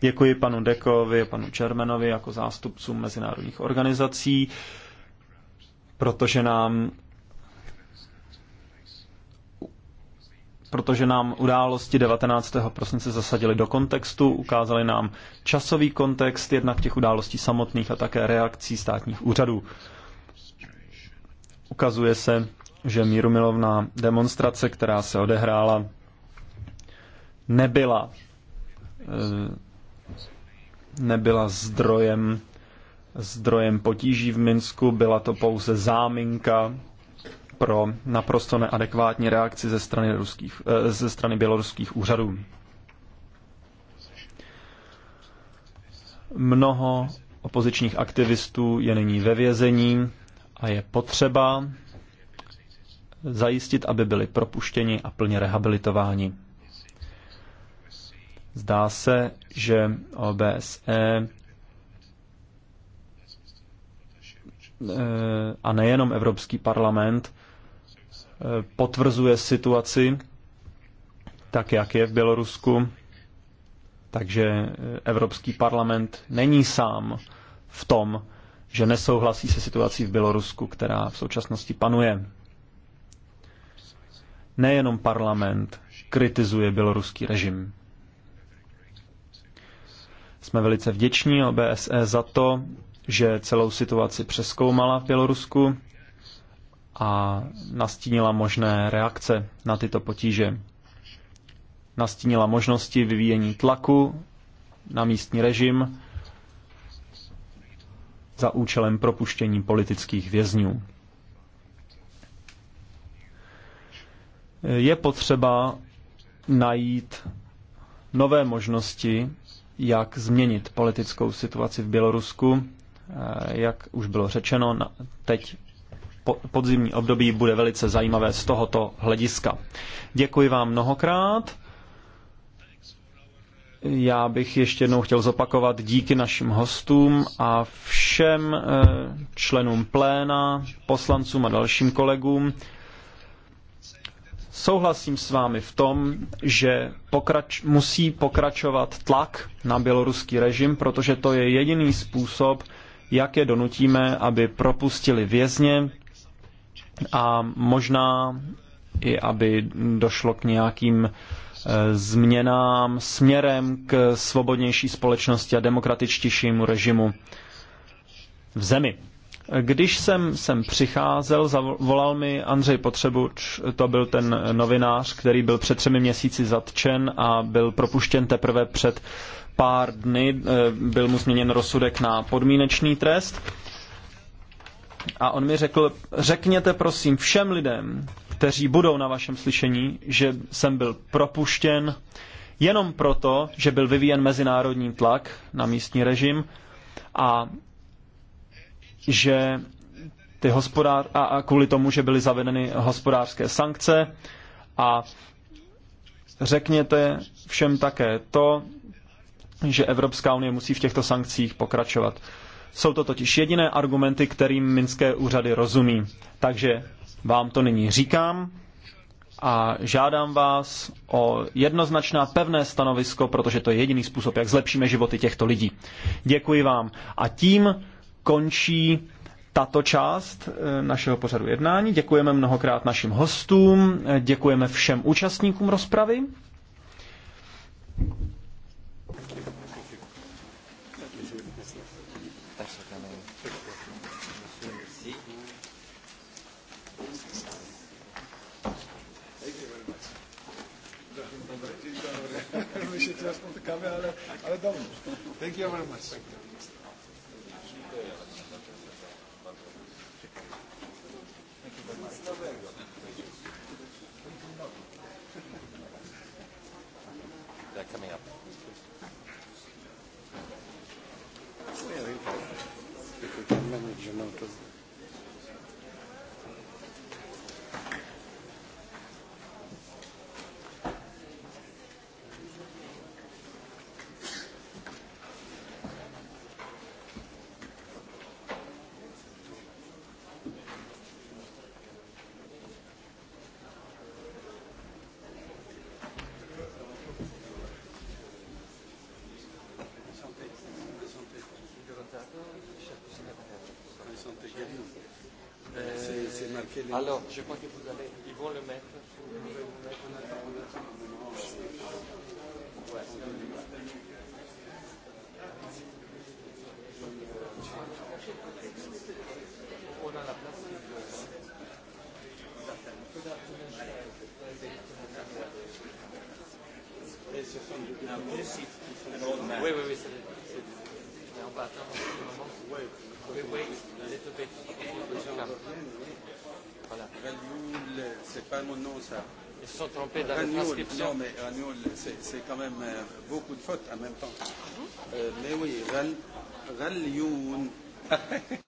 Děkuji panu Dekovi, panu Čermenovi jako zástupcům mezinárodních organizací, protože nám protože nám události 19. prosince zasadili do kontextu, ukázali nám časový kontext jednak těch událostí samotných a také reakcí státních úřadů. Ukazuje se, že mírumilovná demonstrace, která se odehrála, nebyla eh, nebyla zdrojem zdrojem potíží v Minsku, byla to pouze záminka pro naprosto neadekvátní reakci ze strany, ruských, eh, ze strany běloruských úřadů. Mnoho opozičních aktivistů je nyní ve vězení a je potřeba, zajistit, aby byli propuštěni a plně rehabilitováni. Zdá se, že OBSE e, a nejenom Evropský parlament e, potvrzuje situaci tak, jak je v Bělorusku. Takže Evropský parlament není sám v tom, že nesouhlasí se situací v Bělorusku, která v současnosti panuje nejenom parlament kritizuje běloruský režim. Jsme velice vděční OBSE za to, že celou situaci přeskoumala v Bělorusku a nastínila možné reakce na tyto potíže. Nastínila možnosti vyvíjení tlaku na místní režim za účelem propuštění politických vězňů. Je potřeba najít nové možnosti, jak změnit politickou situaci v Bělorusku. Eh, jak už bylo řečeno, teď podzimní období bude velice zajímavé z tohoto hlediska. Děkuji vám mnohokrát. Já bych ještě jednou chtěl zopakovat díky našim hostům a všem eh, členům pléna, poslancům a dalším kolegům. Souhlasím s vámi v tom, že pokrač, musí pokračovat tlak na běloruský režim, protože to je jediný způsob, jak je donutíme, aby propustili vězně a možná i aby došlo k nějakým e, změnám směrem k svobodnější společnosti a demokratičtějšímu režimu v zemi. Když jsem sem přicházel, zavolal mi Andřej Potřebuč, to byl ten novinář, který byl před třemi měsíci zatčen a byl propuštěn teprve před pár dny, e, byl mu změněn rozsudek na podmínečný trest. A on mi řekl, řekněte prosím všem lidem, kteří budou na vašem slyšení, že jsem byl propuštěn jenom proto, že byl vyvíjen mezinárodní tlak na místní režim a že ty hospodář, a, a kvůli tomu, že byly zavedeny hospodářské sankce a řekněte všem také to, že Evropská unie musí v těchto sankcích pokračovat. Jsou to totiž jediné argumenty, kterým minské úřady rozumí. Takže vám to nyní říkám a žádám vás o jednoznačná pevné stanovisko, protože to je jediný způsob, jak zlepšíme životy těchto lidí. Děkuji vám. A tím končí tato část eh, našeho pořadu jednání. Děkujeme mnohokrát našim hostům, eh, děkujeme všem účastníkům rozpravy. Thank you very much. les... Alors, je crois que vous allez... Ils vont le mettre. ça. Ils se sont trompés dans Ragnoul, la transcription. Non, mais Ragnoul, c'est quand même euh, beaucoup de fautes en même temps. Ah, euh, mais oui, Ragnoul.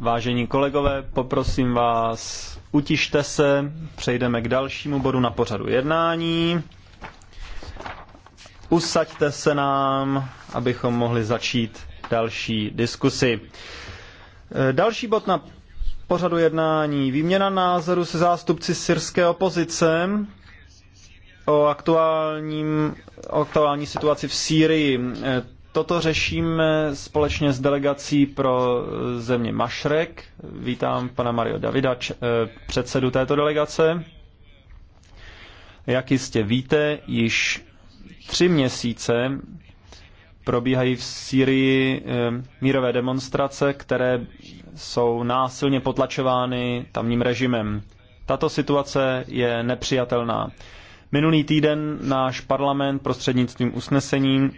Vážení kolegové, poprosím vás, utište se, přejdeme k dalšímu bodu na pořadu jednání. Usaďte se nám, abychom mohli začít další diskusi. E, další bod na pořadu jednání. Výměna názoru se zástupci syrské opozice o, aktuálním, aktuální situaci v Sýrii. E, Toto řešíme společně s delegací pro eh, země Mašrek. Vítám pana Mario Davida, eh, předsedu této delegace. Jak jistě víte, již tři měsíce probíhají v Sýrii eh, mírové demonstrace, které jsou násilně potlačovány tamním režimem. Tato situace je nepřijatelná. Minulý týden náš parlament prostřednictvím usnesení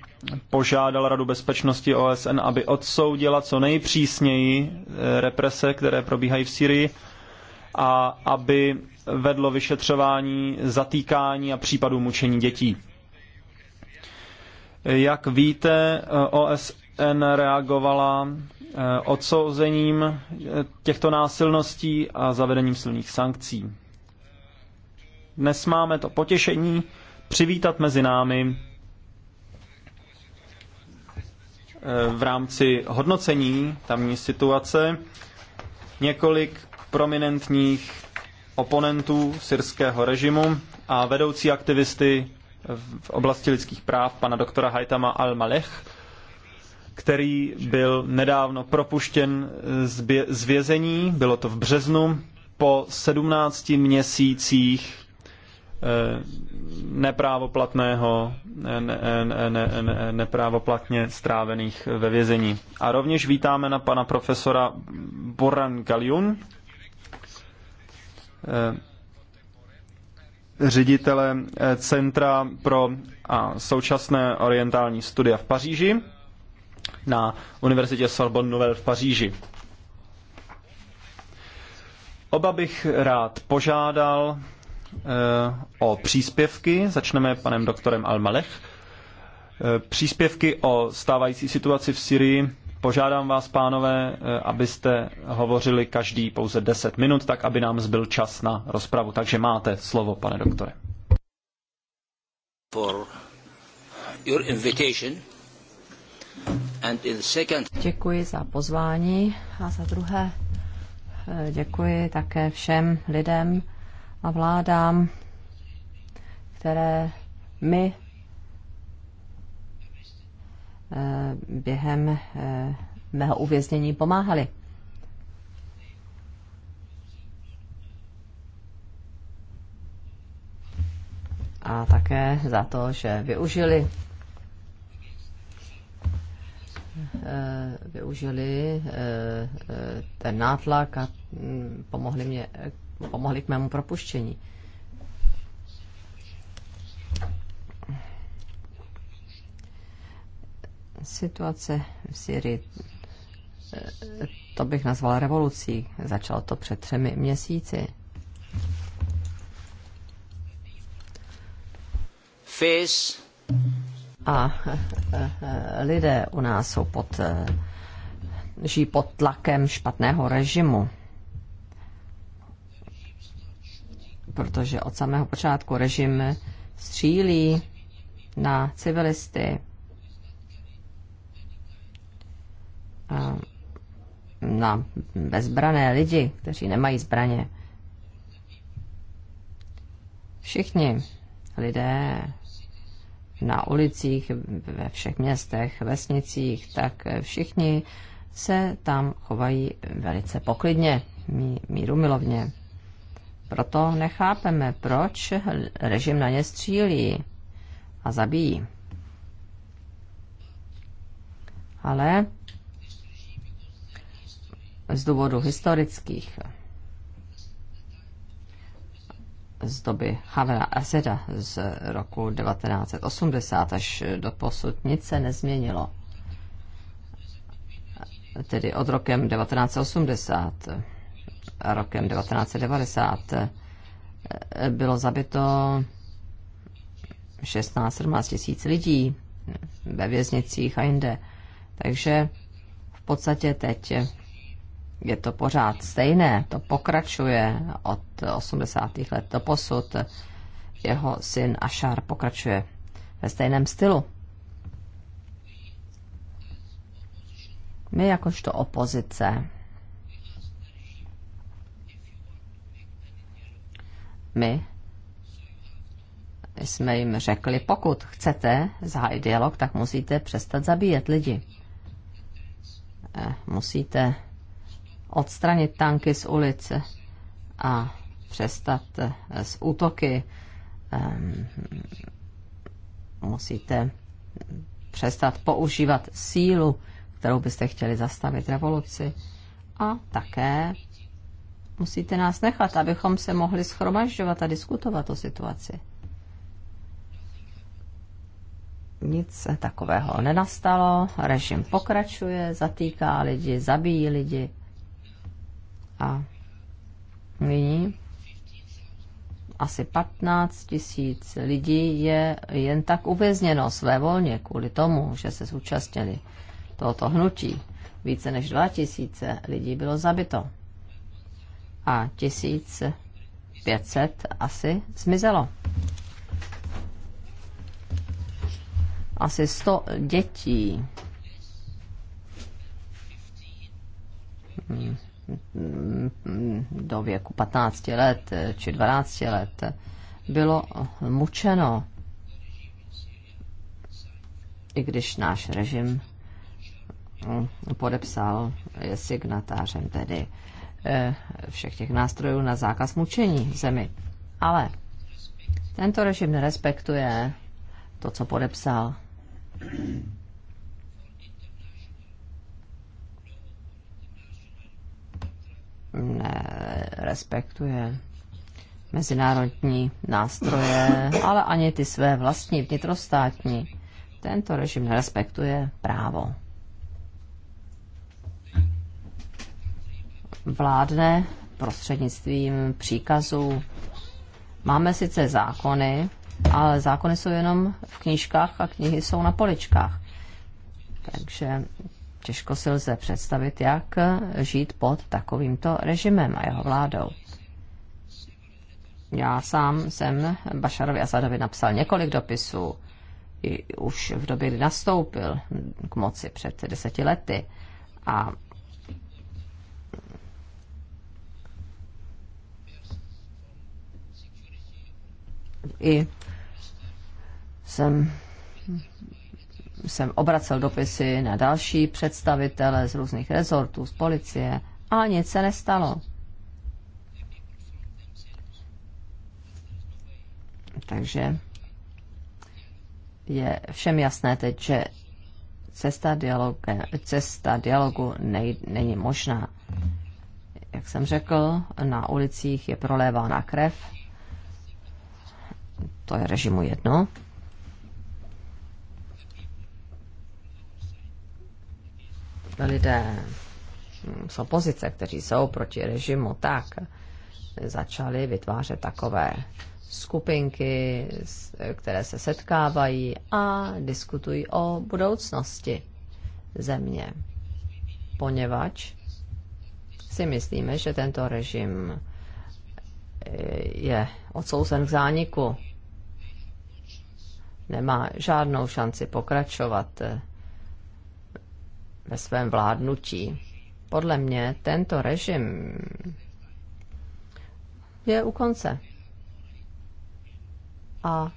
požádal Radu bezpečnosti OSN, aby odsoudila co nejpřísněji eh, represe, které probíhají v Syrii a aby vedlo vyšetřování zatýkání a případů mučení dětí. Jak víte, eh, OSN reagovala eh, odsouzením těchto násilností a zavedením silných sankcí. Dnes máme to potěšení přivítat mezi námi eh, v rámci hodnocení tamní situace několik prominentních oponentů syrského režimu a vedoucí aktivisty v oblasti lidských práv pana doktora Haitama Al-Malech, který byl nedávno propuštěn z vězení, bylo to v březnu, po 17 měsících Eh, neprávoplatného, ne, ne, ne, neprávoplatně strávených ve vězení. A rovněž vítáme na pana profesora Boran Galjun, eh, ředitele eh, Centra pro a současné orientální studia v Paříži na Univerzitě Sorbonne Nouvelle v Paříži. Oba bych rád požádal Eh, o příspěvky. Začneme panem doktorem Almalech. Eh, příspěvky o stávající situaci v Syrii. Požádám vás, pánové, eh, abyste hovořili každý pouze 10 minut, tak aby nám zbyl čas na rozpravu. Takže máte slovo, pane doktore. Second... Děkuji za pozvání a za druhé děkuji také všem lidem, a vládám, které my eh, během eh, mého uvěznění pomáhali. A také za to, že využili eh, využili ten nátlak a hm, pomohli mě pomohli k mému propuštění. Situace v Syrii, to bych nazval revolucí. Začalo to před třemi měsíci. Fish. A lidé u nás jsou pod, žijí pod tlakem špatného režimu protože od samého počátku režim střílí na civilisty. A na bezbrané lidi, kteří nemají zbraně. Všichni lidé na ulicích, ve všech městech, vesnicích, tak všichni se tam chovají velice poklidně, míru milovně. Proto nechápeme, proč režim na ně střílí a zabíjí. Ale z důvodu historických, z doby Havela Aseda z roku 1980 až do posud nic se nezměnilo. Tedy od rokem 1980 rokem 1990 eh, bylo zabito 16-17 tisíc lidí ve věznicích a jinde. Takže v podstatě teď je to pořád stejné, to pokračuje od 80. let do posud. Jeho syn Ašar pokračuje ve stejném stylu. My jakožto opozice my jsme jim řekli, pokud chcete zahájit dialog, tak musíte přestat zabíjet lidi. Eh, musíte odstranit tanky z ulice a přestat s eh, útoky. Ehm, musíte přestat používat sílu, kterou byste chtěli zastavit revoluci. A také musíte nás nechat, abychom se mohli schromažďovat a diskutovat o situaci. Nic takového nenastalo, režim pokračuje, zatýká lidi, zabíjí lidi. A nyní asi 15 tisíc lidí je jen tak uvězněno své volně kvůli tomu, že se zúčastnili tohoto hnutí. Více než 2 tisíce lidí bylo zabito a 1500 asi zmizelo. Asi 100 dětí. do věku 15 let či 12 let bylo mučeno, i když náš režim podepsal je signatářem tedy Eh, všech těch nástrojů na zákaz mučení v zemi. Ale tento režim nerespektuje to, co podepsal. Nerespektuje mezinárodní nástroje, ale ani ty své vlastní vnitrostátní. Tento režim nerespektuje právo. vládne prostřednictvím příkazů. Máme sice zákony, ale zákony jsou jenom v knížkách a knihy jsou na poličkách. Takže těžko si lze představit, jak žít pod takovýmto režimem a jeho vládou. Já sám jsem Bašarovi Asadovi napsal několik dopisů, i už v době, kdy nastoupil k moci před deseti lety. A i jsem, jsem obracel dopisy na další představitele z různých rezortů, z policie a nic se nestalo. Takže je všem jasné teď, že cesta, dialoge, cesta dialogu nej, není možná. Jak jsem řekl, na ulicích je prolévána krev, to je režimu jedno. Lidé hm, z opozice, kteří jsou proti režimu, tak začali vytvářet takové skupinky, které se setkávají a diskutují o budoucnosti země. Poněvadž si myslíme, že tento režim eh, je odsouzen k zániku nemá žádnou šanci pokračovat eh, ve svém vládnutí. Podle mě tento režim je u konce. A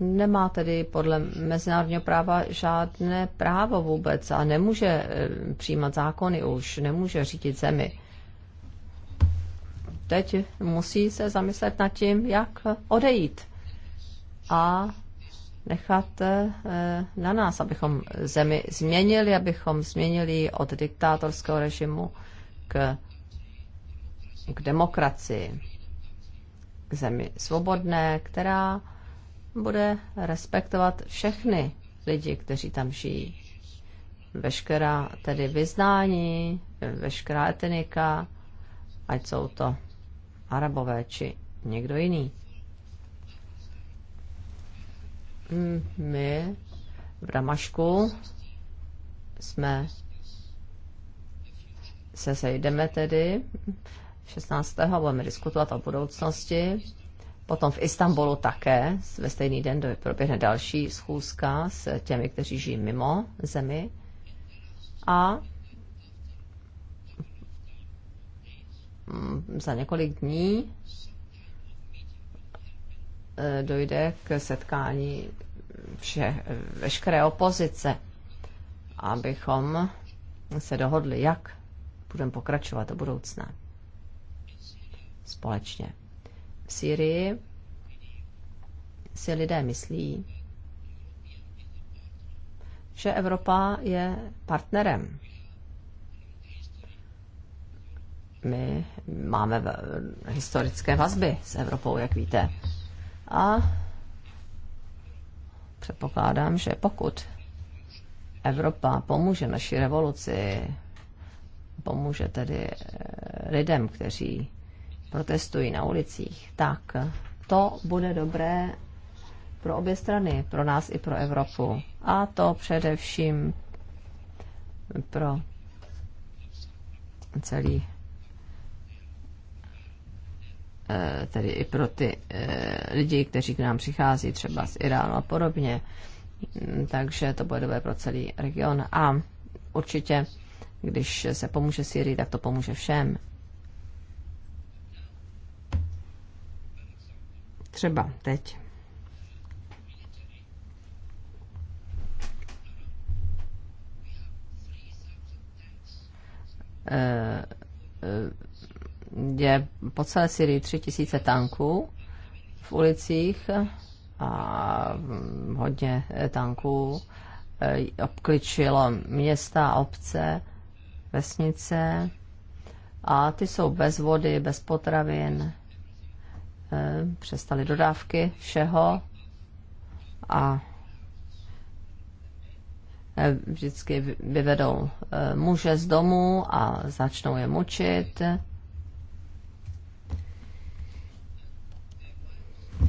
nemá tedy podle mezinárodního práva žádné právo vůbec a nemůže eh, přijímat zákony už, nemůže řídit zemi. Teď musí se zamyslet nad tím, jak odejít. A nechat eh, na nás, abychom zemi změnili, abychom změnili od diktátorského režimu k, k demokracii. K zemi svobodné, která bude respektovat všechny lidi, kteří tam žijí. Veškerá tedy vyznání, veškerá etnika, ať jsou to arabové či někdo jiný. my v Damašku jsme se sejdeme tedy 16. budeme diskutovat o budoucnosti. Potom v Istanbulu také ve stejný den proběhne další schůzka s těmi, kteří žijí mimo zemi. A za několik dní E, dojde k setkání vše, veškeré opozice, abychom se dohodli, jak budeme pokračovat do budoucna společně. V Syrii si lidé myslí, že Evropa je partnerem. My máme historické vazby s Evropou, jak víte. A předpokládám, že pokud Evropa pomůže naší revoluci, pomůže tedy eh, lidem, kteří protestují na ulicích, tak to bude dobré pro obě strany, pro nás i pro Evropu. A to především pro celý Eh, tedy i pro ty eh, lidi, kteří k nám přichází třeba z Iránu a podobně. Mm, takže to bude dobré pro celý region. A určitě, když se pomůže Syrii, tak to pomůže všem. Třeba teď. Uh, e, uh, e, je po celé Syrii tisíce tanků v ulicích a hodně eh, tanků eh, obkličilo města, obce, vesnice a ty jsou bez vody, bez potravin, eh, přestaly dodávky všeho a vždycky vyvedou muže z domu a začnou je mučit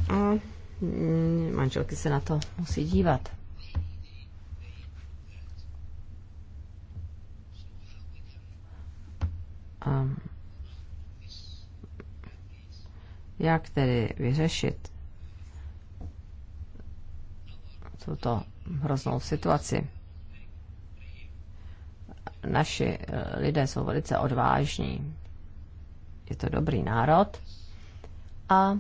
A mm, manželky se na to musí dívat. A jak tedy vyřešit tuto hroznou situaci? Naši eh, lidé jsou velice odvážní. Je to dobrý národ. A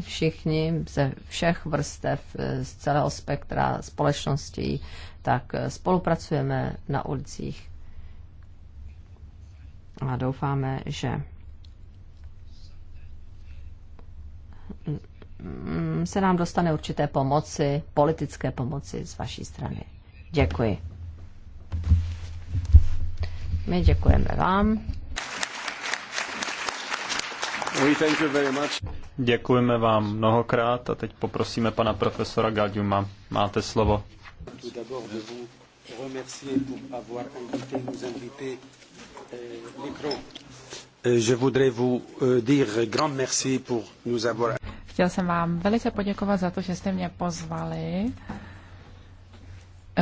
všichni ze všech vrstev, eh, z celého spektra společnosti, tak eh, spolupracujeme na ulicích. A doufáme, že se nám dostane určité pomoci, politické pomoci z vaší strany. Děkuji. My děkujeme vám. Děkujeme vám mnohokrát a teď poprosíme pana profesora Gadiuma. Máte slovo. Euh, euh, euh, Chtěl jsem vám velice poděkovat za to, že jste mě pozvali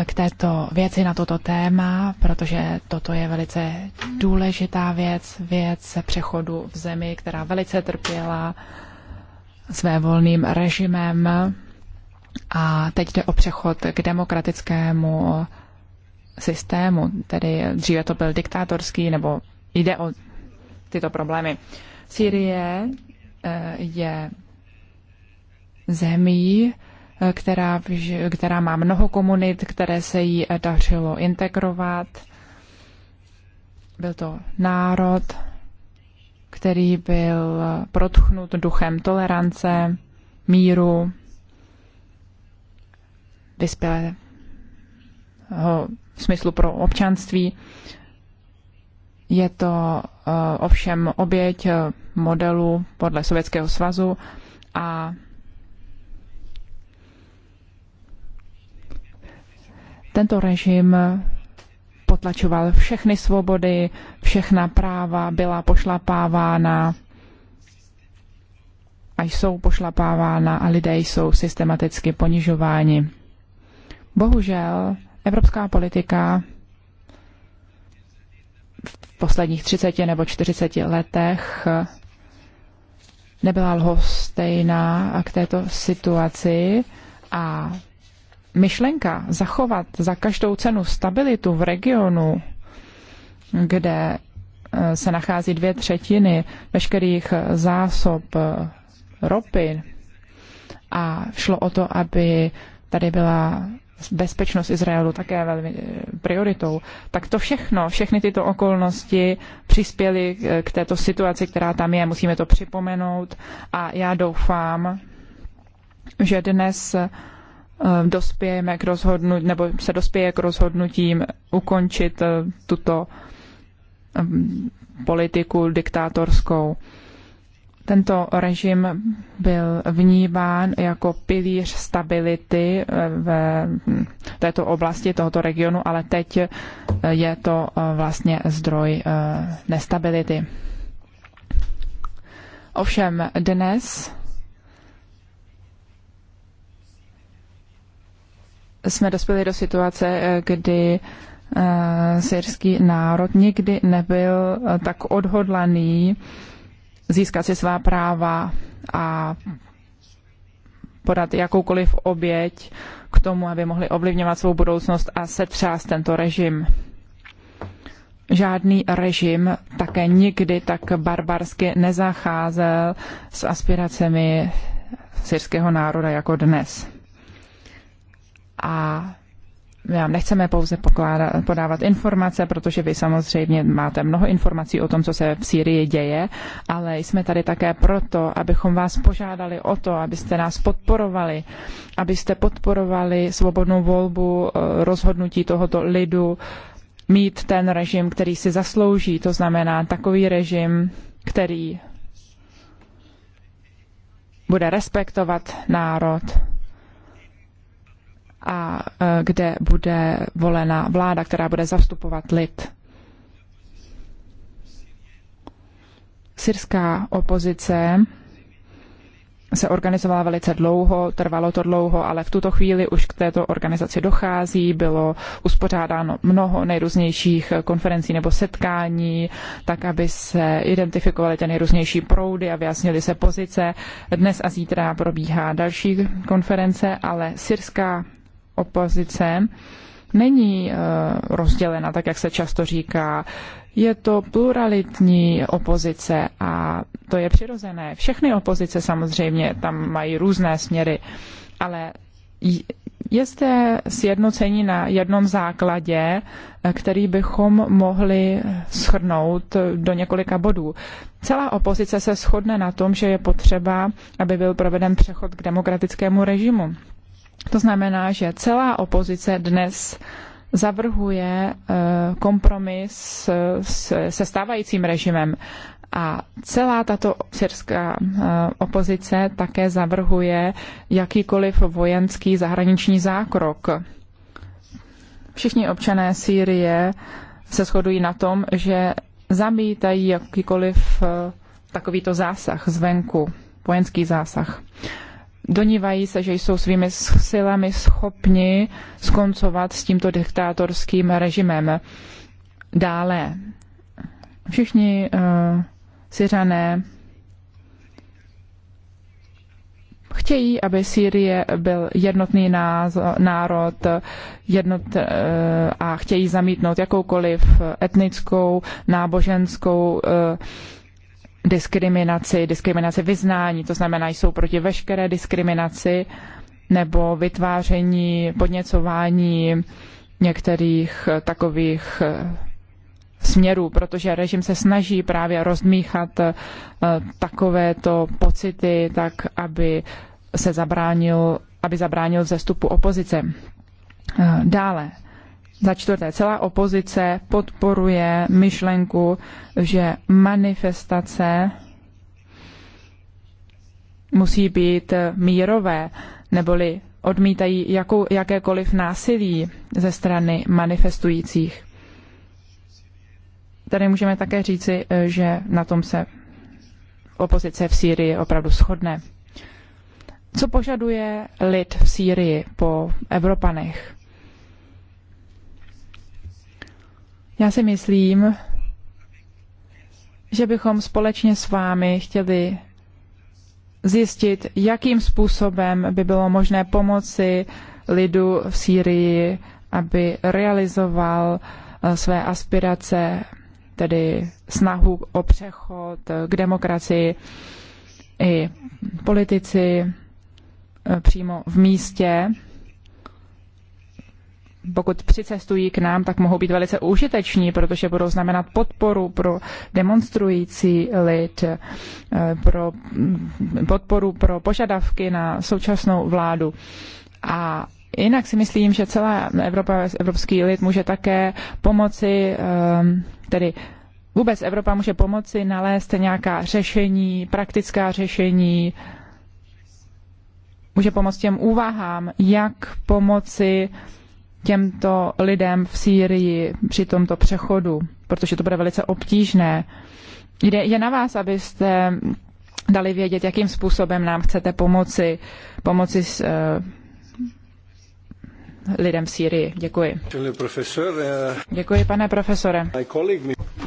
k této věci, na toto téma, protože toto je velice důležitá věc, věc přechodu v zemi, která velice trpěla své volným režimem. A teď jde o přechod k demokratickému systému, tedy dříve to byl diktátorský, nebo jde o tyto problémy. Syrie eh, je zemí, která, která má mnoho komunit, které se jí dařilo integrovat. Byl to národ, který byl protchnut duchem tolerance, míru, vyspělého smyslu pro občanství. Je to eh, ovšem oběť eh, modelu podle Sovětského svazu a Tento režim potlačoval všechny svobody, všechna práva byla pošlapávána a jsou pošlapávána a lidé jsou systematicky ponižováni. Bohužel evropská politika v posledních 30 nebo 40 letech nebyla lhostejná k této situaci a myšlenka zachovat za každou cenu stabilitu v regionu, kde eh, se nachází dvě třetiny veškerých eh, zásob eh, ropy a šlo o to, aby tady byla bezpečnost Izraelu také velmi prioritou, tak to všechno, všechny tyto okolnosti přispěly k této situaci, která tam je, musíme to připomenout a já doufám, že dnes Eh, dospějeme k rozhodnutí, nebo se dospěje k rozhodnutím ukončit eh, tuto eh, politiku diktátorskou. Tento režim byl vnímán jako pilíř stability v hm, této oblasti, tohoto regionu, ale teď je to vlastně zdroj nestability. Ovšem dnes jsme dospěli do situace, eh, kdy eh, syrský národ nikdy nebyl eh, tak odhodlaný získat si svá práva a podat jakoukoliv oběť k tomu, aby mohli ovlivňovat svou budoucnost a setřást tento režim. Žádný režim také nikdy tak barbarsky nezacházel s aspiracemi syrského národa jako dnes a my vám nechceme pouze pokládat, podávat informace, protože vy samozřejmě máte mnoho informací o tom, co se v Sýrii děje, ale jsme tady také proto, abychom vás požádali o to, abyste nás podporovali, abyste podporovali svobodnou volbu eh, rozhodnutí tohoto lidu mít ten režim, který si zaslouží, to znamená takový režim, který bude respektovat národ a e, kde bude volena vláda, která bude zastupovat lid. Syrská opozice se organizovala velice dlouho, trvalo to dlouho, ale v tuto chvíli už k této organizaci dochází. Bylo uspořádáno mnoho nejrůznějších konferencí nebo setkání, tak aby se identifikovaly ty nejrůznější proudy a vyjasnily se pozice. Dnes a zítra probíhá další konference, ale syrská opozice není eh, rozdělena, tak jak se často říká. Je to pluralitní opozice a to je přirozené. Všechny opozice samozřejmě tam mají různé směry, ale je zde sjednocení na jednom základě, eh, který bychom mohli shrnout do několika bodů. Celá opozice se shodne na tom, že je potřeba, aby byl proveden přechod k demokratickému režimu. To znamená, že celá opozice dnes zavrhuje eh, kompromis eh, se stávajícím režimem. A celá tato syrská eh, opozice také zavrhuje jakýkoliv vojenský zahraniční zákrok. Všichni občané Sýrie se shodují na tom, že zamítají jakýkoliv takovýto zásah zvenku, vojenský zásah. Donívají se, že jsou svými silami schopni skoncovat s tímto diktátorským režimem. Dále, všichni uh, Syřané chtějí, aby Sýrie byl jednotný národ jednot, eh, a chtějí zamítnout jakoukoliv etnickou, náboženskou eh, diskriminaci, diskriminaci vyznání, to znamená, jsou proti veškeré diskriminaci nebo vytváření, podněcování některých takových eh, směrů, protože režim se snaží právě rozmíchat eh, takovéto pocity tak, aby se zabránil, aby zabránil vzestupu opozice. Eh, dále, za čtvrté, celá opozice podporuje myšlenku, že manifestace musí být mírové, neboli odmítají jakou, jakékoliv násilí ze strany manifestujících. Tady můžeme také říci, že na tom se opozice v Sýrii opravdu shodne. Co požaduje lid v Sýrii po Evropanech? Já si myslím, že bychom společně s vámi chtěli zjistit, jakým způsobem by bylo možné pomoci lidu v Sýrii, aby realizoval eh, své aspirace, tedy snahu o přechod eh, k demokracii i politici eh, přímo v místě pokud přicestují k nám, tak mohou být velice užiteční, protože budou znamenat podporu pro demonstrující lid, eh, pro mm, podporu pro požadavky na současnou vládu. A jinak si myslím, že celá Evropa, evropský lid může také pomoci, ehm, tedy vůbec Evropa může pomoci nalézt nějaká řešení, praktická řešení, může pomoct těm úvahám, jak pomoci těmto lidem v Sýrii při tomto přechodu, protože to bude velice obtížné. Jde, je na vás, abyste dali vědět, jakým způsobem nám chcete pomoci, pomoci s, uh, lidem v Sýrii. Děkuji. Eh, Děkuji, pane profesore.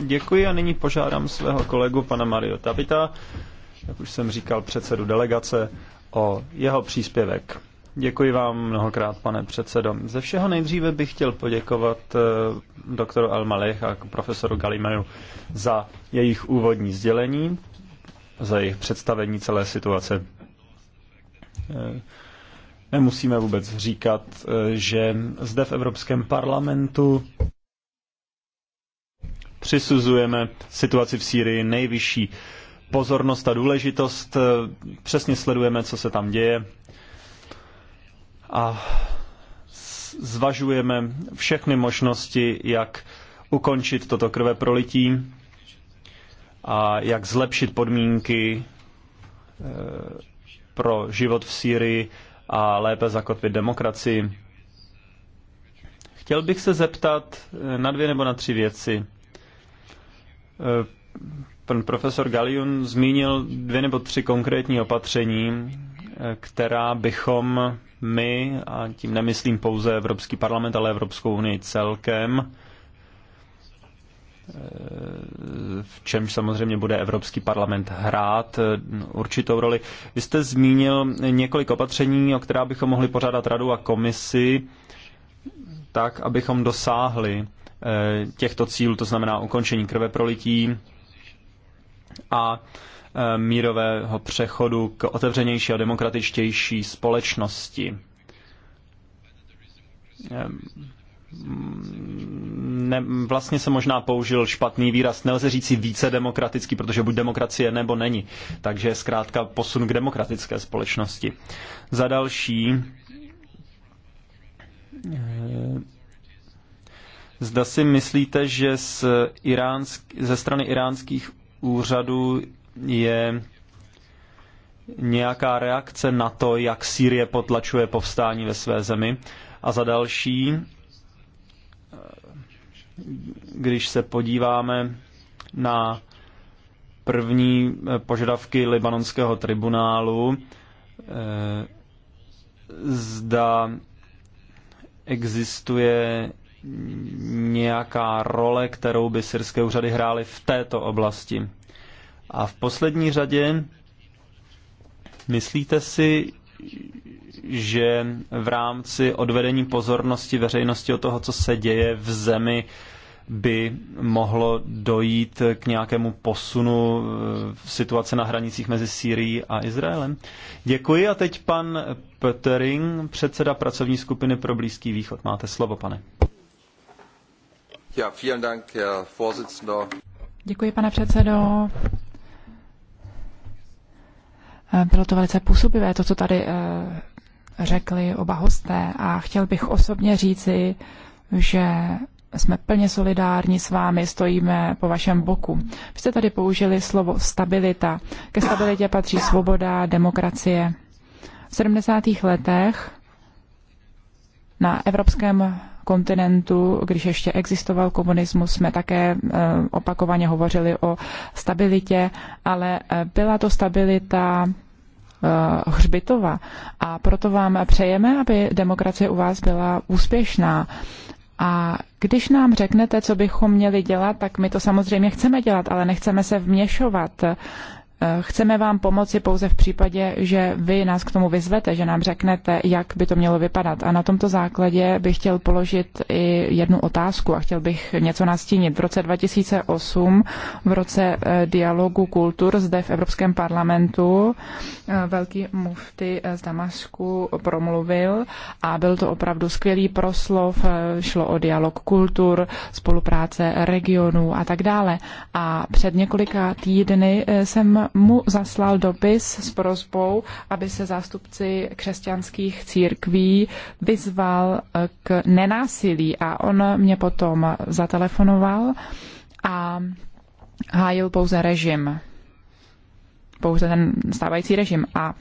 Děkuji a nyní požádám svého kolegu, pana Mario Tavita, jak už jsem říkal, předsedu delegace, o jeho příspěvek. Děkuji vám mnohokrát, pane předsedo. Ze všeho nejdříve bych chtěl poděkovat eh, doktoru Almalech a profesoru Galimenu za jejich úvodní sdělení, za jejich představení celé situace. Eh, nemusíme vůbec říkat, eh, že zde v Evropském parlamentu přisuzujeme situaci v Sýrii nejvyšší pozornost a důležitost. Přesně sledujeme, co se tam děje a zvažujeme všechny možnosti, jak ukončit toto krve prolití a jak zlepšit podmínky eh, pro život v Sýrii a lépe zakotvit demokracii. Chtěl bych se zeptat eh, na dvě nebo na tři věci. Eh, pan profesor Galion zmínil dvě nebo tři konkrétní opatření, která bychom my, a tím nemyslím pouze Evropský parlament, ale Evropskou unii celkem, e, v čemž samozřejmě bude Evropský parlament hrát e, určitou roli. Vy jste zmínil několik opatření, o která bychom mohli pořádat radu a komisi, tak, abychom dosáhli e, těchto cílů, to znamená ukončení krveprolití a Eh, mírového přechodu k otevřenější a demokratičtější společnosti. Ne, vlastně se možná použil špatný výraz. Nelze říci více demokratický, protože buď demokracie nebo není. Takže zkrátka posun k demokratické společnosti. Za další, eh, Zda si myslíte, že z iránsk, ze strany iránských úřadů je nějaká reakce na to, jak Sýrie potlačuje povstání ve své zemi. A za další, když se podíváme na první požadavky libanonského tribunálu, eh, zda existuje nějaká role, kterou by syrské úřady hrály v této oblasti. A v poslední řadě, myslíte si, že v rámci odvedení pozornosti veřejnosti o toho, co se děje v zemi, by mohlo dojít k nějakému posunu v eh, situace na hranicích mezi Sýrií a Izraelem. Děkuji a teď pan Petering, předseda pracovní skupiny pro Blízký východ. Máte slovo, pane. Ja, vielen Dank, Herr Vorsitzender. Děkuji, pane předsedo. Eh, bylo to velice působivé, to, co tady eh, řekli oba hosté. A chtěl bych osobně říci, že jsme plně solidární s vámi, stojíme po vašem boku. Vy jste tady použili slovo stabilita. Ke stabilitě patří svoboda, demokracie. V 70. letech na evropském kontinentu, když ještě existoval komunismus, jsme také eh, opakovaně hovořili o stabilitě, ale eh, byla to stabilita eh, hřbitova. A proto vám přejeme, aby demokracie u vás byla úspěšná. A když nám řeknete, co bychom měli dělat, tak my to samozřejmě chceme dělat, ale nechceme se vměšovat. Chceme vám pomoci pouze v případě, že vy nás k tomu vyzvete, že nám řeknete, jak by to mělo vypadat. A na tomto základě bych chtěl položit i jednu otázku a chtěl bych něco nastínit. V roce 2008, v roce eh, dialogu kultur zde v Evropském parlamentu, eh, velký mufty eh, z Damasku promluvil a byl to opravdu skvělý proslov, šlo o dialog kultur, spolupráce regionů a tak dále. A před několika týdny jsem mu zaslal dopis s prozbou, aby se zástupci křesťanských církví vyzval eh, k nenásilí a on mě potom zatelefonoval a hájil pouze režim. Pouze ten stávající režim. A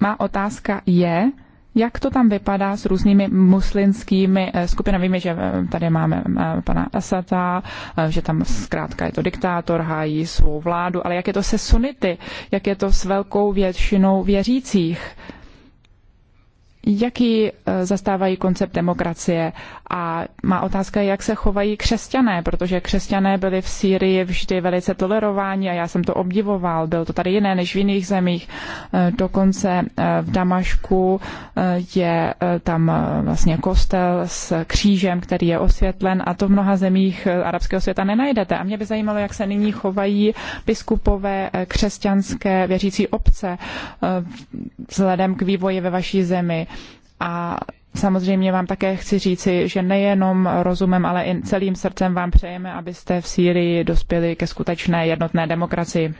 má otázka je, jak to tam vypadá s různými muslimskými eh, skupinami. Víme, že eh, tady máme eh, pana Asata, že tam zkrátka je to diktátor, hájí svou vládu, ale jak je to se sunity, jak je to s velkou většinou věřících jaký eh, zastávají koncept demokracie. A má otázka jak se chovají křesťané, protože křesťané byli v Sýrii vždy velice tolerováni a já jsem to obdivoval. Bylo to tady jiné než v jiných zemích. Eh, dokonce eh, v Damašku je tam vlastně kostel s křížem, který je osvětlen a to v mnoha zemích arabského světa nenajdete. A mě by zajímalo, jak se nyní chovají biskupové křesťanské věřící obce vzhledem k vývoji ve vaší zemi a Samozřejmě vám také chci říci, že nejenom rozumem, ale i celým srdcem vám přejeme, abyste v Sýrii dospěli ke skutečné jednotné demokracii.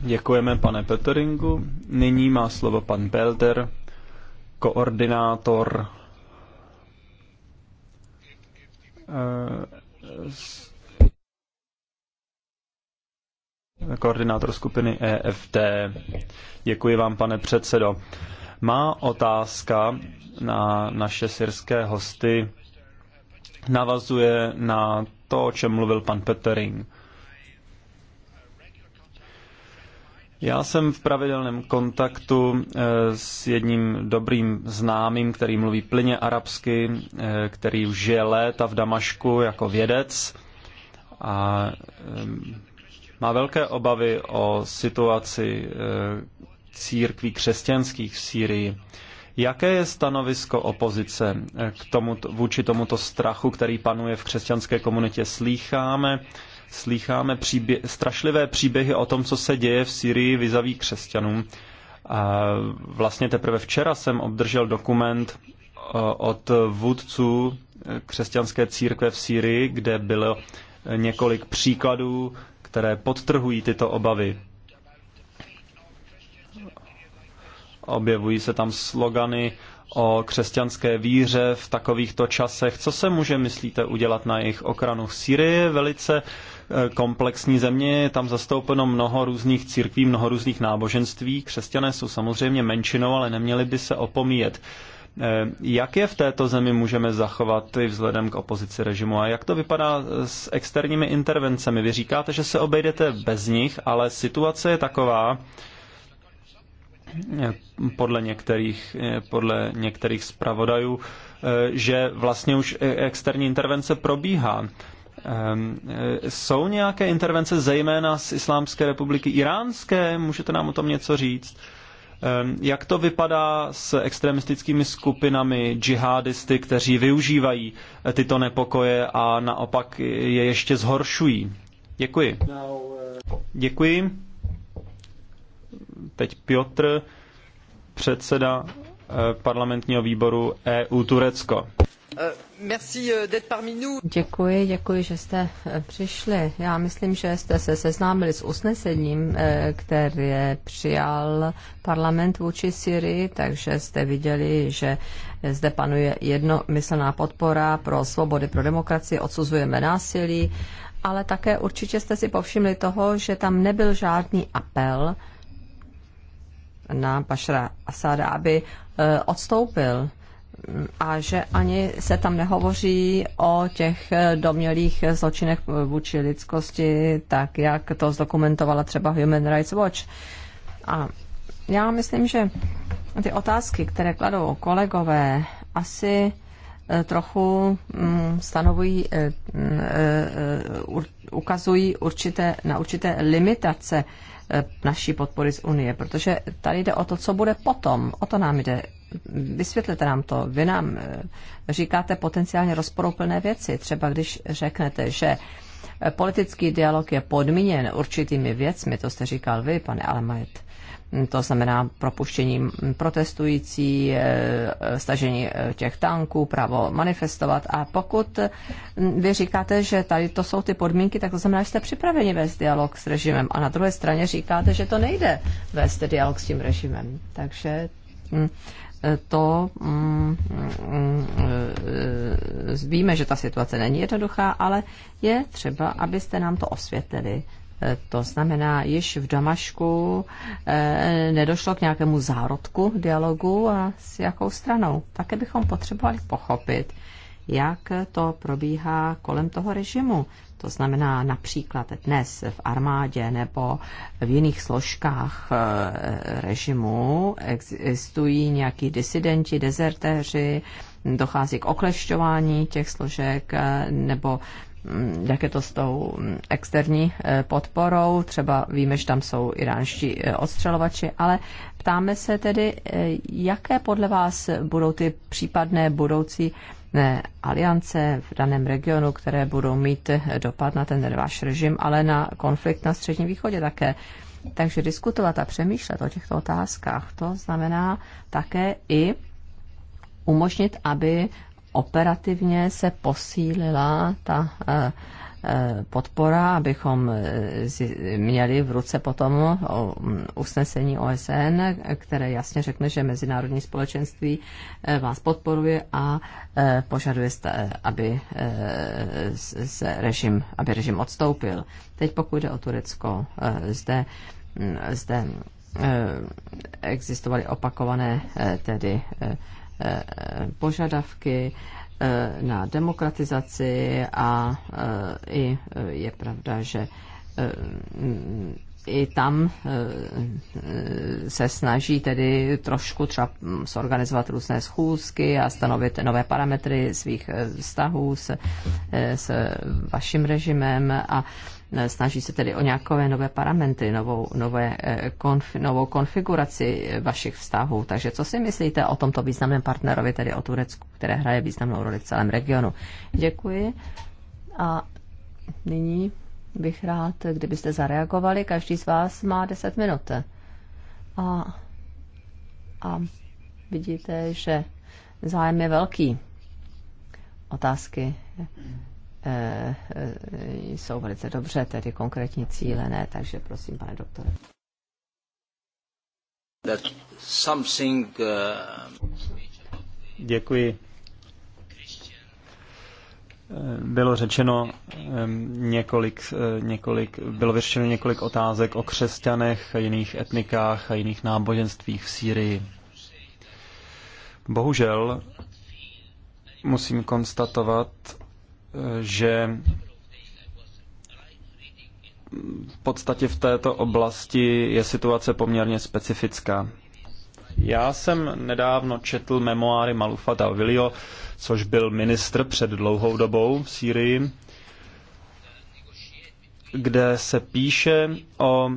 Děkujeme, pane Petteringu. Nyní má slovo pan Belder, koordinátor eh, koordinátor skupiny EFT. Děkuji vám, pane předsedo. Má otázka na naše syrské hosty navazuje na to, o čem mluvil pan Petering. Já jsem v pravidelném kontaktu eh, s jedním dobrým známým, který mluví plyně arabsky, eh, který už žije léta v Damašku jako vědec a eh, má velké obavy o situaci církví křesťanských v Sýrii. Jaké je stanovisko opozice k tomu, vůči tomuto strachu, který panuje v křesťanské komunitě? Slýcháme, slýcháme příbě- strašlivé příběhy o tom, co se děje v Syrii vizaví křesťanům. A vlastně teprve včera jsem obdržel dokument od vůdců křesťanské církve v Sýrii, kde bylo několik příkladů, které podtrhují tyto obavy. objevují se tam slogany o křesťanské víře v takovýchto časech. Co se může, myslíte, udělat na jejich okranu? Syrii je velice eh, komplexní země, je tam zastoupeno mnoho různých církví, mnoho různých náboženství. Křesťané jsou samozřejmě menšinou, ale neměli by se opomíjet. Eh, jak je v této zemi můžeme zachovat i vzhledem k opozici režimu a jak to vypadá eh, s externími intervencemi? Vy říkáte, že se obejdete bez nich, ale situace je taková, podle některých, podle některých zpravodajů, že vlastně už externí intervence probíhá. Ehm, jsou nějaké intervence zejména z Islámské republiky iránské? Můžete nám o tom něco říct? Ehm, jak to vypadá s extremistickými skupinami, džihadisty, kteří využívají tyto nepokoje a naopak je ještě zhoršují? Děkuji. Eh, Děkuji teď Piotr, předseda eh, parlamentního výboru EU Turecko. Eh, eh, děkuji, děkuji, že jste přišli. Já myslím, že jste se seznámili s usnesením, které přijal parlament vůči Syrii, takže jste viděli, že zde panuje jednomyslná podpora pro svobody, pro demokracii, odsuzujeme násilí, ale také určitě jste si povšimli toho, že tam nebyl žádný apel na Bašra Asada, aby e, odstoupil a že ani se tam nehovoří o těch e, domělých zločinech vůči lidskosti, tak jak to zdokumentovala třeba Human Rights Watch. A já myslím, že ty otázky, které kladou kolegové, asi e, trochu mm, stanovují, mm, ukazují určité, na určité limitace Eh, naší podpory z Unie, protože tady jde o to, co bude potom, o to nám jde. Vysvětlete nám to. Vy nám eh, říkáte potenciálně rozporuplné věci. Třeba když řeknete, že eh, politický dialog je podmíněn určitými věcmi, to jste říkal vy, pane Alemajet, to znamená propuštění protestující, eh, stažení eh, těch tanků, právo manifestovat. A pokud hm, vy říkáte, že tady to jsou ty podmínky, tak to znamená, že jste připraveni vést dialog s režimem. A na druhé straně říkáte, že to nejde vést dialog s tím režimem. Takže hm, to mm, mm, víme, že ta situace není jednoduchá, ale je třeba, abyste nám to osvětlili, to znamená, již v Damašku eh, nedošlo k nějakému zárodku dialogu a s jakou stranou. Také bychom potřebovali pochopit, jak to probíhá kolem toho režimu. To znamená například dnes v armádě nebo v jiných složkách eh, režimu existují nějaký disidenti, dezertéři, dochází k oklešťování těch složek eh, nebo jak je to s tou externí eh, podporou, třeba víme, že tam jsou iránští eh, odstřelovači, ale ptáme se tedy, eh, jaké podle vás budou ty případné budoucí ne, aliance v daném regionu, které budou mít dopad na ten váš režim, ale na konflikt na Středním východě také. Takže diskutovat a přemýšlet o těchto otázkách, to znamená také i umožnit, aby operativně se posílila ta eh, eh, podpora, abychom eh, měli v ruce potom mm, usnesení OSN, které jasně řekne, že mezinárodní společenství vás podporuje a požaduje, aby se režim, aby režim odstoupil. Teď pokud jde o Turecko, zde, mm, zde existovaly opakované tedy Eh, požadavky eh, na demokratizaci a eh, i je pravda, že mm, i tam se snaží tedy trošku třeba zorganizovat různé schůzky a stanovit nové parametry svých vztahů s, s vaším režimem a Eh, snaží se tedy o nějaké nové parametry, novou, nové, eh, konf, novou konfiguraci eh, vašich vztahů. Takže co si myslíte o tomto významném partnerovi, tedy o Turecku, které hraje významnou roli v celém regionu? Děkuji. A nyní bych rád, kdybyste zareagovali. Každý z vás má 10 minut. A, a vidíte, že zájem je velký. Otázky Eh, eh, jsou velice dobře, tedy konkrétně cílené, takže prosím, pane doktore. Something... Eh, Děkuji. Bylo řečeno několik, několik, bylo vyřešeno několik otázek o křesťanech, jiných etnikách a jiných náboženstvích v Sýrii. Bohužel musím konstatovat, že v podstatě v této oblasti je situace poměrně specifická. Já jsem nedávno četl memoáry Malufa Davilio, což byl ministr před dlouhou dobou v Sýrii, kde se píše o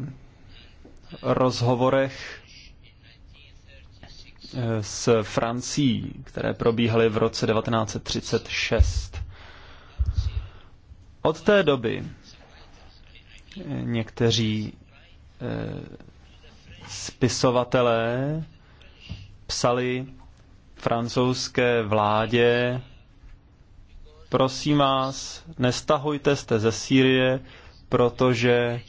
rozhovorech eh, s Francií, které probíhaly v roce 1936. Od té doby eh, někteří eh, spisovatelé psali francouzské vládě, prosím vás, nestahujte jste ze Sýrie, protože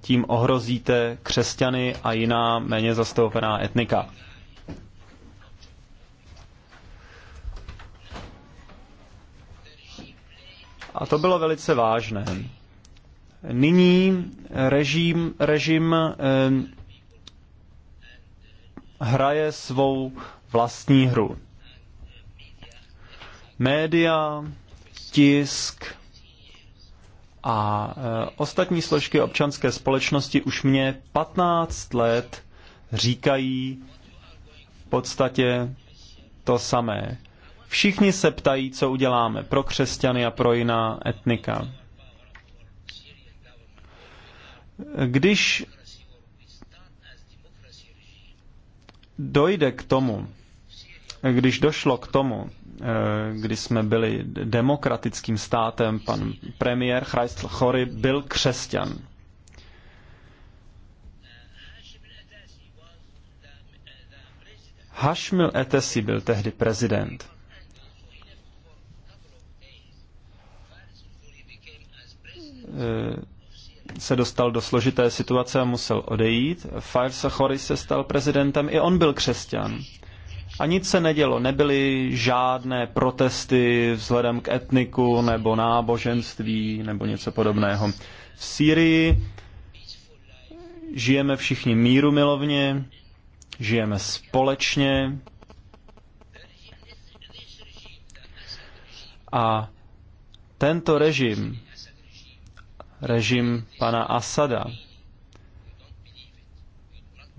tím ohrozíte křesťany a jiná méně zastoupená etnika. A to bylo velice vážné. Nyní režim, režim eh, hraje svou vlastní hru. Média, tisk a eh, ostatní složky občanské společnosti už mě 15 let říkají v podstatě to samé. Všichni se ptají, co uděláme pro křesťany a pro jiná etnika. Když dojde k tomu, když došlo k tomu, eh, kdy jsme byli demokratickým státem, pan premiér Chrysl Chory byl křesťan. Hashmil Etesi byl tehdy prezident. Eh, se dostal do složité situace a musel odejít. Firesachory se stal prezidentem, i on byl křesťan. A nic se nedělo, nebyly žádné protesty vzhledem k etniku nebo náboženství nebo něco podobného. V Sýrii žijeme všichni míru milovně, žijeme společně a tento režim režim pana Asada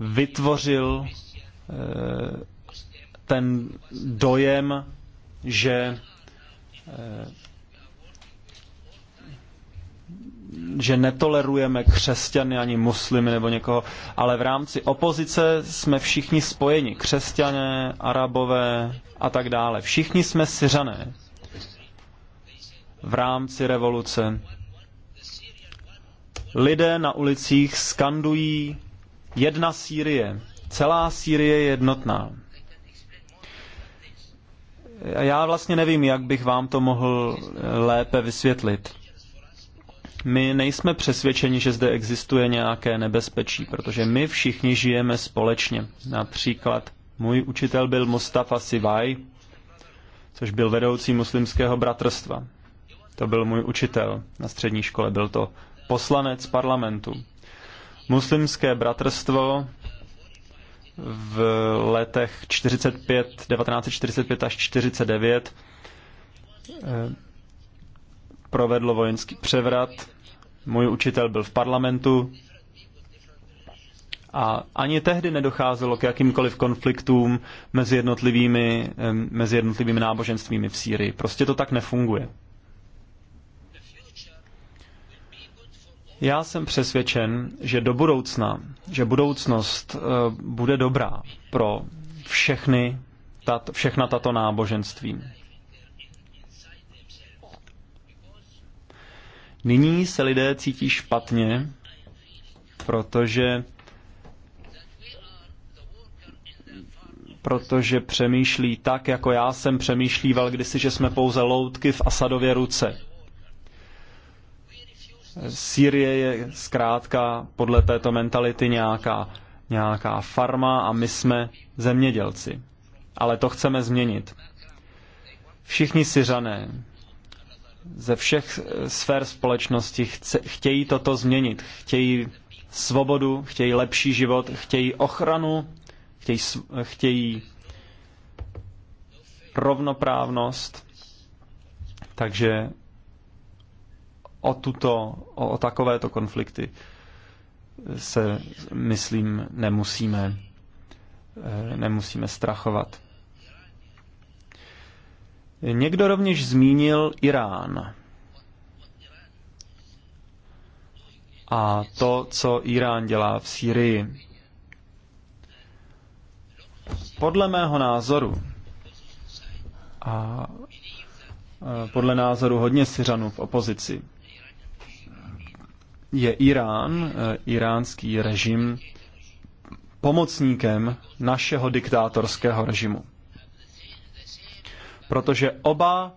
vytvořil eh, ten dojem, že eh, že netolerujeme křesťany ani muslimy nebo někoho, ale v rámci opozice jsme všichni spojeni. Křesťané, arabové a tak dále. Všichni jsme syřané v rámci revoluce Lidé na ulicích skandují jedna Sýrie. Celá Sýrie je jednotná. Já vlastně nevím, jak bych vám to mohl lépe vysvětlit. My nejsme přesvědčeni, že zde existuje nějaké nebezpečí, protože my všichni žijeme společně. Například můj učitel byl Mustafa Sivaj, což byl vedoucí muslimského bratrstva. To byl můj učitel na střední škole, byl to poslanec parlamentu. Muslimské bratrstvo v letech 45, 1945 až 49 eh, provedlo vojenský převrat. Můj učitel byl v parlamentu a ani tehdy nedocházelo k jakýmkoliv konfliktům mezi jednotlivými, eh, mezi jednotlivými náboženstvími v Sýrii. Prostě to tak nefunguje. Já jsem přesvědčen, že do budoucna, že budoucnost eh, bude dobrá pro všechny, tato všechna tato náboženství. Nyní se lidé cítí špatně, protože protože přemýšlí tak, jako já jsem přemýšlíval kdysi, že jsme pouze loutky v Asadově ruce. Sýrie je zkrátka podle této mentality nějaká, nějaká farma a my jsme zemědělci. Ale to chceme změnit. Všichni Syřané ze všech sfér společnosti chce, chtějí toto změnit. Chtějí svobodu, chtějí lepší život, chtějí ochranu, chtějí, chtějí rovnoprávnost. Takže o, tuto, o, o takovéto konflikty se, myslím, nemusíme, eh, nemusíme strachovat. Někdo rovněž zmínil Irán. A to, co Irán dělá v Sýrii. Podle mého názoru a eh, podle názoru hodně Syřanů v opozici, je Irán, eh, iránský režim, pomocníkem našeho diktátorského režimu. Protože oba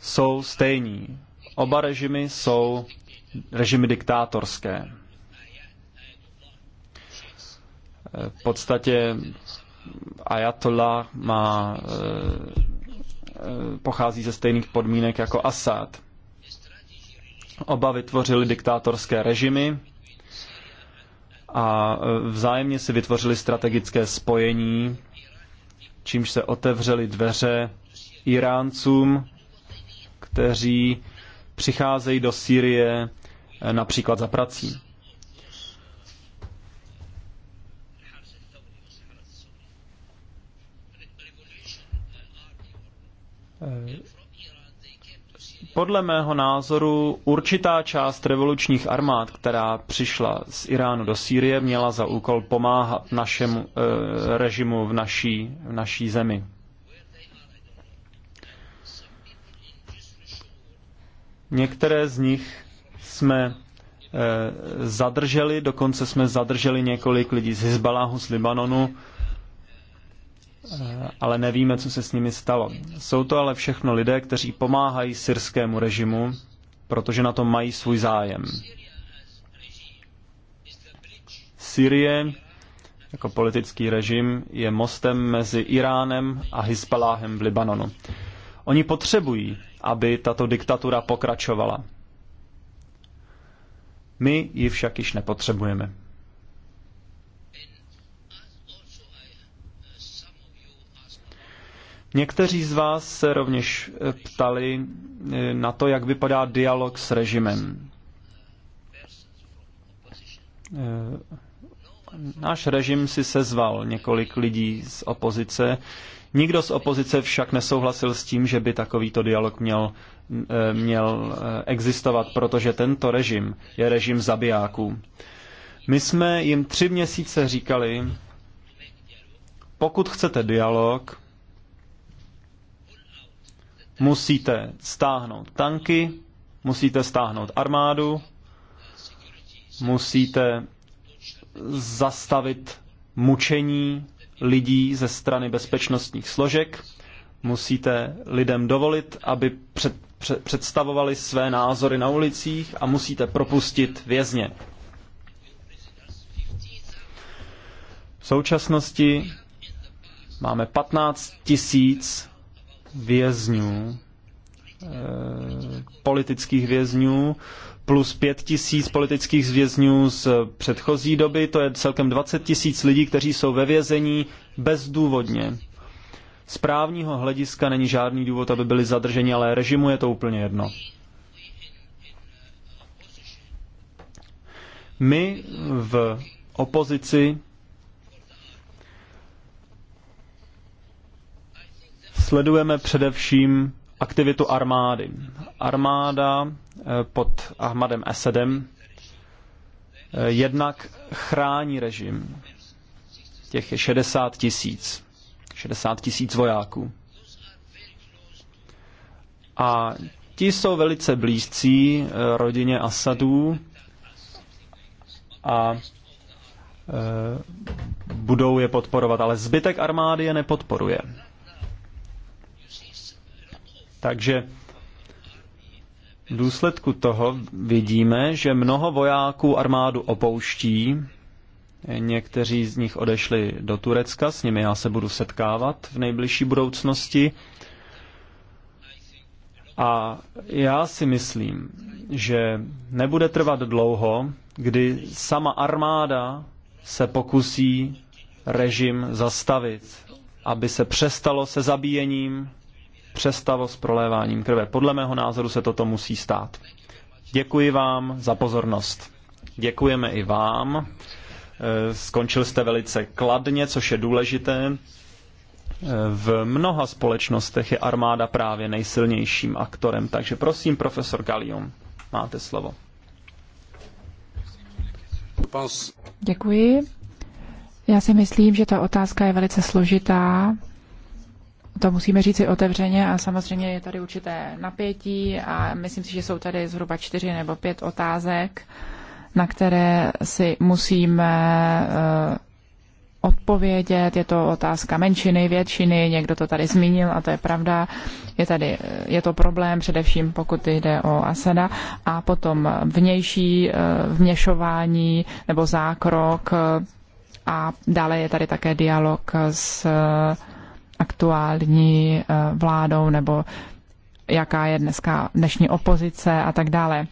jsou stejní. Oba režimy jsou režimy diktátorské. V podstatě Ayatollah má, eh, eh, pochází ze stejných podmínek jako Assad. Oba vytvořili diktátorské režimy a e, vzájemně si vytvořili strategické spojení, čímž se otevřely dveře Iráncům, kteří přicházejí do Sýrie e, například za prací. Uh, podle mého názoru určitá část revolučních armád, která přišla z Iránu do Sýrie, měla za úkol pomáhat našemu e, režimu v naší, v naší zemi. Některé z nich jsme e, zadrželi, dokonce jsme zadrželi několik lidí z Hezbaláhu, z Libanonu, Eh, ale nevíme, co se s nimi stalo. Jsou to ale všechno lidé, kteří pomáhají syrskému režimu, protože na to mají svůj zájem. Syrie jako politický režim je mostem mezi Iránem a Hispaláhem v Libanonu. Oni potřebují, aby tato diktatura pokračovala. My ji však již nepotřebujeme. Někteří z vás se rovněž eh, ptali eh, na to, jak vypadá dialog s režimem. Eh, náš režim si sezval několik lidí z opozice. Nikdo z opozice však nesouhlasil s tím, že by takovýto dialog měl, měl existovat, protože tento režim je režim zabijáků. My jsme jim tři měsíce říkali, pokud chcete dialog, Musíte stáhnout tanky, musíte stáhnout armádu, musíte zastavit mučení lidí ze strany bezpečnostních složek, musíte lidem dovolit, aby před, před, představovali své názory na ulicích a musíte propustit vězně. V současnosti máme 15 tisíc vězňů, eh, politických vězňů, plus pět tisíc politických vězňů z předchozí doby, to je celkem 20 tisíc lidí, kteří jsou ve vězení bezdůvodně. Z právního hlediska není žádný důvod, aby byli zadrženi, ale režimu je to úplně jedno. My v opozici Sledujeme především aktivitu armády. Armáda eh, pod Ahmadem Esedem eh, jednak chrání režim. Těch je 60 tisíc. 60 tisíc vojáků. A ti jsou velice blízcí eh, rodině Asadů a budou je podporovat, ale zbytek armády je nepodporuje. Takže v důsledku toho vidíme, že mnoho vojáků armádu opouští, někteří z nich odešli do Turecka, s nimi já se budu setkávat v nejbližší budoucnosti. A já si myslím, že nebude trvat dlouho, kdy sama armáda se pokusí režim zastavit, aby se přestalo se zabíjením, přestalo s proléváním krve. Podle mého názoru se toto musí stát. Děkuji vám za pozornost. Děkujeme i vám. E, skončil jste velice kladně, což je důležité. E, v mnoha společnostech je armáda právě nejsilnějším aktorem. Takže prosím, profesor Galium, máte slovo. Děkuji. Já si myslím, že ta otázka je velice složitá to musíme říci otevřeně a samozřejmě je tady určité napětí a myslím si, že jsou tady zhruba čtyři nebo pět otázek, na které si musíme eh, odpovědět. Je to otázka menšiny, většiny, někdo to tady zmínil a to je pravda. Je, tady, eh, je to problém především, pokud jde o Asada a potom vnější eh, vněšování nebo zákrok a dále je tady také dialog s aktuální eh, vládou nebo jaká je dneska dnešní opozice a tak dále.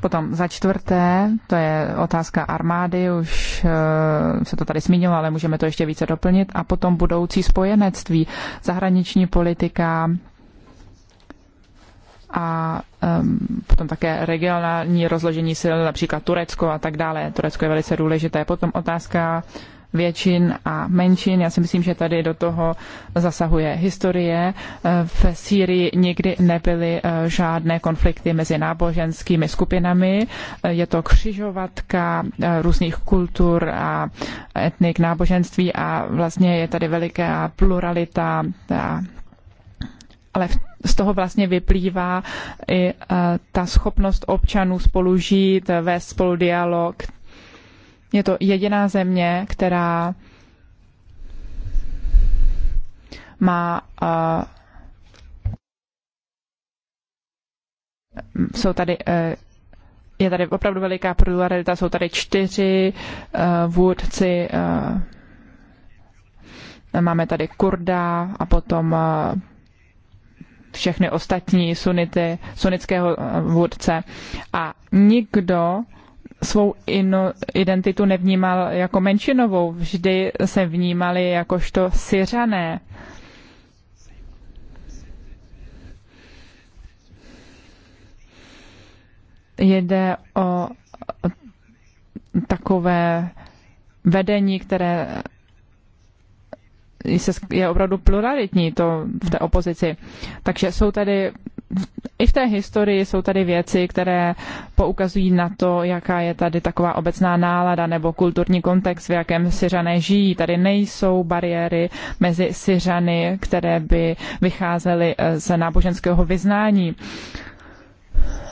Potom za čtvrté, to je otázka armády, už eh, se to tady zmínilo, ale můžeme to ještě více doplnit. A potom budoucí spojenectví, zahraniční politika a um, potom také regionální rozložení sil, například Turecko a tak dále. Turecko je velice důležité. Potom otázka většin a menšin. Já si myslím, že tady do toho zasahuje historie. V Sýrii nikdy nebyly eh, žádné konflikty mezi náboženskými skupinami. Je to křižovatka eh, různých kultur a etnik náboženství a vlastně je tady veliká pluralita ale z toho vlastně vyplývá i eh, ta schopnost občanů spolužít, ve vést spolu dialog, je to jediná země, která má uh, jsou tady uh, je tady opravdu veliká pluralita, jsou tady čtyři uh, vůdci, uh, máme tady Kurda a potom uh, všechny ostatní sunity, sunického vůdce a nikdo svou ino, identitu nevnímal jako menšinovou, vždy se vnímali jakožto syřané. Jde o takové vedení, které je opravdu pluralitní to v té opozici. Takže jsou tady i v té historii jsou tady věci, které poukazují na to, jaká je tady taková obecná nálada nebo kulturní kontext, v jakém Syřané žijí. Tady nejsou bariéry mezi Syřany, které by vycházely eh, z náboženského vyznání.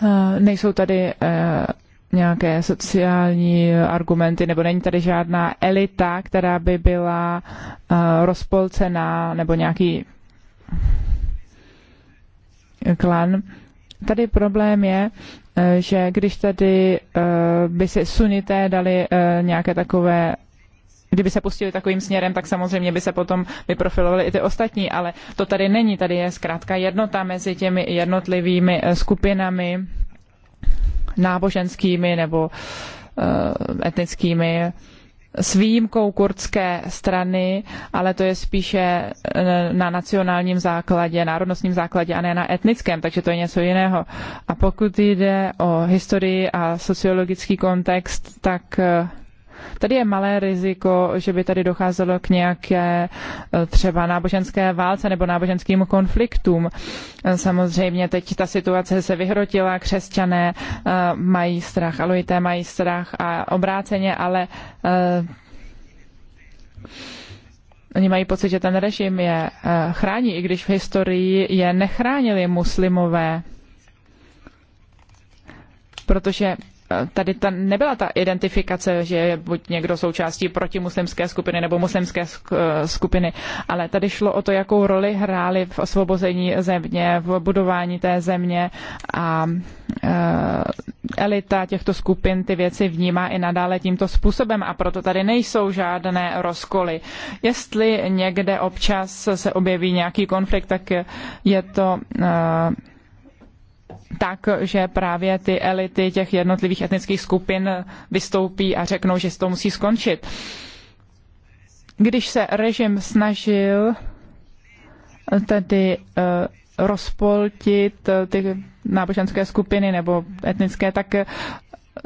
Eh, nejsou tady eh, nějaké sociální argumenty, nebo není tady žádná elita, která by byla rozpolcená, nebo nějaký klan. Tady problém je, eh, že když tady eh, by se sunité dali eh, nějaké takové kdyby se pustili takovým směrem, tak samozřejmě by se potom vyprofilovali i ty ostatní, ale to tady není, tady je zkrátka jednota mezi těmi jednotlivými skupinami náboženskými nebo etnickými s výjimkou kurdské strany, ale to je spíše e, na nacionálním základě, národnostním základě a ne na etnickém, takže to je něco jiného. A pokud jde o historii a sociologický kontext, tak e, Tady je malé riziko, že by tady docházelo k nějaké eh, třeba náboženské válce nebo náboženským konfliktům. Eh, samozřejmě teď ta situace se vyhrotila, křesťané eh, mají strach, alojité mají strach a obráceně, ale Oni mají pocit, že ten režim je chrání, i když v historii je nechránili muslimové. Protože tady ta, nebyla ta identifikace, že je buď někdo součástí protimuslimské skupiny nebo muslimské eh, skupiny, ale tady šlo o to, jakou roli hráli v osvobození země, v budování té země a e, elita těchto skupin ty věci vnímá i nadále tímto způsobem a proto tady nejsou žádné rozkoly. Jestli někde občas se objeví nějaký konflikt, tak je to eh, tak, že právě ty elity těch jednotlivých etnických skupin vystoupí a řeknou, že to musí skončit. Když se režim snažil tedy eh, rozpoltit eh, ty náboženské skupiny nebo etnické, tak eh,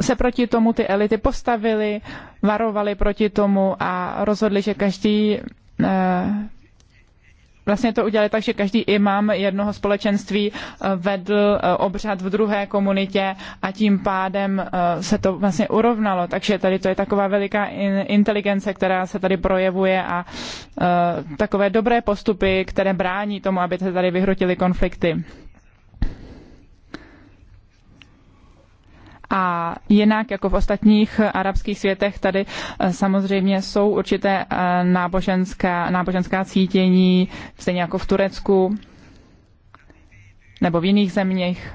se proti tomu ty elity postavily, varovali proti tomu a rozhodli, že každý vlastně to udělali tak, že každý imám jednoho společenství eh, vedl eh, obřad v druhé komunitě a tím pádem eh, se to vlastně urovnalo. Takže tady to je taková veliká inteligence, která se tady projevuje a takové dobré postupy, které brání tomu, aby se tady vyhrotily konflikty. A jinak, jako v ostatních arabských světech, tady eh, samozřejmě jsou určité eh, náboženská, náboženská cítění, stejně jako v Turecku nebo v jiných zeměch.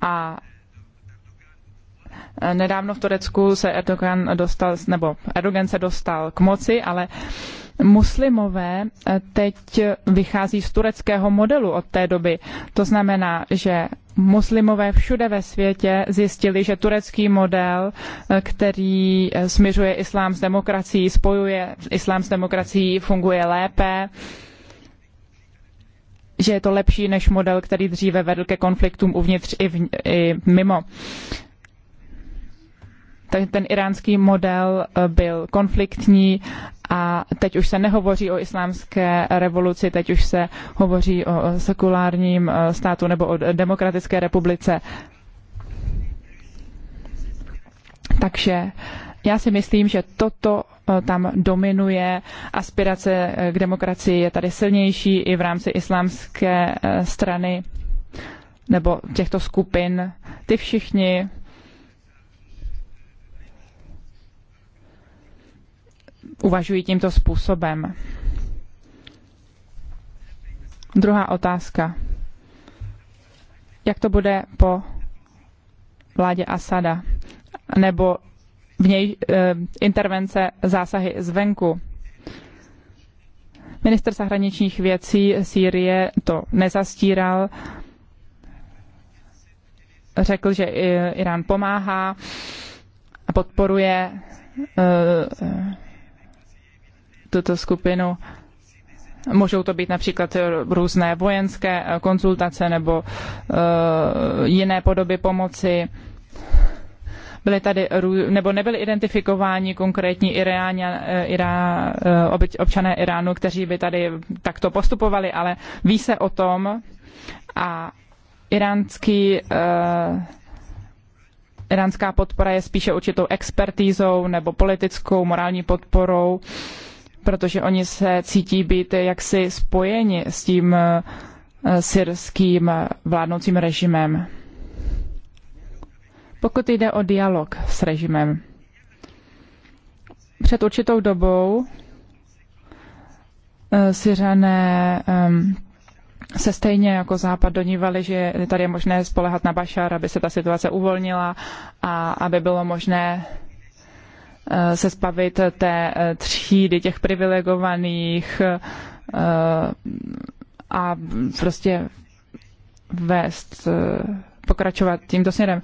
A eh, nedávno v Turecku se Erdogan dostal, nebo Erdogan se dostal k moci, ale muslimové teď vychází z tureckého modelu od té doby. To znamená, že muslimové všude ve světě zjistili, že turecký model, eh, který eh, směřuje islám s demokracií, spojuje islám s demokracií, funguje lépe že je to lepší než model, který dříve vedl ke konfliktům uvnitř i, v, i mimo tak ten iránský model eh, byl konfliktní a teď už se nehovoří o islámské revoluci, teď už se hovoří o sekulárním eh, státu nebo o demokratické republice. Takže já si myslím, že toto eh, tam dominuje. Aspirace k demokracii je tady silnější i v rámci islámské strany nebo těchto skupin. Ty všichni uvažují tímto způsobem. Druhá otázka. Jak to bude po vládě Asada nebo v něj eh, intervence zásahy zvenku? Minister zahraničních věcí Sýrie to nezastíral. Řekl, že Irán pomáhá a podporuje eh, tuto skupinu. Můžou to být například různé vojenské konzultace nebo uh, jiné podoby pomoci. Byly tady, nebo nebyly identifikováni konkrétní Iráni, eh, Irá, eh, občané Iránu, kteří by tady takto postupovali, ale ví se o tom a iránský uh, iránská podpora je spíše určitou expertízou nebo politickou, morální podporou. Uh, protože oni se cítí být jaksi spojeni s tím eh, syrským eh, vládnoucím režimem. Pokud jde o dialog s režimem, před určitou dobou eh, Syřané se stejně jako Západ donívali, že tady je možné spolehat na Bašar, aby se ta situace uvolnila a aby bylo možné Eh, se zbavit té eh, třídy těch privilegovaných eh, a prostě vést, pokračovat tímto směrem.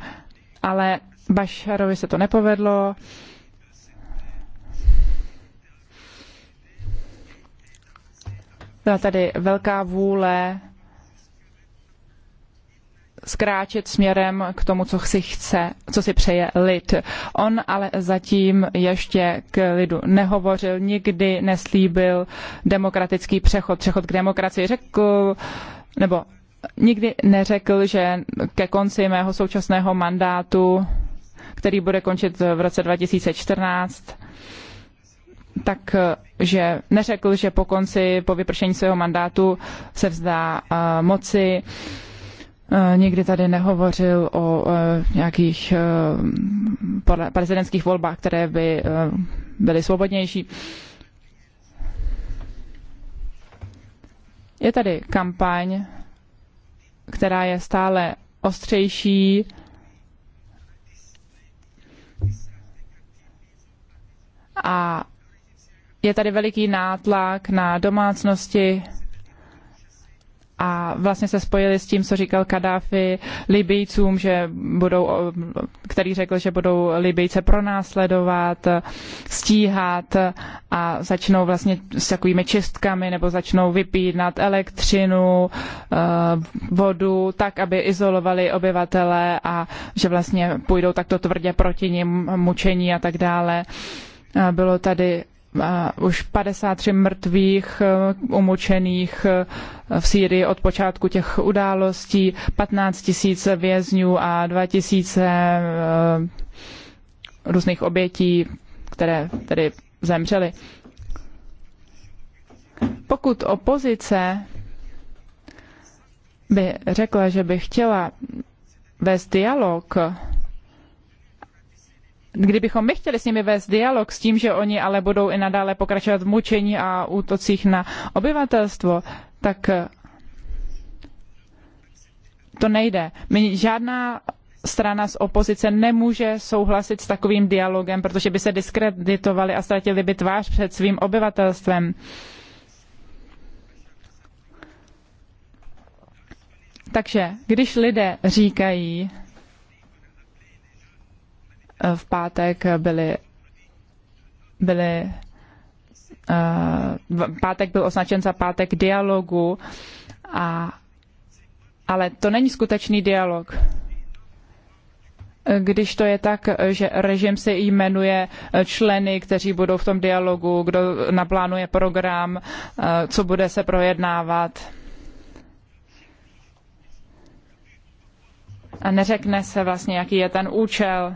Ale Bašarovi se to nepovedlo. Byla tady velká vůle zkráčet směrem k tomu, co si chce, co si přeje lid. On ale zatím ještě k lidu nehovořil, nikdy neslíbil demokratický přechod, přechod k demokracii. Řekl, nebo nikdy neřekl, že ke konci mého současného mandátu, který bude končit v roce 2014, tak že neřekl, že po konci, po vypršení svého mandátu se vzdá uh, moci. Uh, Eh, nikdy tady nehovořil o eh, nějakých eh, prezidentských volbách, které by byly svobodnější. Je tady kampaň, která je stále ostřejší. A je tady veliký nátlak na domácnosti a vlastně se spojili s tím, co říkal Kadáfi Libijcům, že budou, který řekl, že budou Libijce pronásledovat, stíhat a začnou vlastně s takovými čistkami nebo začnou vypínat elektřinu, eh, vodu, tak, aby izolovali obyvatele a že vlastně půjdou takto tvrdě proti nim mučení a tak dále. Eh, bylo tady už 53 mrtvých eh, umočených eh, v Sýrii od počátku těch událostí, 15 tisíc vězňů a 2 tisíce eh, různých obětí, které tedy zemřely. Pokud opozice by řekla, že by chtěla vést dialog kdybychom my chtěli s nimi vést dialog s tím, že oni ale budou i nadále pokračovat v mučení a útocích na obyvatelstvo, tak eh, to nejde. My žádná strana z opozice nemůže souhlasit s takovým dialogem, protože by se diskreditovali a ztratili by tvář před svým obyvatelstvem. Takže když lidé říkají, v pátek byly, byly eh, pátek byl označen za pátek dialogu, a, ale to není skutečný dialog když to je tak, že režim si jmenuje členy, kteří budou v tom dialogu, kdo naplánuje program, eh, co bude se projednávat. A neřekne se vlastně, jaký je ten účel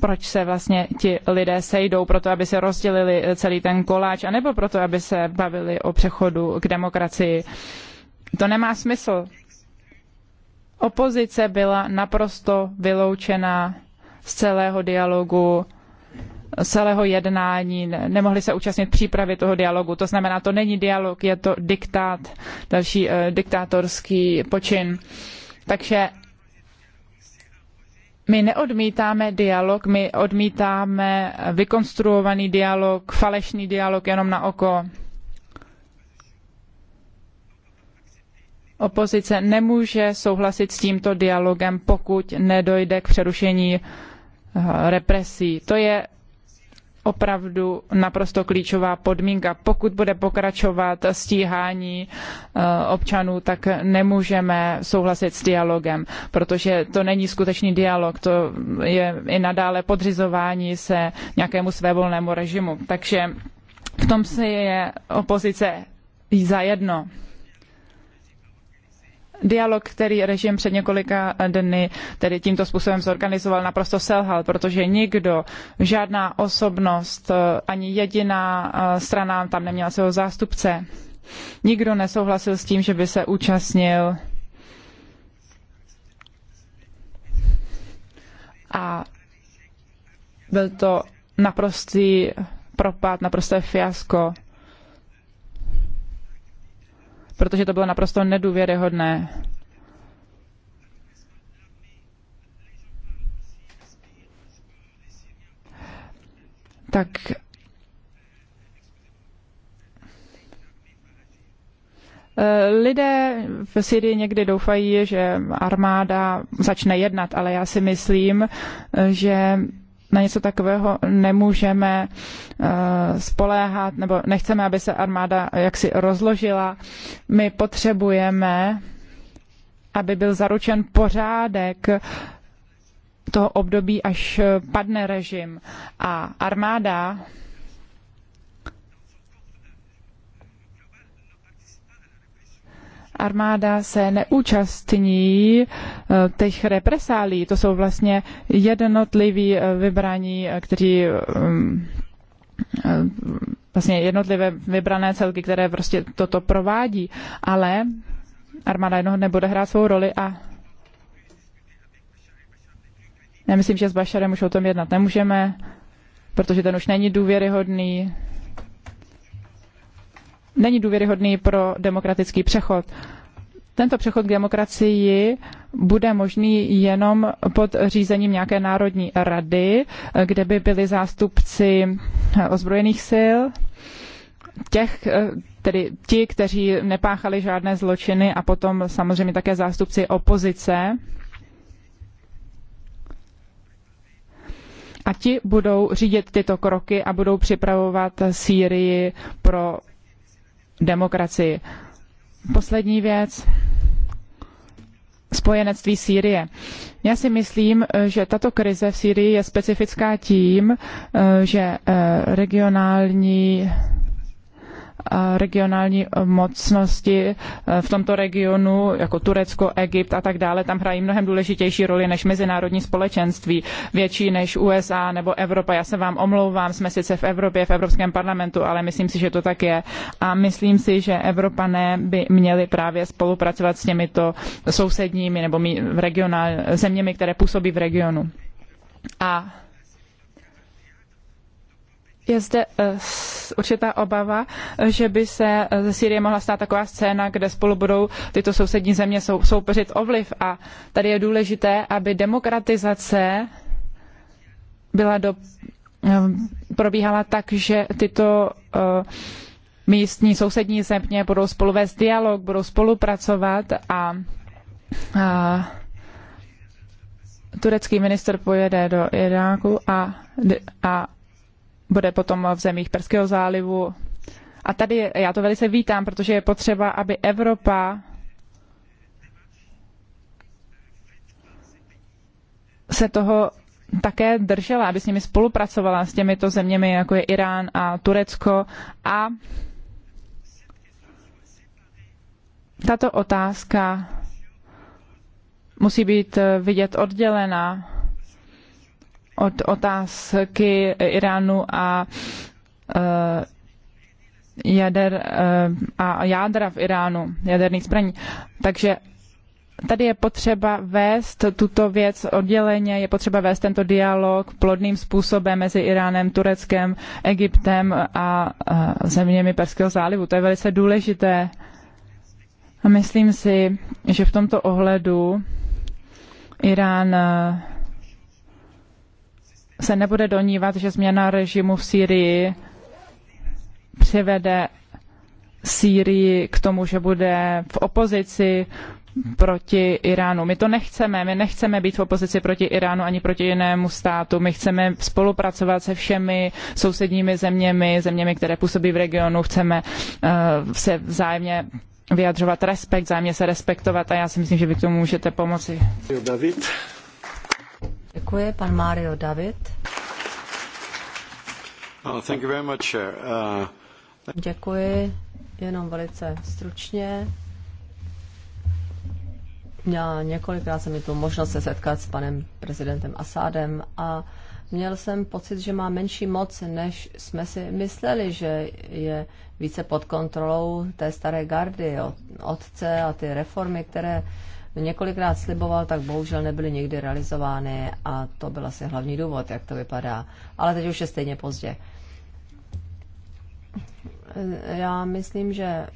proč se vlastně ti lidé sejdou, proto aby se rozdělili eh, celý ten koláč, anebo proto, aby se bavili o přechodu k demokracii. To nemá smysl. Opozice byla naprosto vyloučena z celého dialogu, z celého jednání, nemohli se účastnit přípravy toho dialogu. To znamená, to není dialog, je to diktát, další eh, diktátorský počin. Takže my neodmítáme dialog, my odmítáme vykonstruovaný dialog, falešný dialog jenom na oko. Opozice nemůže souhlasit s tímto dialogem, pokud nedojde k přerušení eh, represí. To je opravdu naprosto klíčová podmínka. Pokud bude pokračovat stíhání eh, občanů, tak nemůžeme souhlasit s dialogem, protože to není skutečný dialog, to je i nadále podřizování se nějakému svévolnému režimu. Takže v tom se je opozice zajedno. jedno dialog, který režim před několika dny tedy tímto způsobem zorganizoval, naprosto selhal, protože nikdo, žádná osobnost, ani jediná eh, strana tam neměla svého zástupce. Nikdo nesouhlasil s tím, že by se účastnil. A byl to naprostý propad, naprosté fiasko protože to bylo naprosto nedůvěryhodné. Tak eh, Lidé v Syrii někdy doufají, že armáda začne jednat, ale já si myslím, eh, že na něco takového nemůžeme eh, spoléhat, nebo nechceme, aby se armáda jaksi rozložila. My potřebujeme, aby byl zaručen pořádek toho období, až padne režim. A armáda armáda se neúčastní eh, těch represálí. To jsou vlastně jednotliví eh, vybraní, eh, kteří mm, vlastně jednotlivé vybrané celky, které prostě toto provádí, ale armáda jednoho nebude hrát svou roli a já myslím, že s Bašarem už o tom jednat nemůžeme, protože ten už není důvěryhodný, není důvěryhodný pro demokratický přechod. Tento přechod k demokracii bude možný jenom pod řízením nějaké národní rady, kde by byli zástupci ozbrojených sil, těch, tedy ti, kteří nepáchali žádné zločiny a potom samozřejmě také zástupci opozice. A ti budou řídit tyto kroky a budou připravovat Sýrii pro demokracii. Poslední věc. Spojenectví Sýrie. Já si myslím, že tato krize v Sýrii je specifická tím, eh, že eh, regionální regionální mocnosti e, v tomto regionu, jako Turecko, Egypt a tak dále, tam hrají mnohem důležitější roli než mezinárodní společenství, větší než USA nebo Evropa. Já se vám omlouvám, jsme sice v Evropě, v Evropském parlamentu, ale myslím si, že to tak je. A myslím si, že Evropané by měli právě spolupracovat s těmito sousedními nebo regionál, zeměmi, které působí v regionu. A je zde eh, určitá obava, eh, že by se ze eh, Sýrie mohla stát taková scéna, kde spolu budou tyto sousední země sou, soupeřit ovliv. A tady je důležité, aby demokratizace byla do, probíhala tak, že tyto místní sousední země budou spolu vést dialog, budou spolupracovat a, a turecký minister pojede do Iráku a, a bude potom v zemích Perského zálivu. A tady já to velice vítám, protože je potřeba, aby Evropa se toho také držela, aby s nimi spolupracovala, s těmito zeměmi, jako je Irán a Turecko. A tato otázka musí být vidět oddělená od otázky Iránu a eh, jader eh, a jádra v Iránu, jaderných zbraní. Takže tady je potřeba vést tuto věc odděleně, je potřeba vést tento dialog plodným způsobem mezi Iránem, Tureckem, Egyptem a eh, zeměmi Perského zálivu. To je velice důležité. A myslím si, že v tomto ohledu Irán se nebude donívat, že změna režimu v Sýrii přivede Sýrii k tomu, že bude v opozici proti Iránu. My to nechceme, my nechceme být v opozici proti Iránu ani proti jinému státu. My chceme spolupracovat se všemi sousedními zeměmi, zeměmi, které působí v regionu. Chceme uh, se vzájemně vyjadřovat respekt, vzájemně se respektovat a já si myslím, že vy k tomu můžete pomoci. David. Děkuji, pan Mario David. Oh, thank you very much, Chair. Uh... Děkuji, jenom velice stručně. Já několikrát jsem mi tu možnost se setkat s panem prezidentem Asádem a měl jsem pocit, že má menší moc, než jsme si mysleli, že je více pod kontrolou té staré gardy, otce a ty reformy, které několikrát sliboval, tak bohužel nebyly nikdy realizovány a to byl asi hlavní důvod, jak to vypadá. Ale teď už je stejně pozdě. Já myslím, že eh,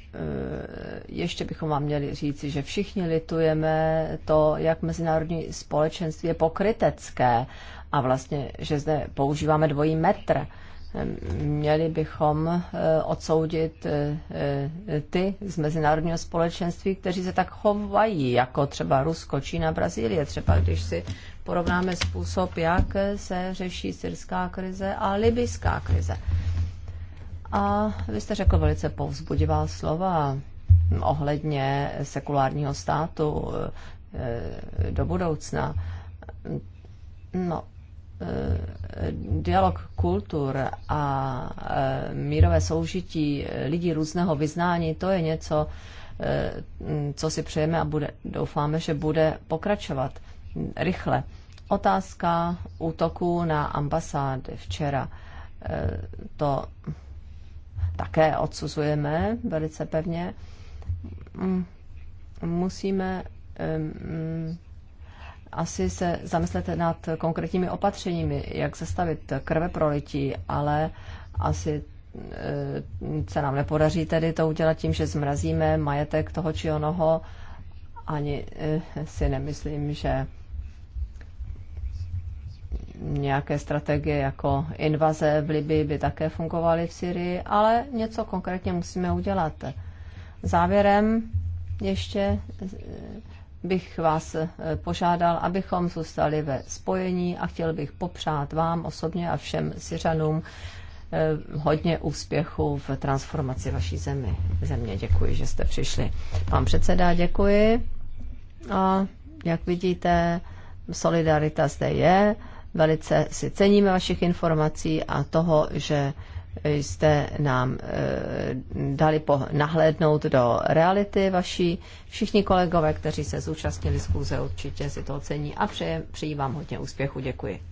ještě bychom vám měli říci, že všichni litujeme to, jak mezinárodní společenství je pokrytecké a vlastně, že zde používáme dvojí metr měli bychom eh, odsoudit eh, eh, ty z mezinárodního společenství, kteří se tak chovají, jako třeba Rusko, Čína, Brazílie. Třeba když si porovnáme způsob, jak se řeší syrská krize a libyská krize. A vy jste řekl velice povzbudivá slova ohledně sekulárního státu do budoucna. No, Eh, dialog kultur a eh, mírové soužití eh, lidí různého vyznání, to je něco, co si přejeme a bude, doufáme, že bude pokračovat rychle. Otázka útoku na ambasády včera. To také odsuzujeme velice pevně. Mm, musíme mm, asi se zamyslete nad konkrétními opatřeními, jak zastavit krve prolití, ale asi eh, se nám nepodaří tedy to udělat tím, že zmrazíme majetek toho či onoho. Ani eh, si nemyslím, že nějaké strategie jako invaze v Libii by také fungovaly v Syrii, ale něco konkrétně musíme udělat. Závěrem ještě eh, bych vás eh, požádal, abychom zůstali ve spojení a chtěl bych popřát vám osobně a všem Syřanům eh, hodně úspěchu v transformaci vaší zemi. země. Děkuji, že jste přišli. Pán předseda, děkuji. A jak vidíte, solidarita zde je. Velice si ceníme vašich informací a toho, že jste nám eh, dali po, nahlédnout do reality vaší. Všichni kolegové, kteří se zúčastnili zkůze, určitě si to ocení a přeji, přeji vám hodně úspěchu. Děkuji.